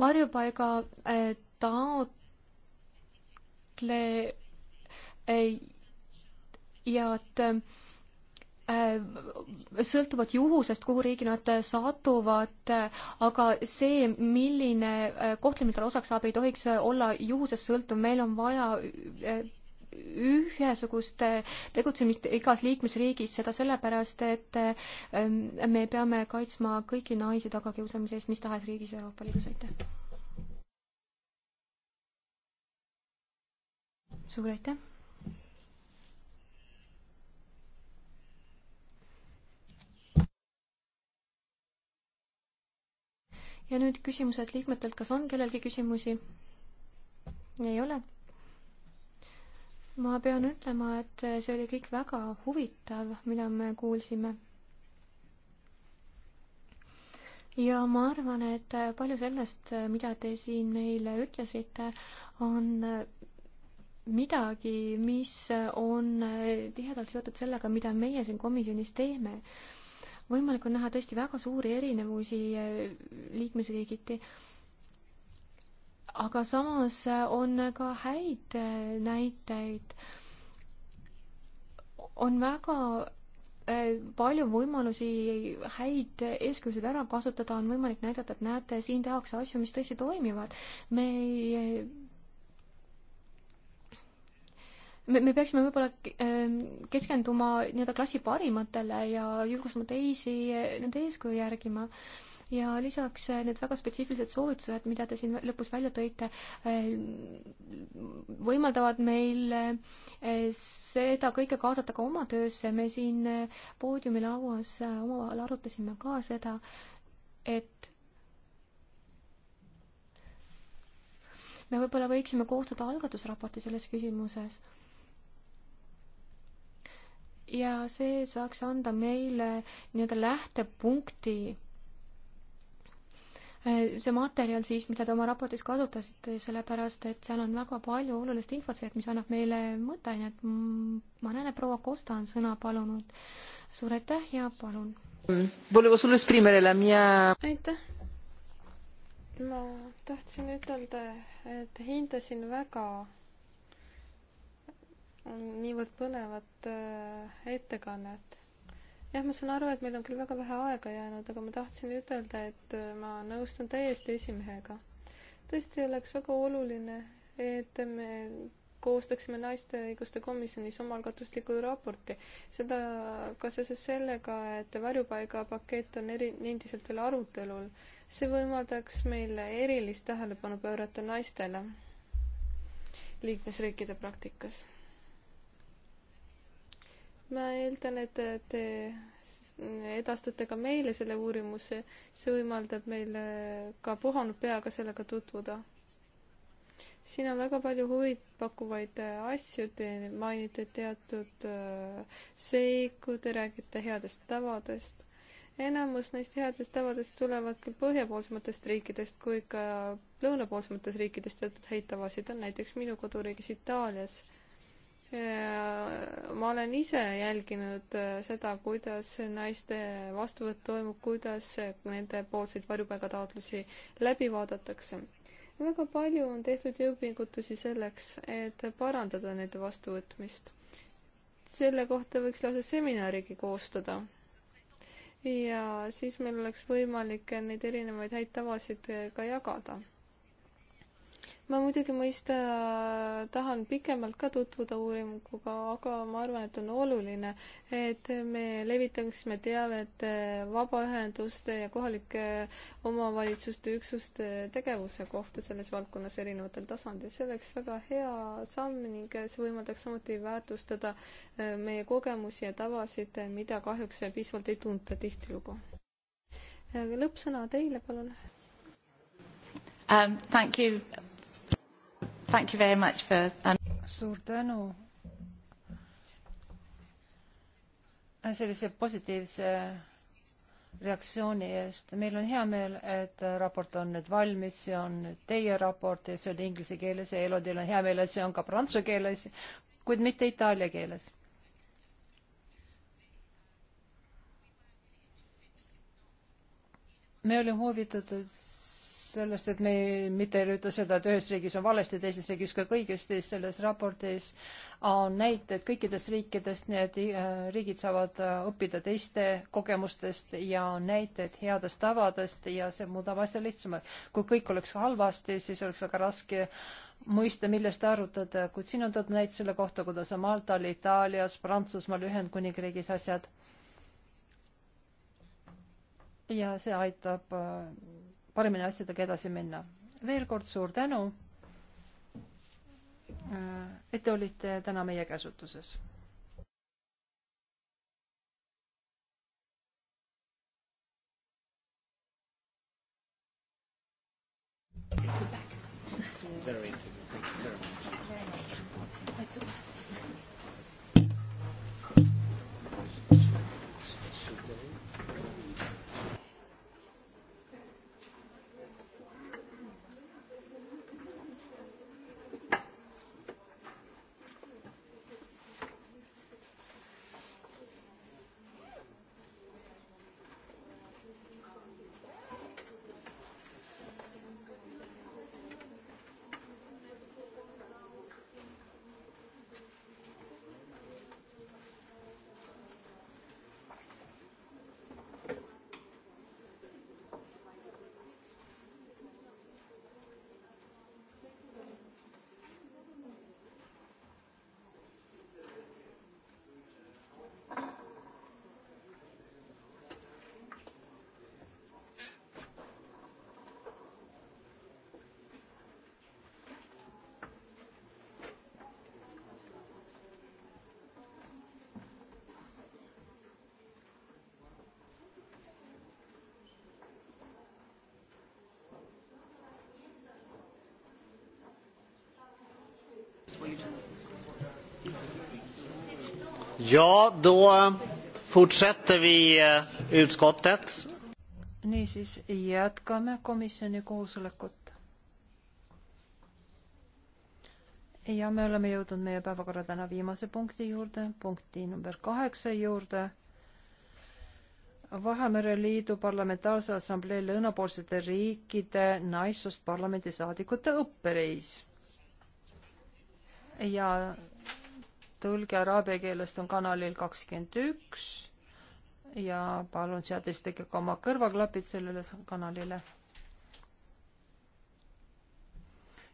varjupaiga eh, taotle- eh, ja et Äh, sõltuvad juhusest, kuhu riigi nad satuvad, aga see, milline äh, kohtlemine talle osaks saab, ei tohiks olla juhusest sõltuv, meil on vaja äh, ühesugust tegutsemist igas liikmesriigis, seda sellepärast, et ähm, me peame kaitsma kõiki naisi tagakiusamise eest mis tahes riigis Euroopa Liidus, aitäh! suur aitäh! ja nüüd küsimused liikmetelt, kas on kellelgi küsimusi? ei ole? ma pean ütlema, et see oli kõik väga huvitav, mida me kuulsime. ja ma arvan, et palju sellest, mida te siin meile ütlesite, on midagi, mis on tihedalt seotud sellega, mida meie siin komisjonis teeme võimalik on näha tõesti väga suuri erinevusi eh, liikmesriigiti. aga samas eh, on ka häid eh, näiteid. on väga palju võimalusi häid eeskujusid ära kasutada, on võimalik näidata, et näete, siin tehakse asju, mis tõesti toimivad. me ei me, me peaksime võib-olla ähm, keskenduma nii-öelda klassi parimatele ja julgustama teisi eh, nende eeskuju järgima. ja lisaks eh, need väga spetsiifilised soovitused, mida te siin lõpus välja tõite, eh, võimaldavad meil seda kõike kaasata ka oma töösse, me siin poodiumilauas omavahel arutasime ka seda, et me võib-olla võiksime koostada algatusraporti selles küsimuses ja see saaks anda meile nii-öelda lähtepunkti äh, see materjal siis, mida te oma raportis kasutasite, sellepärast et seal on väga palju olulist infot sees, mis annab meile mõtteainet. ma näen, et proua Kosta on sõna palunud. suur aitäh ja palun. aitäh. ma tahtsin ütelda, et hindasin väga niivõrd põnevat äh, ettekannet. jah, ma saan aru, et meil on küll väga vähe aega jäänud, aga ma tahtsin ütelda, et äh, ma nõustun täiesti esimehega. tõesti oleks väga oluline, et me koostaksime naiste õiguste komisjonis omalgatusliku raporti. seda ka seoses sellega, et varjupaigapakett on eri, endiselt veel arutelul. see võimaldaks meil erilist tähelepanu pöörata naistele liikmesriikide praktikas ma eeldan, et te edastate ka meile selle uurimuse, see võimaldab meil ka puhanud peaga sellega tutvuda. siin on väga palju huvipakkuvaid asju, te mainite teatud äh, seiku, te räägite headest tavadest. enamus neist headest tavadest tulevad küll põhjapoolsematest riikidest kui ka lõunapoolsematest riikidest teatud häid tavasid on näiteks minu koduriigis Itaalias ma olen ise jälginud äh, seda, kuidas naiste vastuvõtt toimub, kuidas nendepoolseid varjupaigataotlusi läbi vaadatakse. väga palju on tehtud jõupingutusi selleks, et parandada nende vastuvõtmist. selle kohta võiks lausa seminarigi koostada. ja siis meil oleks võimalik neid erinevaid häid tavasid äh, ka jagada ma muidugi mõista tahan pikemalt ka tutvuda uuringuga, aga ma arvan, et on oluline, et me levitaksime teavet vabaühenduste ja kohalike omavalitsuste üksuste tegevuse kohta selles valdkonnas erinevatel tasandil. see oleks väga hea samm ning see võimaldaks samuti väärtustada äh, meie kogemusi ja tavasid, mida kahjuks piisavalt ei tunta tihtilugu. Äh, lõppsõna teile, palun um,. Thank you Thank you very much for um... suur tänu sellise positiivse reaktsiooni eest. meil on hea meel, et raport on nüüd valmis, see on teie raport ja see oli inglise keeles ja Elodil on hea meel, et see on ka prantsuse keeles, kuid mitte itaalia keeles. me olime huvitatud sellest, et me mitte ei ütle seda, et ühes riigis on valesti, teises riigis kõik õigesti, selles raportis on näited kõikidest riikidest, nii et äh, riigid saavad äh, õppida teiste kogemustest ja näited headest tavadest ja see muudab asja lihtsamaks. kui kõik oleks halvasti, siis oleks väga raske mõista, millest arutada, kuid siin on toodud näit selle kohta, kuidas on Maltal, Itaalias, Prantsusmaal, Ühendkuningriigis asjad ja see aitab äh, paremini asjadega edasi minna. veel kord suur tänu, äh, et te olite täna meie käsutuses. Very interesting. Ja, då eh, fortsätter vi eh, utskottet. Niisiis jätkame komisjoni koosolekut. ja me oleme jõudnud meie päevakorra täna viimase punkti juurde, punkti number kaheksa juurde. Vahemere Liidu Parlamentaarse Assamblee lõunapoolsete riikide naissoost parlamendisaadikute õppereis ja tõlge araabia keelest on kanalil kakskümmend üks ja palun seades tege ka oma kõrvaklapid sellele kanalile.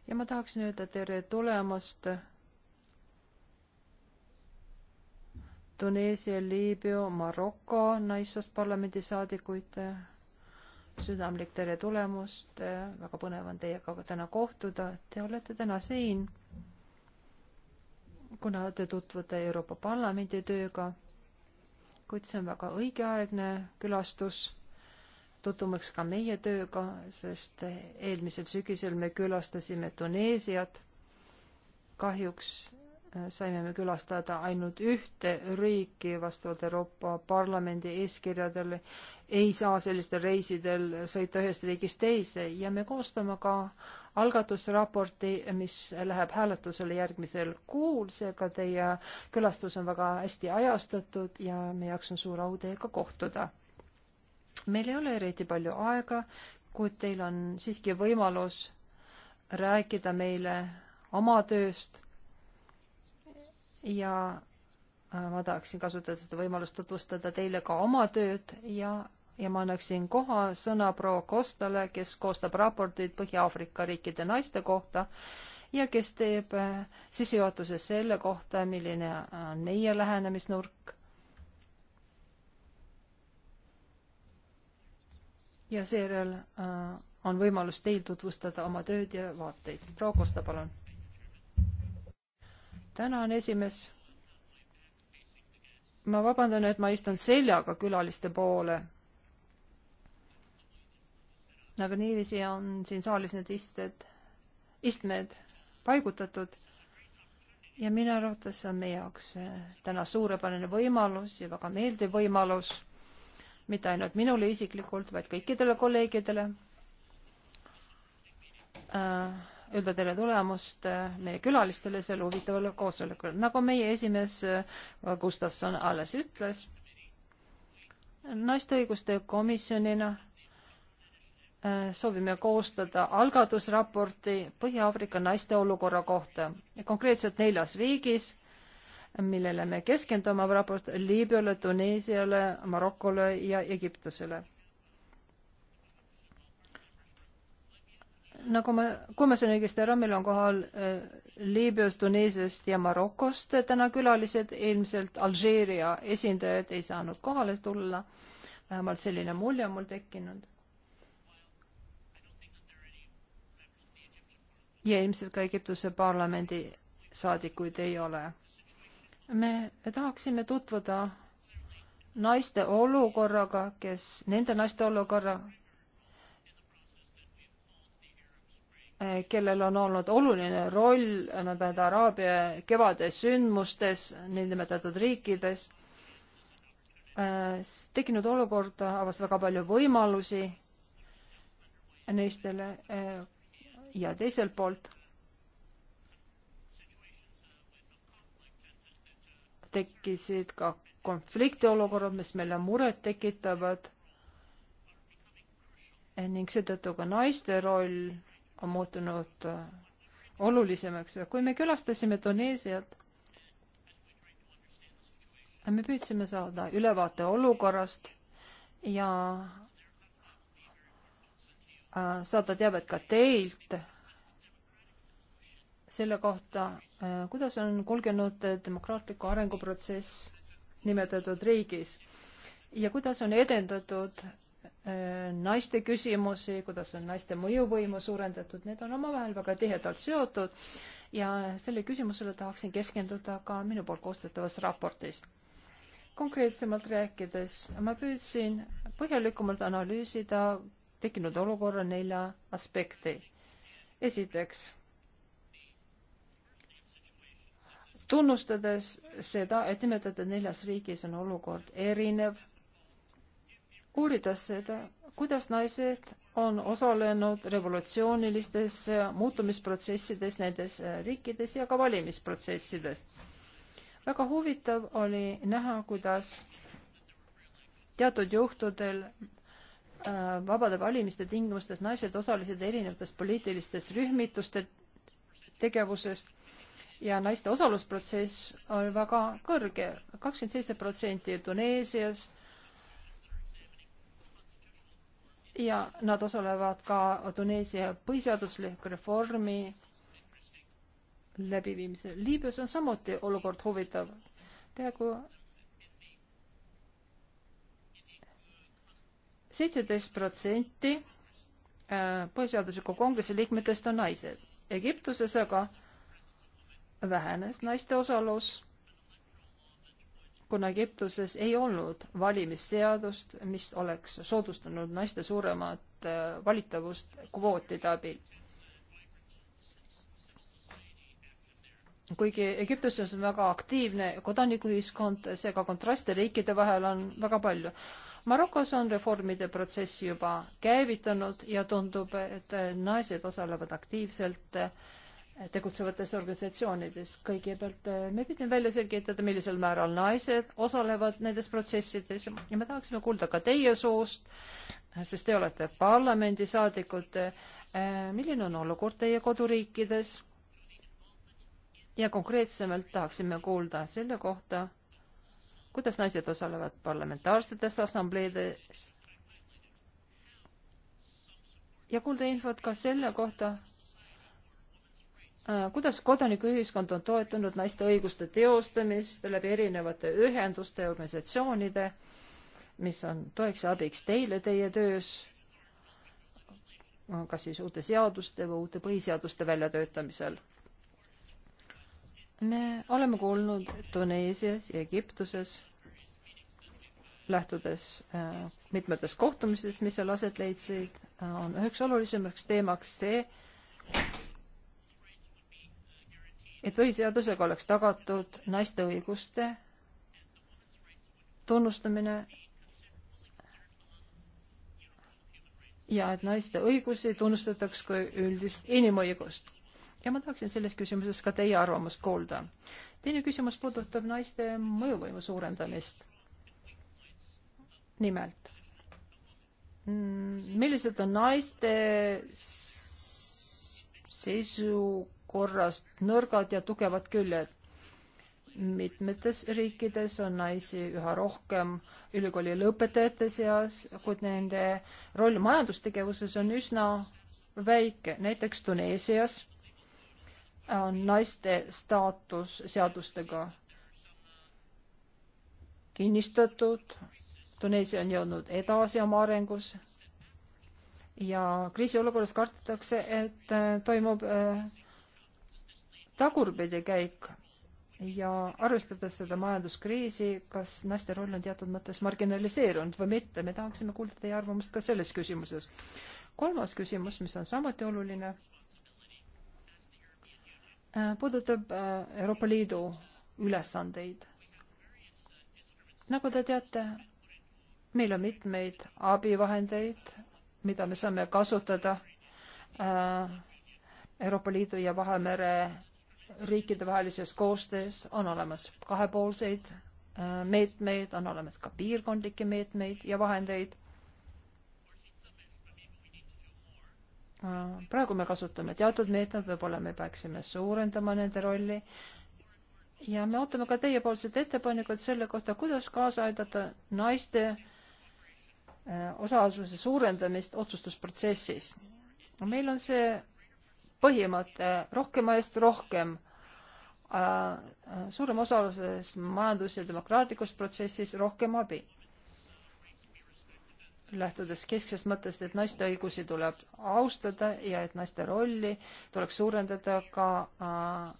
ja ma tahaksin öelda tere tulemast Tuneesia, Liibüa, Maroko naissoost parlamendisaadikuid. südamlik tere tulemust, väga põnev on teiega täna kohtuda, te olete täna siin kuna te tutvute Euroopa Parlamendi tööga, kuid see on väga õigeaegne külastus tutvumaks ka meie tööga, sest eelmisel sügisel me külastasime Tuneesiat. kahjuks saime me külastada ainult ühte riiki vastavalt Euroopa Parlamendi eeskirjadele, ei saa sellistel reisidel sõita ühest riigist teise ja me koostame ka algatusraporti, mis läheb hääletusele järgmisel kuul, seega teie külastus on väga hästi ajastatud ja meie jaoks on suur au teiega kohtuda. meil ei ole eriti palju aega, kuid teil on siiski võimalus rääkida meile oma tööst ja äh, ma tahaksin kasutada seda võimalust tutvustada teile ka oma tööd ja, ja ma annaksin koha sõna proua Kostale, kes koostab raporteid Põhja-Aafrika riikide naiste kohta ja kes teeb äh, sissejuhatuse selle kohta, milline on meie lähenemisnurk. ja seejärel äh, on võimalus teil tutvustada oma tööd ja vaateid. proua Kosta, palun tänan, esimees. ma vabandan, et ma istun seljaga külaliste poole. aga niiviisi on siin saalis need isted, istmed paigutatud. ja minu arvates on meie jaoks äh, täna suurepärane võimalus ja väga meeldiv võimalus mitte ainult minule isiklikult, vaid kõikidele kolleegidele äh, öelda teile tulemust äh, meie külalistele sel huvitaval koosolekul. nagu meie esimees äh, Gustavson alles ütles, naiste õiguste komisjonina äh, soovime koostada algatusraporti Põhja-Aafrika naiste olukorra kohta, konkreetselt neljas riigis, millele me keskendume oma raport Liibüale, Tuneesiale, Marokole ja Egiptusele nagu ma, kui ma sain õigesti aru, meil on kohal äh, Liibüast, Tuneesiast ja Marokost täna külalised, ilmselt Alžeeria esindajad ei saanud kohale tulla. vähemalt selline mulje on mul tekkinud. ja ilmselt ka Egiptuse parlamendi saadikuid ei ole. me tahaksime tutvuda naiste olukorraga, kes, nende naiste olukorra, Eh, kellel on olnud oluline roll nii-öelda Araabia kevade sündmustes niinimetatud riikides, eh, tekkinud olukord avas väga palju võimalusi neistele eh, ja teiselt poolt tekkisid ka konfliktiolukorrad, mis meile muret tekitavad ning seetõttu ka naiste roll on muutunud äh, olulisemaks ja kui me külastasime Tuneesiat, me püüdsime saada ülevaate olukorrast ja äh, saada teavet ka teilt selle kohta, äh, kuidas on kulgenud demokraatliku arenguprotsess nimetatud riigis ja kuidas on edendatud Äh, naiste küsimusi, kuidas on naiste mõjuvõimu suurendatud, need on omavahel väga tihedalt seotud ja selle küsimusele tahaksin keskenduda ka minu poolt koostatavas raportis. konkreetsemalt rääkides ma püüdsin põhjalikumalt analüüsida tekkinud olukorra nelja aspekti. esiteks, tunnustades seda, et nimetatud neljas riigis on olukord erinev uurida seda, kuidas naised on osalenud revolutsioonilistes muutumisprotsessides nendes riikides ja ka valimisprotsessides. väga huvitav oli näha, kuidas teatud juhtudel äh, vabade valimiste tingimustes naised osalesid erinevates poliitilistes rühmituste tegevusest ja naiste osalusprotsess oli väga kõrge, kakskümmend seitse protsenti Tuneesias ja nad osalevad ka Tuneesia põhiseadusliku reformi läbiviimisel. Liibüas on samuti olukord huvitav. peaaegu seitseteist protsenti äh, põhiseadusliku kongressi liikmetest on naised. Egiptuses aga vähenes naiste osalus kuna Egiptuses ei olnud valimisseadust, mis oleks soodustanud naiste suuremat äh, valitavust kvootide abil. kuigi Egiptuses on väga aktiivne kodanikuühiskond, seega kontraste riikide vahel on väga palju. Marokos on reformide protsess juba käivitunud ja tundub, et naised osalevad aktiivselt äh, tegutsevates organisatsioonides. kõigepealt eh, me pidime välja selgitada, millisel määral naised osalevad nendes protsessides ja me tahaksime kuulda ka teie suust, sest te olete parlamendisaadikud. Eh, milline on olukord teie koduriikides? ja konkreetsemalt tahaksime kuulda selle kohta, kuidas naised osalevad parlamentaarsetes assambleedes ja kuulda infot ka selle kohta, Äh, kuidas kodanikuühiskond on toetanud naiste õiguste teostamist läbi erinevate ühenduste ja organisatsioonide, mis on toeks ja abiks teile teie töös, kas siis uute seaduste või uute põhiseaduste väljatöötamisel? me oleme kuulnud Tuneesias ja Egiptuses, lähtudes äh, mitmetest kohtumistest, mis seal aset leidsid, äh, on üheks olulisemaks teemaks see, et põhiseadusega oleks tagatud naiste õiguste tunnustamine ja et naiste õigusi tunnustataks kui üldist inimõigust. ja ma tahaksin selles küsimuses ka teie arvamust kuulda. teine küsimus puudutab naiste mõjuvõimu suurendamist. nimelt, millised on naiste seisu olukorrast nõrgad ja tugevad küljed. mitmetes riikides on naisi üha rohkem ülikooli lõpetajate seas, kuid nende roll majandustegevuses on üsna väike, näiteks Tuneesias on naiste staatus seadustega kinnistatud, Tuneesia on jõudnud edasi oma arengus ja kriisiolukorras kardetakse, et toimub äh, tagurpidi käik ja arvestades seda majanduskriisi, kas naiste roll on teatud mõttes marginaliseerunud või mitte, me tahaksime kuulda teie arvamust ka selles küsimuses. kolmas küsimus, mis on samuti oluline, äh, puudutab äh, Euroopa Liidu ülesandeid. nagu te teate, meil on mitmeid abivahendeid, mida me saame kasutada äh, Euroopa Liidu ja Vahemere riikidevahelises koostöös on olemas kahepoolseid äh, meetmeid, on olemas ka piirkondlikke meetmeid ja vahendeid. Äh, praegu me kasutame teatud meetmed, võib-olla me peaksime suurendama nende rolli ja me ootame ka teiepoolsed ettepanekud selle kohta, kuidas kaasa aidata naiste äh, osaluse suurendamist otsustusprotsessis. meil on see põhimõte rohkema eest rohkem äh,, suurem osaluses majandus- ja demokraatlikus protsessis rohkem abi. lähtudes kesksest mõttest, et naiste õigusi tuleb austada ja et naiste rolli tuleks suurendada ka äh,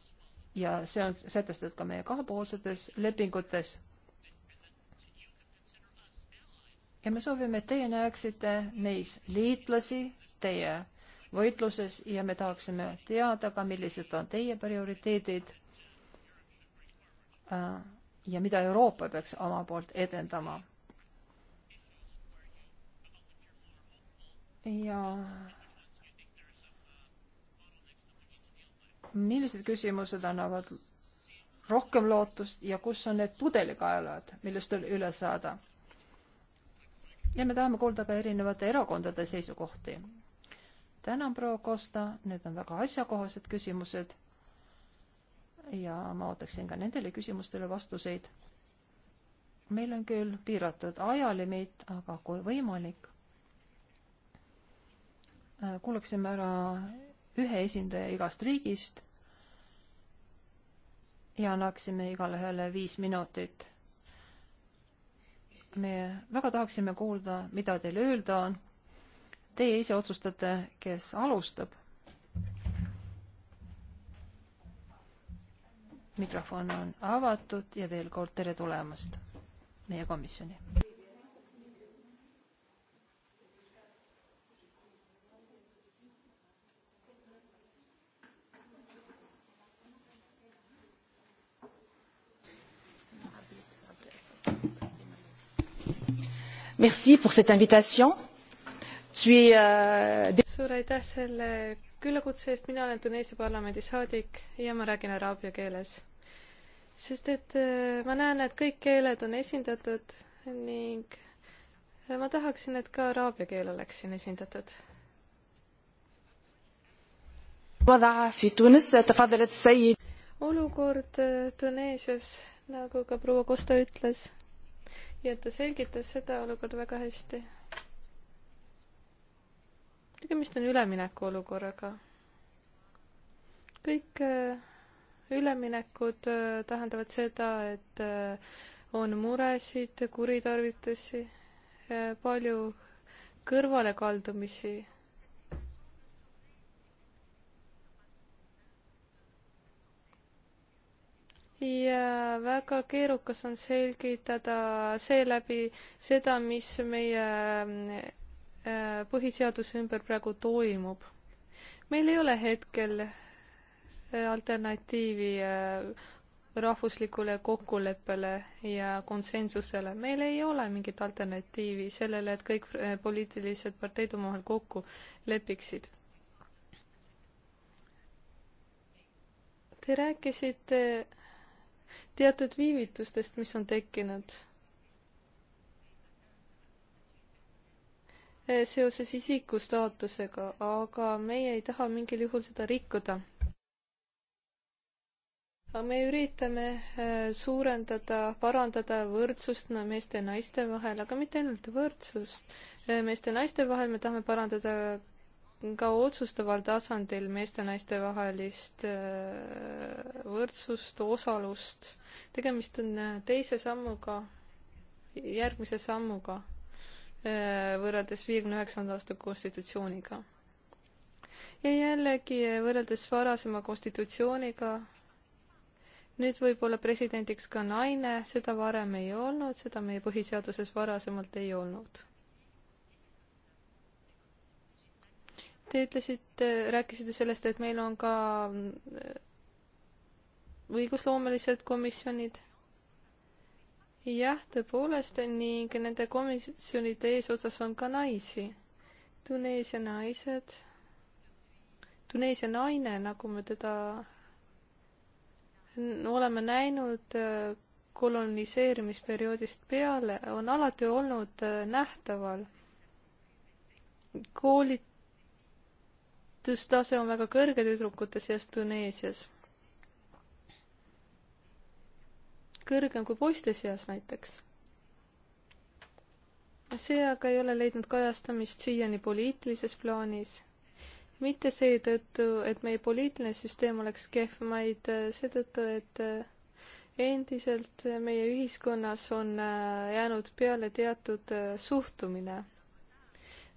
ja see on sätestatud ka meie kahepoolsetes lepingutes ja me soovime, et teie näeksite neis liitlasi, teie võitluses ja me tahaksime teada ka, millised on teie prioriteedid äh, ja mida Euroopa peaks oma poolt edendama. ja millised küsimused annavad rohkem lootust ja kus on need pudelikaelad, millest üle saada. ja me tahame kuulda ka erinevate erakondade seisukohti tänan, proua Kosta, need on väga asjakohased küsimused. ja ma ootaksin ka nendele küsimustele vastuseid. meil on küll piiratud ajalimiit, aga kui võimalik, äh, kuulaksime ära ühe esindaja igast riigist ja annaksime igale ühele viis minutit. me väga tahaksime kuulda, mida teil öelda on Teie ise otsustate, kes alustab. mikrofon on avatud ja veel kord tere tulemast meie komisjoni. Merci pour cette invitation Äh, suur aitäh selle küllakutse eest, mina olen Tuneesia parlamendi saadik ja ma räägin araabia keeles. sest et äh, ma näen, et kõik keeled on esindatud ning äh, ma tahaksin, et ka araabia keel oleks siin esindatud. olukord Tuneesias, nagu ka proua Kosta ütles ja ta selgitas seda olukorda väga hästi tegemist on üleminekuolukorraga. kõik äh, üleminekud äh, tähendavad seda, et äh, on muresid, kuritarvitusi, palju kõrvalekaldumisi ja väga keerukas on selgitada seeläbi seda, mis meie Äh, põhiseaduse ümber praegu toimub. meil ei ole hetkel äh, alternatiivi äh, rahvuslikule kokkuleppele ja konsensusele. meil ei ole mingit alternatiivi sellele, et kõik poliitilised parteid omavahel kokku lepiksid. Te rääkisite teatud viivitustest, mis on tekkinud Eh, seoses isiku staatusega, aga meie ei taha mingil juhul seda rikkuda. aga me üritame eh, suurendada, parandada võrdsust meeste ja naiste vahel, aga mitte ainult võrdsust. Eh, meeste ja naiste vahel me tahame parandada ka otsustaval tasandil meeste-naiste vahelist võrdsust, osalust. tegemist on teise sammuga, järgmise sammuga Äh, võrreldes viiekümne üheksanda aasta konstitutsiooniga. ja jällegi äh, võrreldes varasema konstitutsiooniga, nüüd võib olla presidendiks ka naine, seda varem ei olnud, seda meie põhiseaduses varasemalt ei olnud. Te ütlesite, rääkisite sellest, et meil on ka äh, õigusloomelised komisjonid jah, tõepoolest ning nende komisjonide eesotsas on ka naisi. Tuneesia naised, Tuneesia naine, nagu me teda oleme näinud äh, koloniseerimisperioodist peale, on alati olnud äh, nähtaval. koolitustase on väga kõrge tüdrukute seas Tuneesias kõrgem kui poiste seas näiteks. see aga ei ole leidnud kajastamist siiani poliitilises plaanis, mitte seetõttu, et meie poliitiline süsteem oleks kehv, vaid eh, seetõttu, et eh, endiselt meie ühiskonnas on eh, jäänud peale teatud suhtumine.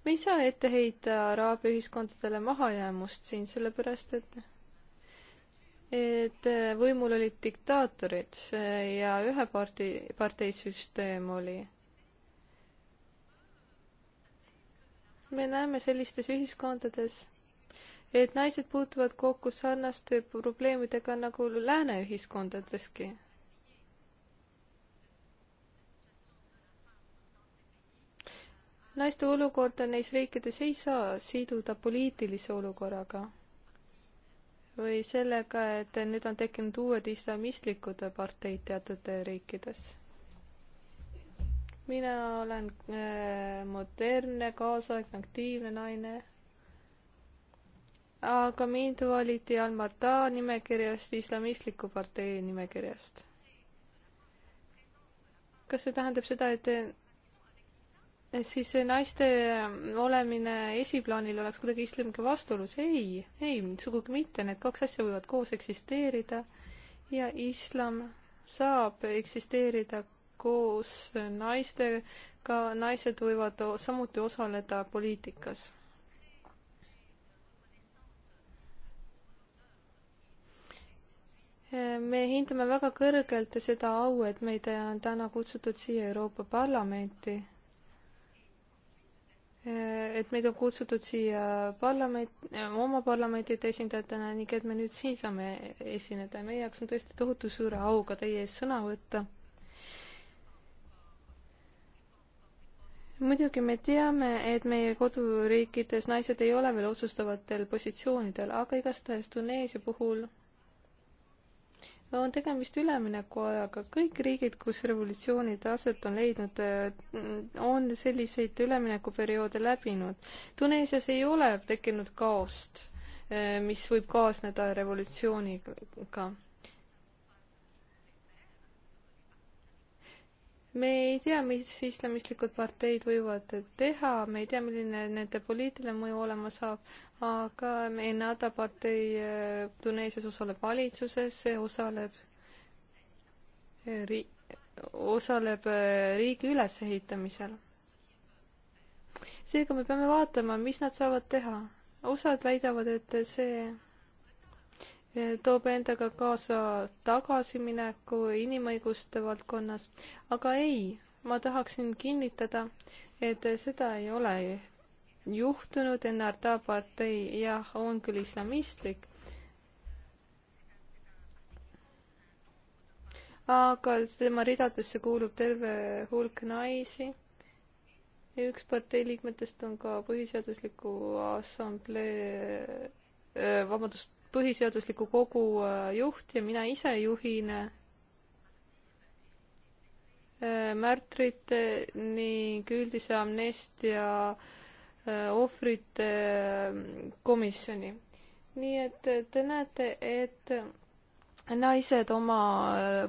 me ei saa ette heita araabia ühiskondadele mahajäämust siin, sellepärast et et äh, võimul olid diktaatorid äh, ja ühe partei, parteisüsteem oli. me näeme sellistes ühiskondades, et naised puutuvad kokku sarnaste probleemidega nagu lääne ühiskondadeski naiste olukorda neis riikides ei saa siduda poliitilise olukorraga või sellega, et nüüd on tekkinud uued islamistlikud parteid teatud riikides? mina olen äh, modernne, kaasaegne, aktiivne naine. aga mind valiti Al-Mata nimekirjast, islamistliku partei nimekirjast kas see tähendab seda, et siis see naiste mm, olemine esiplaanil oleks kuidagi islamiga vastuolus. ei, ei, sugugi mitte, need kaks asja võivad koos eksisteerida ja islam saab eksisteerida koos naistega, naised võivad samuti osaleda poliitikas. me hindame väga kõrgelt seda au, et meid on täna kutsutud siia Euroopa Parlamenti Eh, et meid on kutsutud siia parlament, eh, oma parlamentide esindajatena ning et me nüüd siin saame esineda ja meie jaoks on tõesti tohutu suure auga teie ees sõna võtta. muidugi me teame, et meie koduriikides naised ei ole veel otsustavatel positsioonidel, aga igastahes Tuneesia puhul on tegemist üleminekuajaga, kõik riigid, kus revolutsioonid aset on leidnud, äh, on selliseid üleminekuperioode läbinud. Tuneesias ei ole tekkinud kaost, äh, mis võib kaasneda revolutsiooniga. me ei tea, mis islamistlikud parteid võivad teha, me ei tea, milline nende poliitiline mõju olema saab, aga Ennada partei eh, Tuneesias osaleb valitsuses, osaleb eh, ri-, osaleb eh, riigi ülesehitamisel. seega me peame vaatama, mis nad saavad teha. osad väidavad, et see toob endaga kaasa tagasimineku inimõiguste valdkonnas, aga ei, ma tahaksin kinnitada, et seda ei ole juhtunud, NRD partei jah, on küll islamistlik, aga tema ridadesse kuulub terve hulk naisi ja üks partei liikmetest on ka Põhiseadusliku Assamblee, äh, vabandust, põhiseadusliku kogu äh, juht ja mina ise juhin äh, märtrite äh, ning üldise amnestia ohvrite komisjoni. nii et te näete, et naised oma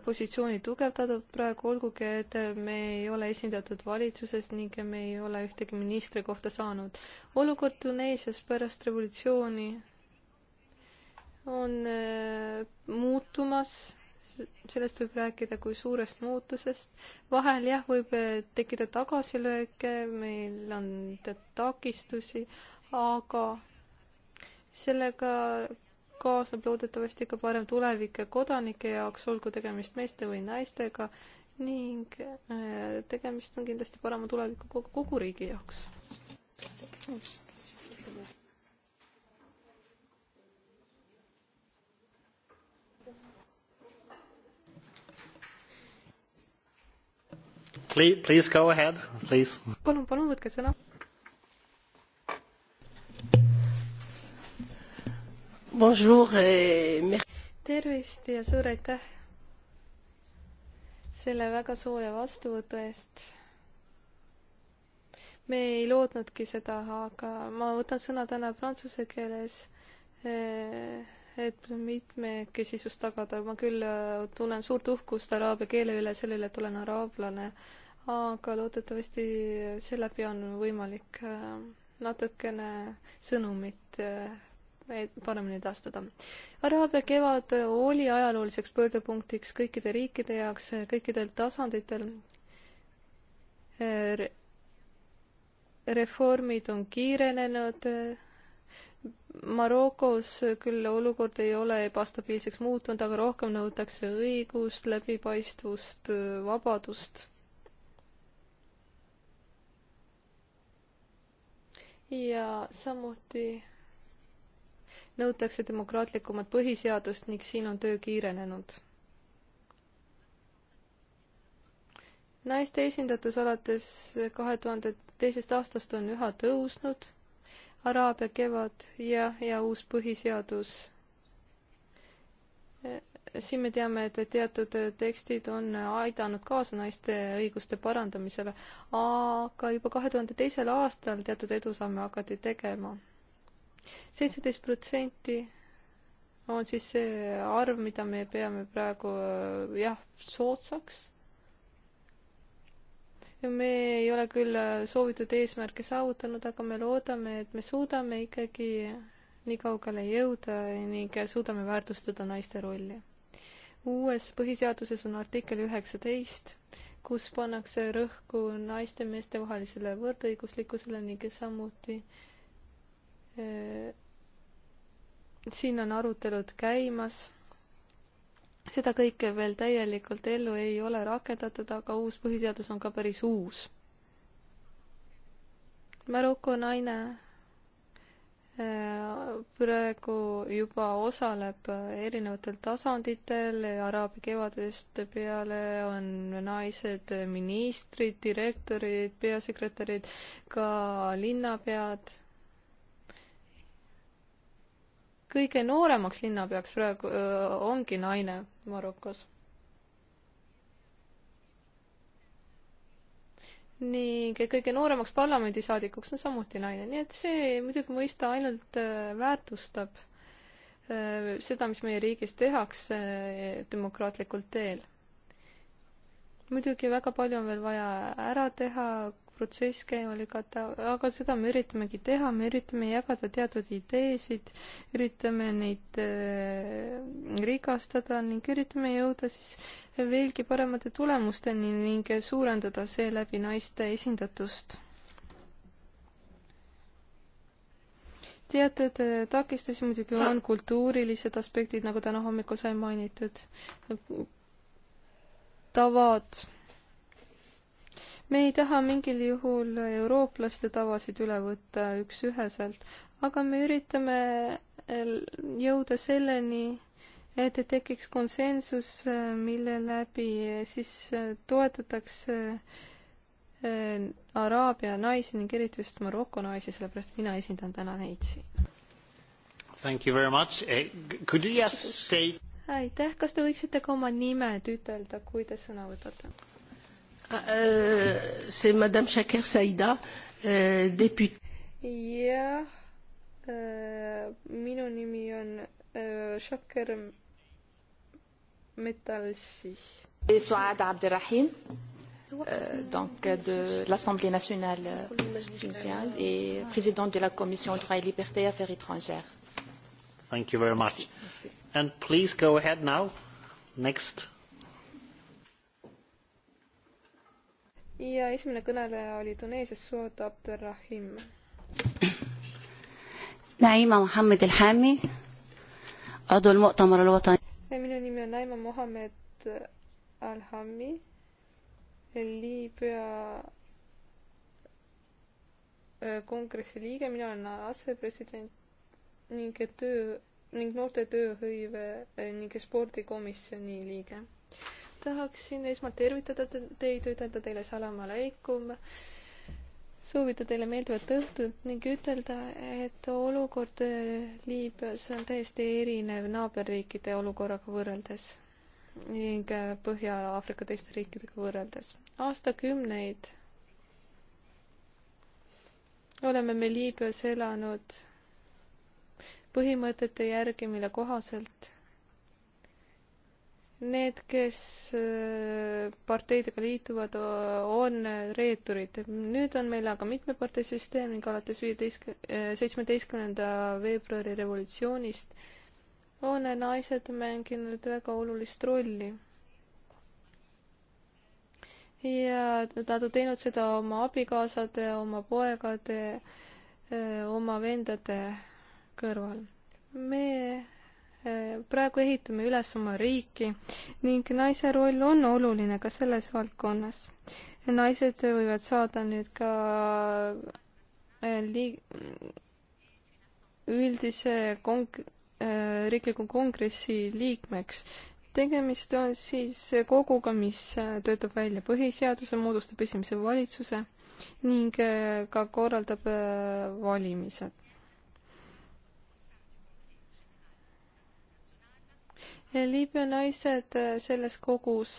positsiooni tugevdavad praegu, olgugi et me ei ole esindatud valitsuses ning me ei ole ühtegi ministri kohta saanud. olukord Tuneesias pärast revolutsiooni on äh, muutumas, sellest võib rääkida kui suurest muutusest. vahel jah, võib äh, tekkida tagasilööke, meil on takistusi, aga sellega kaasneb loodetavasti ka parem tulevik kodanike jaoks, olgu tegemist meeste või naistega ning äh, tegemist on kindlasti parema tulevikuga kogu riigi jaoks. Please, please go ahead, please. palun, palun võtke sõna. Bonjour et... tervist ja suur aitäh selle väga sooja vastuvõtu eest. me ei lootnudki seda, aga ma võtan sõna täna prantsuse keeles, eh, et mitmekesisust tagada. ma küll äh, tunnen suurt uhkust araabia keele üle, selle üle, et olen araablane aga loodetavasti seeläbi on võimalik äh, natukene sõnumit äh, e-, paremini taastada. Araabia kevad oli ajalooliseks pöördepunktiks kõikide riikide jaoks, kõikidel tasanditel Re. reformid on kiirenenud. Marokos küll olukord ei ole ebastabiilseks muutunud, aga rohkem nõutakse õigust, läbipaistvust, vabadust ja samuti nõutakse demokraatlikumat põhiseadust ning siin on töö kiirenenud naiste esindatus alates kahe tuhande teisest aastast on üha tõusnud. Araabia kevad ja, ja uus põhiseadus siin me teame, et teatud tekstid on aidanud kaasa naiste õiguste parandamisele, aga juba kahe tuhande teisel aastal teatud edusamme hakati tegema. seitseteist protsenti on siis see arv, mida me peame praegu jah, soodsaks. me ei ole küll soovitud eesmärke saavutanud, aga me loodame, et me suudame ikkagi nii kaugele jõuda ning suudame väärtustada naiste rolli uues põhiseaduses on artikkel üheksateist, kus pannakse rõhku naiste ja meeste vahelisele võrdõiguslikkusele ning samuti eh, siin on arutelud käimas. seda kõike veel täielikult ellu ei ole rakendatud, aga uus põhiseadus on ka päris uus. Maroko naine Äh, praegu juba osaleb erinevatel tasanditel, Araabia kevadest peale on naised ministrid, direktorid, peasekretärid, ka linnapead kõige nooremaks linnapeaks praegu öö, äh, ongi naine Marokos. ning kõige nooremaks parlamendisaadikuks on samuti naine, nii et see muidugi mõista ainult äh, väärtustab äh, seda, mis meie riigis tehakse äh, demokraatlikul teel. muidugi väga palju on veel vaja ära teha protsess käima lükata, aga seda me üritamegi teha, me üritame jagada teatud ideesid, üritame neid äh, rikastada ning üritame jõuda siis veelgi paremate tulemusteni ning suurendada seeläbi naiste esindatust. teatud äh, takistusi muidugi on kultuurilised aspektid, nagu täna hommikul sai mainitud, tavad me ei taha mingil juhul eurooplaste tavasid üle võtta üks-üheselt, aga me üritame eh, jõuda selleni, et tekiks konsensus, eh, mille läbi siis eh, toetatakse Araabia naisi ning eriti just Maroko naisi, sellepärast mina esindan täna neid siin. Thank you very much. Could you just state aitäh, kas te võiksite ka oma nimed ütelda, kui te sõna võtate? Ah, euh, c'est Madame Chaker Saïda, euh, députée. jah äh,, minu nimi on äh, Chaker Metalsi. Et Souad Abderrahim, euh, donc de l'Assemblée nationale tunisienne et présidente de la Commission droits et libertés affaires étrangères. Thank you very much. Merci, merci. And please go ahead now. Next. ja esimene kõneleja oli Tuneesias Suad Abderrahim. Naima Mohammed El-Hami, Adu Al-Muqtamar Al-Watani. minu nimi on Naima Mohammed Al-Hami, Liibüa äh, kongressi liige, mina olen asepresident ning töö ning noorte tööhõive äh, ning spordikomisjoni liige tahaksin esmalt tervitada teid, ütelda teile salam aleikum, soovida teile meeldivat õhtut ning ütelda, et olukord äh, Liibüas on täiesti erinev naaberriikide olukorraga võrreldes ning äh, Põhja-Aafrika teiste riikidega võrreldes. aastakümneid oleme me Liibüas elanud põhimõtete järgi, mille kohaselt Need, kes äh, parteidega liituvad, on reeturid. nüüd on meil aga mitme partei süsteem ning alates viieteistkümne, äh, seitsmeteistkümnenda veebruari revolutsioonist on naised mänginud väga olulist rolli. ja nad on teinud seda oma abikaasade, oma poegade, äh, oma vendade kõrval. me praegu ehitame üles oma riiki ning naise roll on oluline ka selles valdkonnas. naised võivad saada nüüd ka äh, liig-, üldise kong-, äh, riikliku kongressi liikmeks. tegemist on siis koguga, mis töötab välja põhiseaduse, moodustab esimese valitsuse ning äh, ka korraldab valimised Liibüa naised äh, selles kogus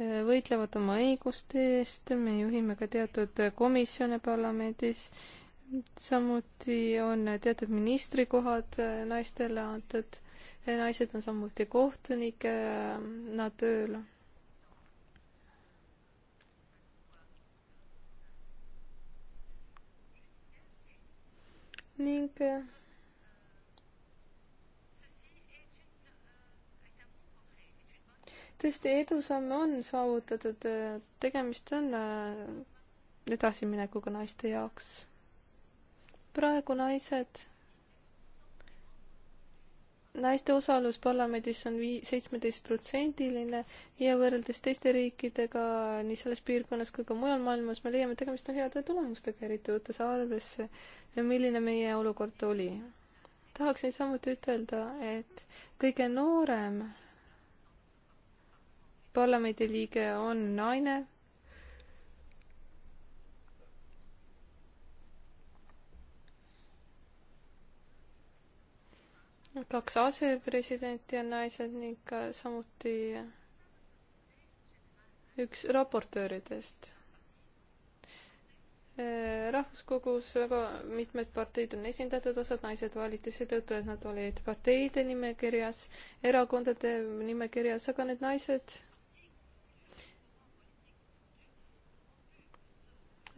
äh, võitlevad oma õiguste eest, me juhime ka teatud äh, komisjone parlamendis, samuti on teatud ministrikohad naistele antud, naised on samuti kohtunikena tööl ning tõesti, edusamme on saavutatud, tegemist on äh, edasiminekuga naiste jaoks. praegu naised, naiste osalus parlamendis on vii-, seitsmeteistprotsendiline ja võrreldes teiste riikidega nii selles piirkonnas kui ka mujal maailmas me leiame, tegemist on heade tulemustega, eriti võttes arvesse, milline meie olukord oli. tahaksin samuti ütelda, et kõige noorem parlamendiliige on naine kaks asepresidenti on naised ning ka samuti üks raportööridest. Äh, rahvuskogus väga mitmed parteid on esindatud, osad naised valiti seetõttu, et nad olid parteide nimekirjas, erakondade nimekirjas, aga need naised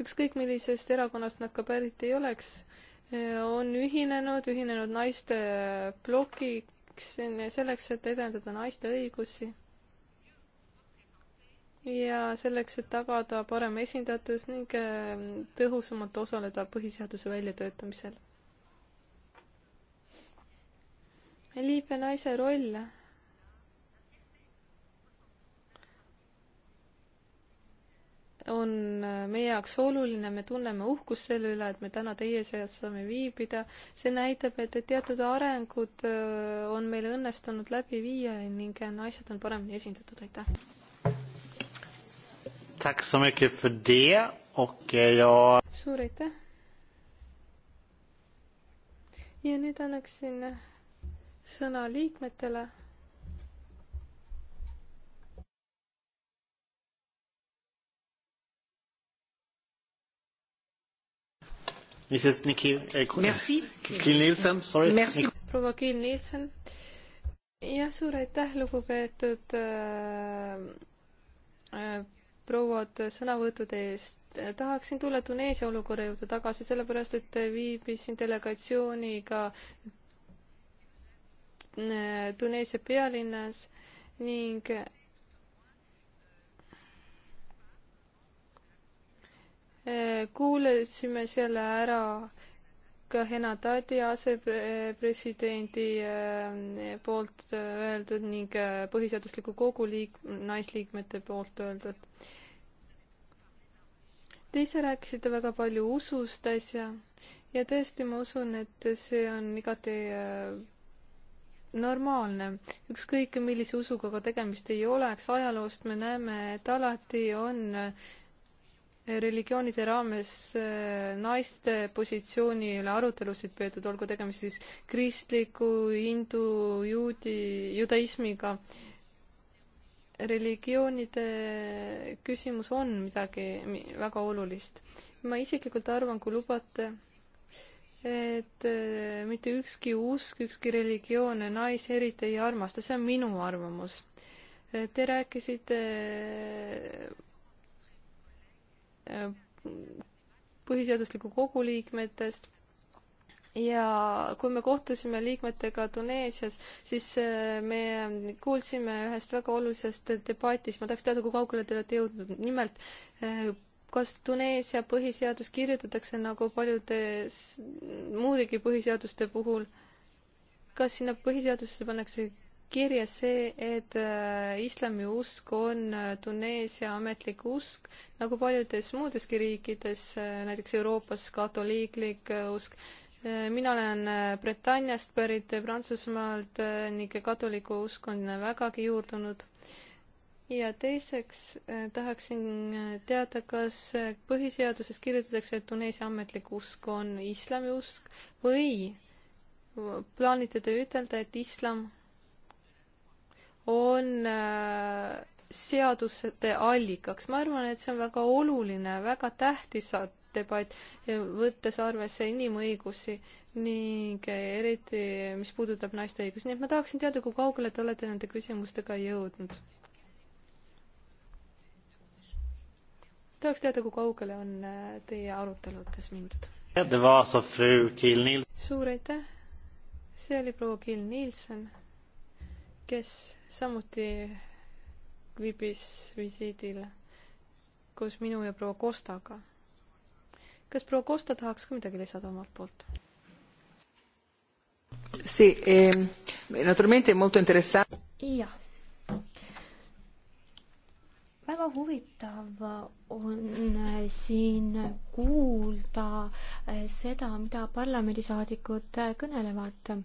ükskõik millisest erakonnast nad ka pärit ei oleks, eh, on ühinenud, ühinenud naiste blokiks eh, eh, selleks, et edendada naiste õigusi. ja selleks, et tagada parem esindatus ning tõhusamalt osaleda põhiseaduse väljatöötamisel. Liibe naise roll on äh, meie jaoks oluline, me tunneme uhkust selle üle, et me täna teie seas saame viibida. see näitab, et teatud arengud äh, on meil õnnestunud läbi viia ning äh, naised on paremini esindatud, aitäh. Eh, suur aitäh. ja nüüd annaksin sõna liikmetele Mrs Nikki eh, Merci. Kill Nielsen, sorry. Merci. proua Kill Nielsen. jah, suur aitäh, lugupeetud äh, äh, prouad sõnavõttude eest. tahaksin tulla Tuneesia olukorra juurde tagasi, sellepärast et viibisin delegatsiooniga äh, Tuneesia pealinnas ning kuulasime selle ära ka Henatadi asepresidendi äh, poolt äh, öeldud ning äh, põhiseadusliku kogu liik-, naisliikmete poolt öeldud. Te ise rääkisite väga palju usust äsja ja tõesti, ma usun, et see on igati normaalne, ükskõik millise usuga ka tegemist ei oleks, ajaloost me näeme, et alati on äh, religioonide raames eh, naiste positsiooni üle arutelusid peetud, olgu tegemist siis kristliku, hindu, juudi, judaismiga. religioonide küsimus on midagi väga olulist. ma isiklikult arvan, kui lubate, et eh, mitte ükski usk, ükski religioon naisi eriti ei armasta, see on minu arvamus. Te rääkisite põhiseadusliku kogu liikmetest ja kui me kohtusime liikmetega Tuneesias, siis äh, me kuulsime ühest väga olulisest debatist, ma tahaks teada, kui kaugele te olete jõudnud, nimelt äh, kas Tuneesia põhiseadus kirjutatakse nagu paljude muudegi põhiseaduste puhul, kas sinna põhiseadusesse pannakse kirjas see, et äh, islamiusk on äh, Tuneesia ametlik usk, nagu paljudes muudeski riikides, äh, näiteks Euroopas katoliiklik usk. mina olen Britanniast pärit Prantsusmaalt ning katoliku usk on vägagi juurdunud. ja teiseks tahaksin teada, kas põhiseaduses kirjutatakse, et Tuneesia ametlik usk on islamiusk või plaanite te ütelda, et islam on äh, seaduste allikaks. ma arvan, et see on väga oluline, väga tähtis debatt, võttes arvesse inimõigusi ning eriti, mis puudutab naiste õigusi, nii et ma tahaksin teada, kui kaugele te olete nende küsimustega jõudnud. tahaks teada, kui kaugele on äh, teie aruteludes mindud. suur aitäh, see oli proua Kill Nielsen, kes samuti viibis visiidil koos minu ja proua Kostaga. kas proua Kosta tahaks ka midagi lisada omalt poolt? Sì, eh, naturalmente è molto interessante. jah. väga huvitav on eh, siin kuulda eh, seda, mida parlamendisaadikud eh, kõnelevad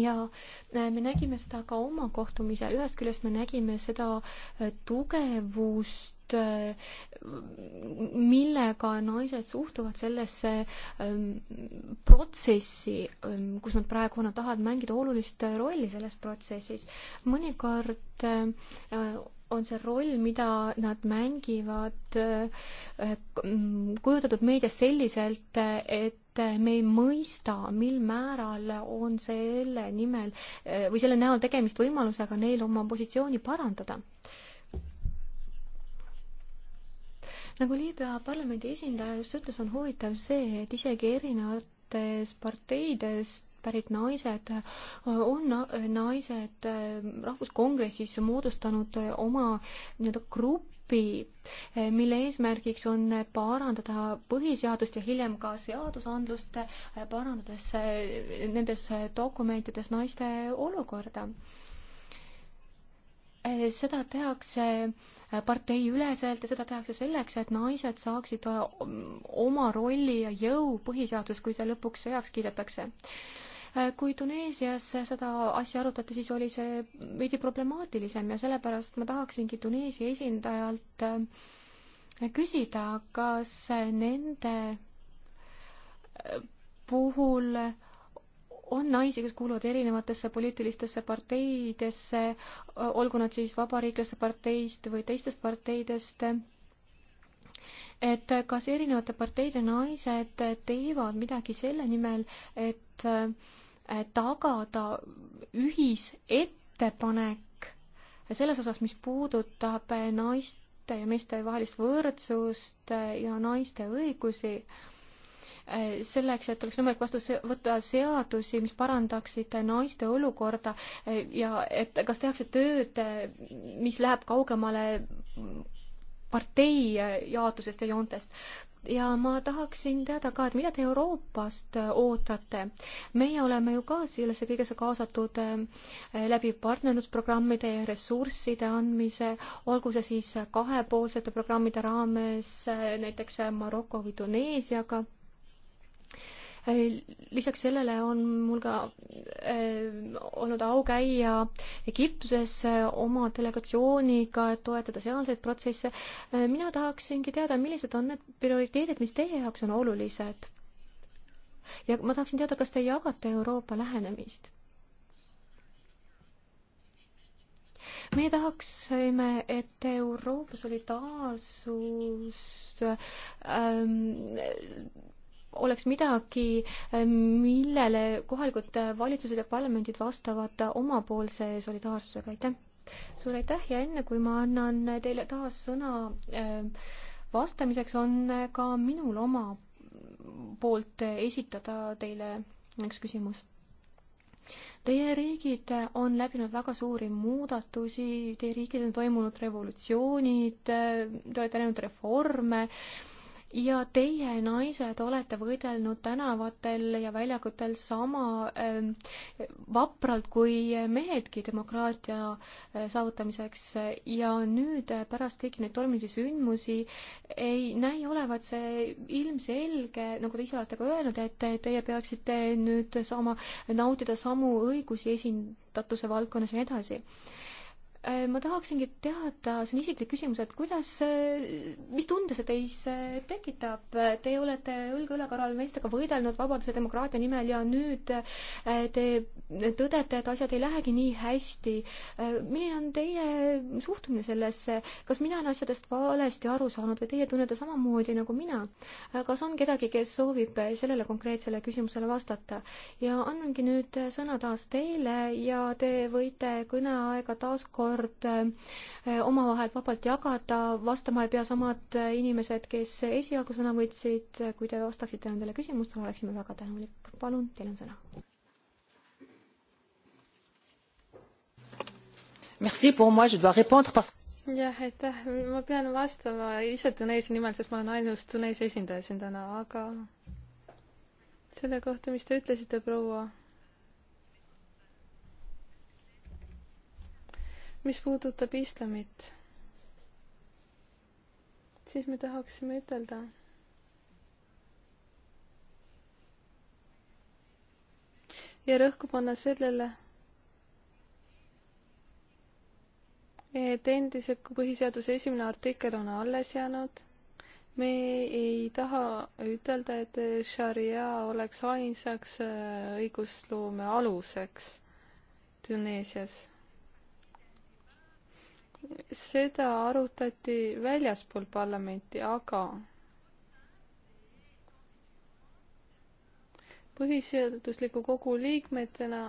ja äh, me nägime seda ka oma kohtumisel, ühest küljest me nägime seda äh, tugevust, äh, millega naised suhtuvad sellesse ähm, protsessi, ähm, kus nad praegu, nad tahavad mängida olulist rolli selles protsessis. mõnikord on see roll, mida nad mängivad, kujutatud meedias selliselt, et et me ei mõista, mil määral on selle nimel eh, või selle näol tegemist võimalusega neil oma positsiooni parandada. nagu Liibüa parlamendi esindaja just ütles, on huvitav see, et isegi erinevates parteides pärit naised eh, on naised eh, rahvuskongressis moodustanud oma nii-öelda grupi, grupi, eh, mille eesmärgiks on parandada põhiseadust ja hiljem ka seadusandlust, eh, parandades eh, nendes dokumentides naiste olukorda seda tehakse parteiüleselt ja seda tehakse selleks, et naised saaksid oma rolli ja jõu põhiseaduses, kui see lõpuks heaks kiidetakse. Äh, kui Tuneesias seda asja arutati, siis oli see veidi problemaatilisem ja sellepärast ma tahaksingi Tuneesia esindajalt äh, küsida, kas nende äh, puhul on naisi, kes kuuluvad erinevatesse poliitilistesse parteidesse, olgu nad siis vabariiklaste parteist või teistest parteidest, et kas erinevate parteide naised teevad midagi selle nimel, et äh, Äh, tagada ühisettepanek selles osas, mis puudutab äh, naiste ja meeste vahelist võrdsust äh, ja naiste õigusi, selleks, et oleks võimalik vastu võtta seadusi, mis parandaksid naiste olukorda ja et kas tehakse tööd, mis läheb kaugemale mm, partei jaotusest ja joontest ja ma tahaksin teada ka, et mida te Euroopast äh, ootate. meie oleme ju ka sellesse kõigesse kaasatud äh, läbi partnerlusprogrammide ja ressursside andmise, olgu see siis kahepoolsete programmide raames äh, näiteks Maroko või Tuneesiaga Äh, lisaks sellele on mul ka äh, olnud au käia Egiptuses äh, oma delegatsiooniga, et toetada sealseid protsesse. mina tahaksingi teada, millised on need prioriteedid, mis teie jaoks on olulised? ja ma tahaksin teada, kas te jagate Euroopa lähenemist? meie tahaksime, et Euroopa solidaarsus ähm, oleks midagi, millele kohalikud valitsused ja parlamendid vastavad omapoolse solidaarsusega, aitäh! suur aitäh ja enne, kui ma annan teile taas sõna ähm, vastamiseks, on ka minul oma poolt esitada teile üks küsimus. Teie riigid on läbinud väga suuri muudatusi, teie riigid on toimunud revolutsioonid, te olete näinud reforme ja teie, naised, olete võidelnud tänavatel ja väljakutel sama ähm, vapralt kui mehedki demokraatia äh, saavutamiseks ja nüüd äh, pärast kõiki neid tormilisi sündmusi ei näi olevat see ilmselge, nagu te ise olete ka öelnud, et teie peaksite nüüd saama nautida samu õigusi esindatuse valdkonnas ja nii edasi Äh, ma tahaksingi teada, see on isiklik küsimus, et kuidas, äh, mis tunde see teis äh, tekitab? Te olete õlg õla kõrval meestega võidelnud vabaduse ja demokraatia nimel ja nüüd te tõdete, et asjad ei lähegi nii hästi. milline on teie suhtumine sellesse, kas mina olen asjadest valesti aru saanud või teie tunnete samamoodi nagu mina? kas on kedagi, kes soovib sellele konkreetsele küsimusele vastata? ja annangi nüüd sõna taas teile ja te võite kõneaega taas kord olukord äh, omavahel vabalt jagada, vastama ei pea samad äh, inimesed, kes esialgu sõna võtsid. kui te vastaksite nendele küsimustele, oleksime väga tänulikud. palun, teil on sõna. Merci pour moi, je dois répondre parce que jah, aitäh, ma pean vastama ise Tuneesia nimel, sest ma olen ainus Tuneesia esindaja siin täna, aga selle kohta, mis te ütlesite, proua mis puudutab islamit, siis me tahaksime ütelda, ja rõhku panna sellele, et endise põhiseaduse esimene artikkel on alles jäänud. me ei taha ütelda, et šaria oleks ainsaks õigusloome aluseks Tuneesias seda arutati väljaspool parlamenti, aga põhiseadusliku kogu liikmetena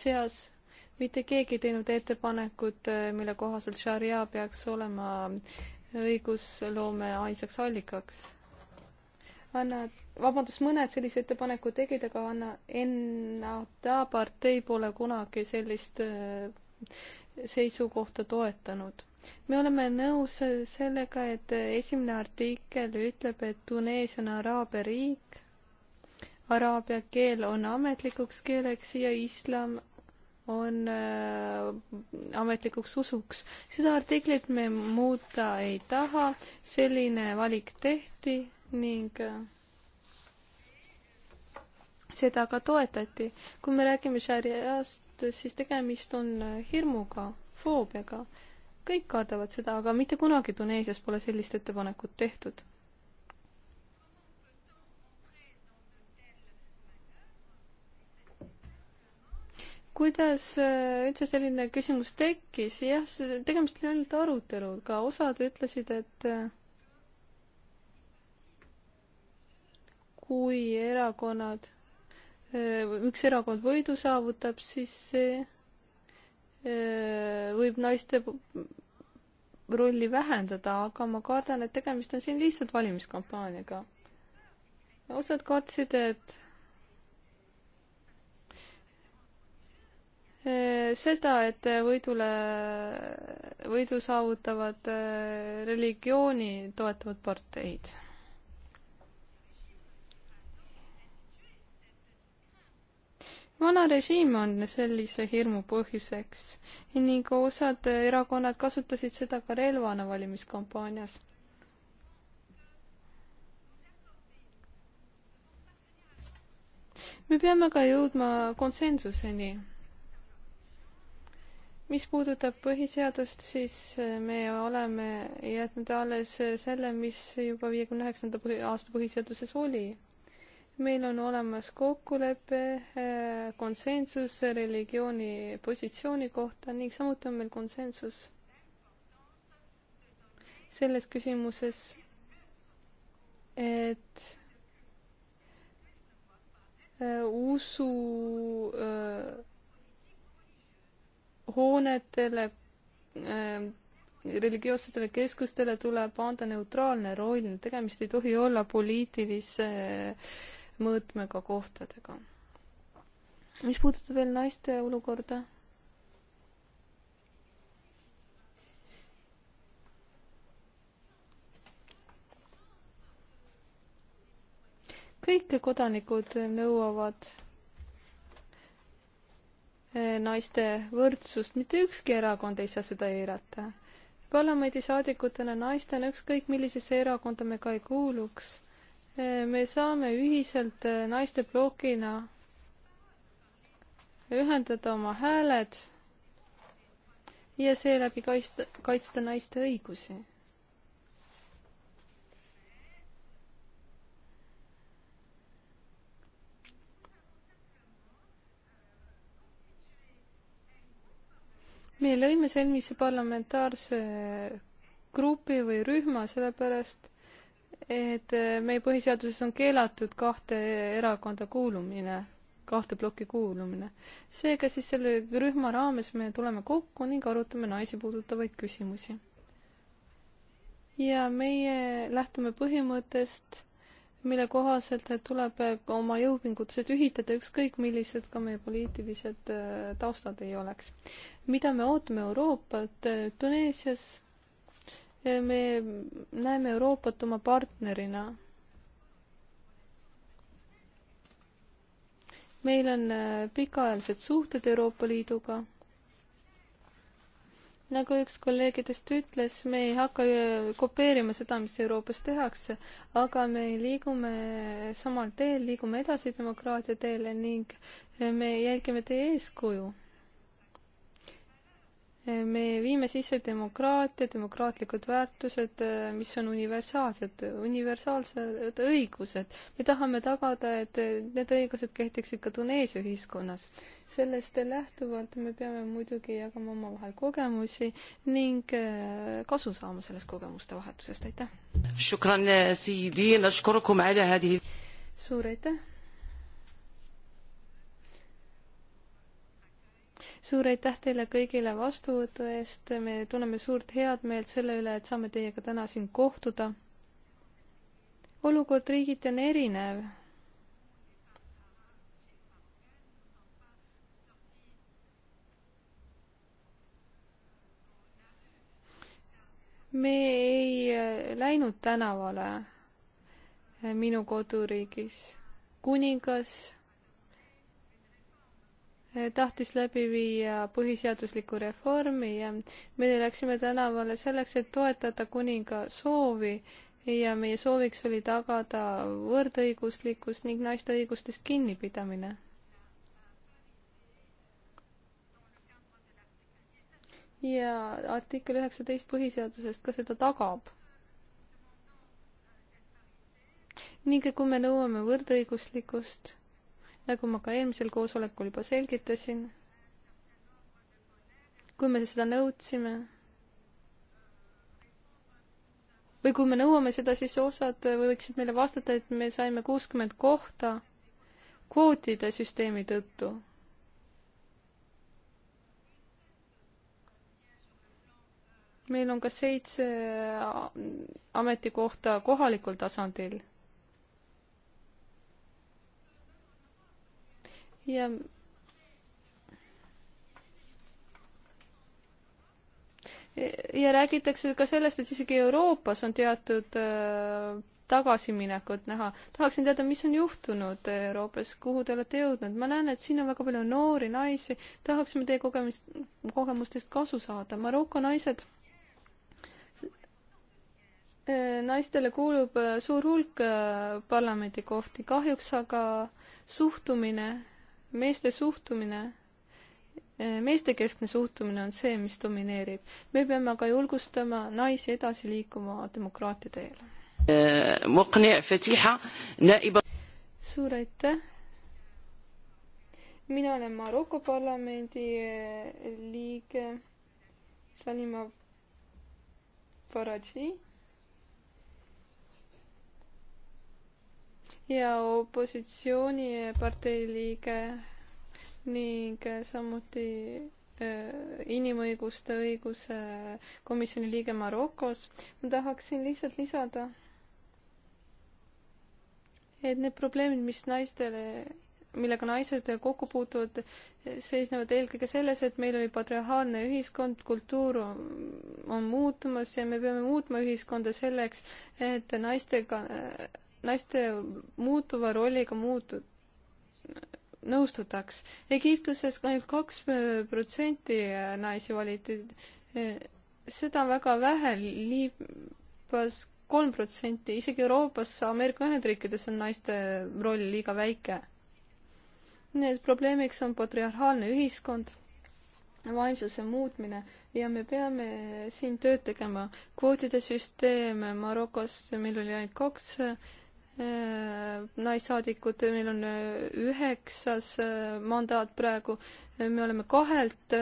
seas mitte keegi teinud ettepanekut, mille kohaselt šaria peaks olema õigusloome ainsaks allikaks. Anna, vabandust, mõned sellise ettepaneku tegid, aga Anna, enne ta partei pole kunagi sellist seisukohta toetanud. me oleme nõus sellega, et esimene artikkel ütleb, et Tunees on araabia riik, araabia keel on ametlikuks keeleks ja islam on äh, ametlikuks usuks. seda artiklit me muuta ei taha, selline valik tehti ning äh, seda ka toetati. kui me räägime šariast, et siis tegemist on hirmuga, foobiaga. kõik kardavad seda, aga mitte kunagi Tuneesias pole sellist ettepanekut tehtud. kuidas äh, üldse selline küsimus tekkis, jah, see, tegemist oli ainult aruteluga, osad ütlesid, et äh, kui erakonnad Äh, üks erakond võidu saavutab, siis see äh, võib naiste rolli vähendada, aga ma kardan, et tegemist on siin lihtsalt valimiskampaaniaga. osad kartsid, et äh, seda, et võidule, võidu saavutavad religiooni toetavad parteid vana režiim on sellise hirmu põhjuseks ning osad erakonnad kasutasid seda ka relvana valimiskampaanias. me peame ka jõudma konsensuseni mis puudutab põhiseadust, siis me oleme jätnud alles selle, mis juba viiekümne üheksanda aasta põhiseaduses oli meil on olemas kokkulepe, äh, konsensus religiooni positsiooni kohta ning samuti on meil konsensus selles küsimuses, et äh, usu äh, hoonetele, religioossetele keskustele tuleb anda neutraalne roll, tegemist ei tohi olla poliitilise äh, mõõtmega kohtadega. mis puudutab veel naiste olukorda, kõik kodanikud nõuavad eh, naiste võrdsust, mitte ükski erakond ei saa seda eirata. parlamendisaadikutena naistena, ükskõik millisesse erakonda me ka ei kuuluks me saame ühiselt eh, naiste blogina ühendada oma hääled ja seeläbi kaitsta, kaitsta naiste õigusi. me lõime sellise parlamentaarse grupi või rühma sellepärast, et äh, meie põhiseaduses on keelatud kahte erakonda kuulumine, kahte plokki kuulumine. seega siis selle rühma raames me tuleme kokku ning arutame naisi puudutavaid küsimusi. ja meie lähtume põhimõttest, mille kohaselt tuleb oma jõupingutused ühitada, ükskõik millised ka meie poliitilised äh, taustad ei oleks. mida me ootame Euroopalt äh, Tuneesias me näeme Euroopat oma partnerina. meil on äh, pikaajalised suhted Euroopa Liiduga. nagu üks kolleegidest ütles, me ei hakka äh, kopeerima seda, mis Euroopas tehakse, aga me liigume samal teel, liigume edasi demokraatia teele ning äh, me jälgime teie eeskuju me viime sisse demokraatia, demokraatlikud väärtused, mis on universaalsed, universaalsed õigused. me tahame tagada, et need õigused kehtiksid ka Tuneesia ühiskonnas. sellest lähtuvalt me peame muidugi jagama omavahel kogemusi ning äh, kasu saama sellest kogemuste vahetusest, aitäh! Eh, suur aitäh! suur aitäh teile kõigile vastuvõtu eest, me tunneme suurt headmeelt selle üle, et saame teiega täna siin kohtuda. olukord riigiti on erinev me ei äh, läinud tänavale äh, minu koduriigis. kuningas tahtis läbi viia põhiseadusliku reformi ja me läksime tänavale selleks, et toetada kuninga soovi ja meie sooviks oli tagada võrdõiguslikkus ning naiste õigustest kinnipidamine. ja artikkel üheksateist põhiseadusest ka seda tagab. ning kui me nõuame võrdõiguslikkust nagu ma ka eelmisel koosolekul juba selgitasin, kui me seda nõudsime või kui me nõuame seda, siis osad võiksid meile vastata, et me saime kuuskümmend kohta kvootide süsteemi tõttu meil on ka seitse ametikohta kohalikul tasandil. ja ja räägitakse ka sellest, et isegi Euroopas on teatud äh, tagasiminekut näha. tahaksin teada, mis on juhtunud Euroopas, kuhu te olete jõudnud? ma näen, et siin on väga palju noori naisi, tahaksime teie kogemist, kogemustest kasu saada. Maroko naised, äh, naistele kuulub äh, suur hulk äh, parlamendikohti, kahjuks aga suhtumine meeste suhtumine, eh, meestekeskne suhtumine on see, mis domineerib. me peame aga julgustama naisi edasi liikuma demokraatia teel. Eh, suur aitäh! mina olen Maroko parlamendi eh, liige Salima Faradži ja opositsioonipartei liige ning samuti äh, inimõiguste õiguse komisjoni liige Marokos. ma tahaksin lihtsalt lisada, et need probleemid, mis naistele, millega naised kokku puutuvad, seisnevad eelkõige selles, et meil oli patriarhaalne ühiskond, kultuur on, on muutumas ja me peame muutma ühiskonda selleks, et naistega äh, naiste muutuva rolliga muutu-, nõustutaks. Egiptuses ainult kaks äh, protsenti äh, naisi valiti. Äh, seda on väga vähe, Liibüas kolm protsenti, isegi Euroopas, Ameerika Ühendriikides on naiste roll liiga väike. nii et probleemiks on patriarhaalne ühiskond, vaimsuse muutmine ja me peame siin tööd tegema. kvootide süsteem Marokos, meil oli ainult kaks Äh, naissaadikud, meil on äh, üheksas äh, mandaat praegu, me oleme kahelt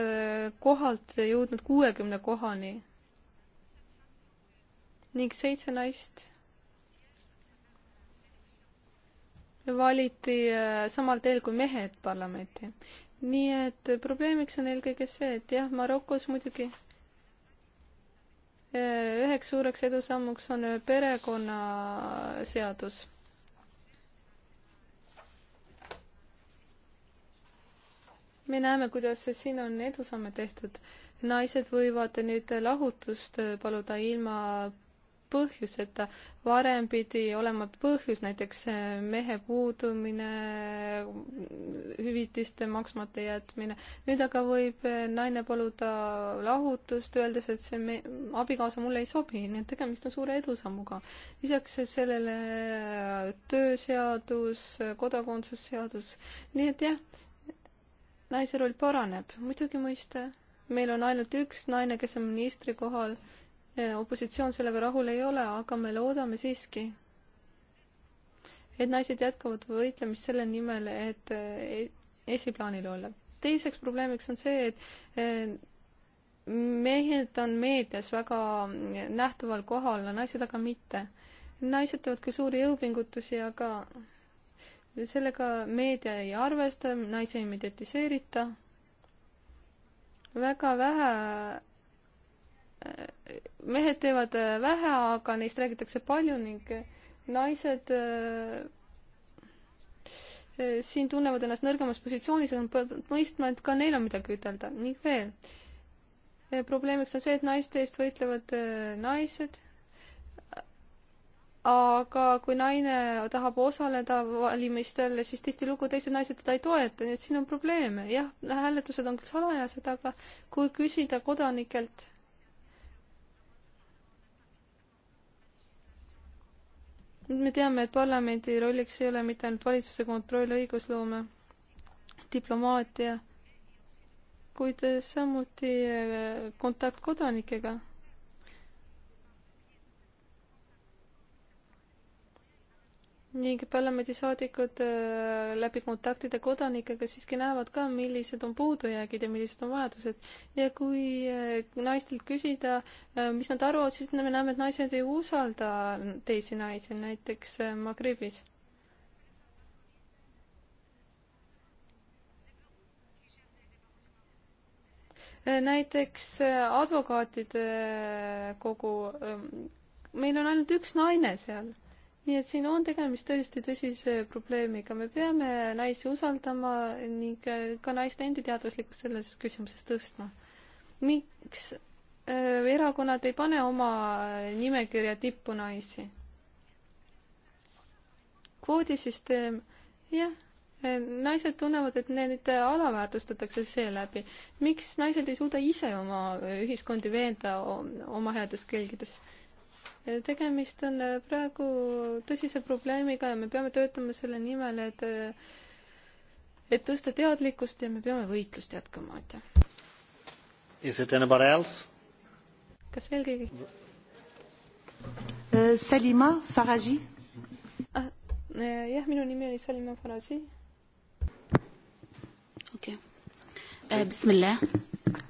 kohalt jõudnud kuuekümne kohani. ning seitse naist valiti samal teel kui mehed parlamenti. nii et probleemiks on eelkõige see, et jah, Marokos muidugi üheks suureks edusammuks on perekonnaseadus me näeme, kuidas siin on edusamme tehtud. naised võivad nüüd lahutust paluda ilma põhjuseta. varem pidi olema põhjus, näiteks äh, mehe puudumine, hüvitiste maksmata jätmine. nüüd aga võib äh, naine paluda lahutust, öeldes, et see me, abikaasa mulle ei sobi, nii et tegemist on suure edusammuga. lisaks sellele äh, tööseadus, kodakondsusseadus, nii et jah, naise roll paraneb, muidugi mõista. meil on ainult üks naine, kes on ministri kohal Äh, opositsioon sellega rahul ei ole, aga me loodame siiski, et naised jätkavad võitlemist selle nimel, et äh, e-, esiplaanil olla. teiseks probleemiks on see, et äh, mehed on meedias väga nähtaval kohal, naised aga mitte. naised teevad küll suuri jõupingutusi, aga sellega meedia ei arvesta, naisi ei meditiseerita. väga vähe mehed teevad äh, vähe, aga neist räägitakse palju ning äh, naised äh, siin tunnevad ennast nõrgemas positsioonis, nad peavad mõistma, et ka neil on midagi ütelda ning veel. probleemiks on see, et naiste eest võitlevad naised. aga kui naine tahab osaleda valimistel, siis tihtilugu teised naised teda ei toeta, nii et siin on probleeme. jah, hääletused on küll salajased, aga kui küsida kodanikelt me teame, et parlamendi rolliks ei ole mitte ainult valitsuse kontroll õigusloome, diplomaatia, kuid samuti eh, kontakt kodanikega ning parlamendisaadikud äh, läbi kontaktide kodanikega siiski näevad ka, millised on puudujäägid ja millised on vajadused. ja kui äh, naistelt küsida, äh, mis nad arvavad, siis me näeme, et naised ei usalda teisi naisi, näiteks Magribis. näiteks advokaatide kogu, ähm, meil on ainult üks naine seal nii et siin on tegemist tõesti tõsise probleemiga, me peame naisi usaldama ning äh, ka naiste endi teaduslikkust selles küsimuses tõstma. miks äh, erakonnad ei pane oma äh, nimekirja tippu naisi? kvoodisüsteem, jah, naised tunnevad, et neid alaväärtustatakse seeläbi. miks naised ei suuda ise oma ühiskondi veenda oma heades külgedes? tegemist on äh, praegu tõsise probleemiga ja me peame töötama selle nimel, et äh, et tõsta teadlikkust ja me peame võitlust jätkama, aitäh. Is it anybody else? kas veel keegi uh,? Salima Faraji ah,. jah, minu nimi oli Salima Faraji. okei okay. uh,. Bismillah.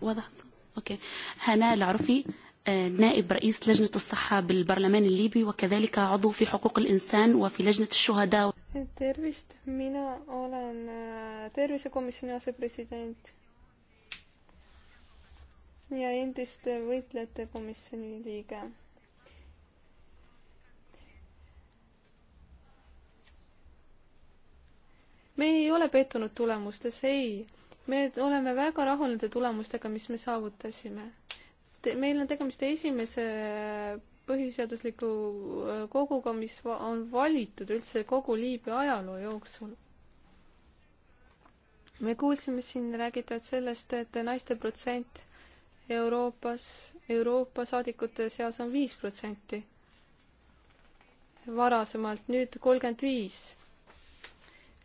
okei okay.. Hana Al-Arfi uh,. نائب رئيس لجنة الصحة بالبرلمان الليبي وكذلك عضو في حقوق الإنسان وفي لجنة الشهداء tervist, mina olen äh, tervisekomisjoni asepresident ja endiste võitlejate komisjoni liige. me ei ole pettunud tulemustes, ei. me oleme väga rahul nende tulemustega, mis me saavutasime meil on tegemist esimese põhiseadusliku äh, koguga, mis on valitud üldse kogu Liibüa ajaloo jooksul. me kuulsime siin räägitavat sellest, et naiste protsent Euroopas, Euroopa saadikute seas on viis protsenti. varasemalt nüüd kolmkümmend viis.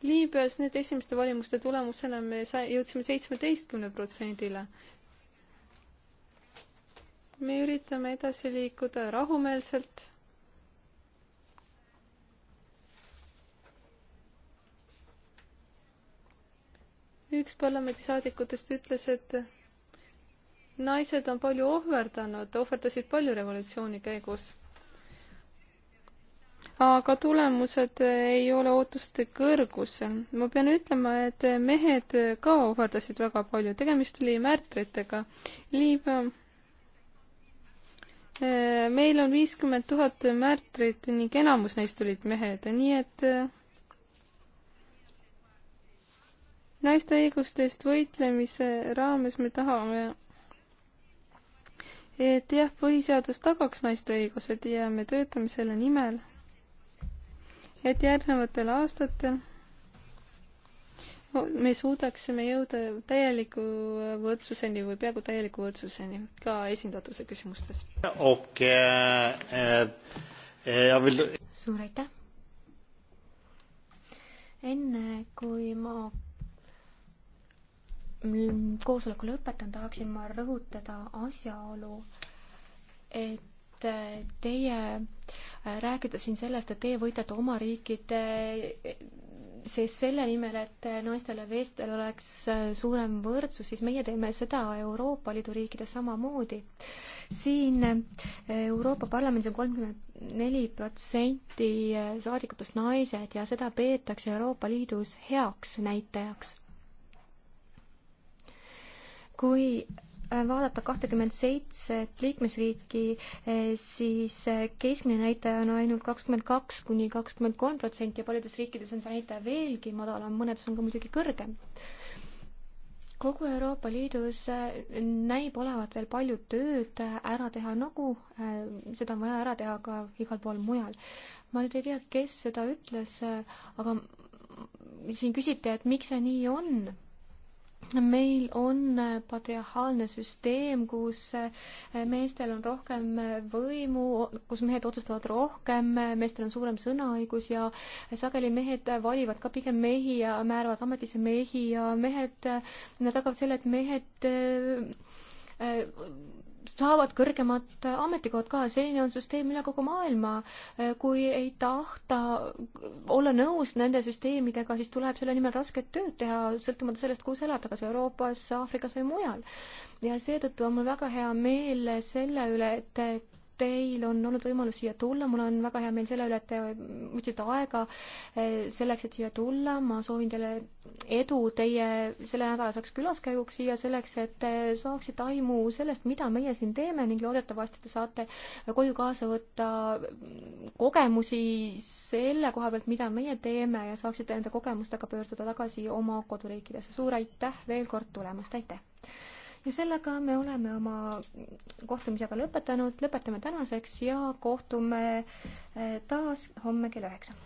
Liibüas nüüd esimeste valimuste tulemusena me sai, jõudsime seitsmeteistkümne protsendile me üritame edasi liikuda rahumeelselt. üks parlamendisaadikutest ütles, et naised on palju ohverdanud, ohverdasid palju revolutsiooni käigus. aga tulemused ei ole ootuste kõrgusel. ma pean ütlema, et mehed ka ohverdasid väga palju, tegemist oli märtritega. Liibüa Äh, meil on viiskümmend tuhat märtrit ning enamus neist olid mehed, nii et äh, naiste õiguste eest võitlemise raames me tahame, et jah, põhiseadus tagaks naiste õigused ja me töötame selle nimel, et järgnevatel aastatel me suudaksime jõuda täieliku võrdsuseni või peaaegu täieliku võrdsuseni ka esindatuse küsimustes okay.. Äh, äh, will... suur aitäh! enne kui ma koosoleku lõpetan, tahaksin ma rõhutada asjaolu, et teie rääkida siin sellest, et teie võitlete oma riikide siis selle nimel, et naistel ja meestel oleks äh, suurem võrdsus, siis meie teeme seda Euroopa Liidu riikides samamoodi. siin äh, Euroopa Parlamendis on kolmkümmend neli protsenti äh, saadikutest naised ja seda peetakse Euroopa Liidus heaks näitajaks. kui vaadata kahtekümmet seitset liikmesriiki, eh, siis eh, keskmine näitaja on ainult kakskümmend kaks kuni kakskümmend kolm protsenti ja paljudes riikides on see näitaja veelgi madalam, mõnedes on ka muidugi kõrgem. kogu Euroopa Liidus eh, näib olevat veel palju tööd ära teha, nagu seda on vaja ära teha ka igal pool mujal. ma nüüd ei tea, kes seda ütles, aga siin küsiti, et miks see nii on meil on äh, patriarhaalne süsteem, kus äh, meestel on rohkem äh, võimu, kus mehed otsustavad rohkem, meestel on suurem sõnaõigus ja sageli mehed valivad ka pigem mehi ja määravad ametisse mehi ja mehed tagavad selle, et mehed saavad kõrgemat ametikohad ka, selline on süsteem üle kogu maailma. kui ei tahta olla nõus nende süsteemidega, siis tuleb selle nimel rasket tööd teha, sõltumata sellest, kus elada, kas Euroopas, Aafrikas või mujal. ja seetõttu on mul väga hea meel selle üle, et teil on olnud võimalus siia tulla, mul on väga hea meel selle üle, et te võtsite aega eh, selleks, et siia tulla, ma soovin teile edu teie sellenädalaseks külaskäiguks siia, selleks et te saaksite aimu sellest, mida meie siin teeme ning loodetavasti te saate koju kaasa võtta kogemusi selle koha pealt, mida meie teeme ja saaksite nende kogemustega pöörduda tagasi oma koduriikidesse. suur aitäh veel kord tulemast, aitäh! ja sellega me oleme oma kohtumisega lõpetanud, lõpetame tänaseks ja kohtume eh, taas homme kell üheksa.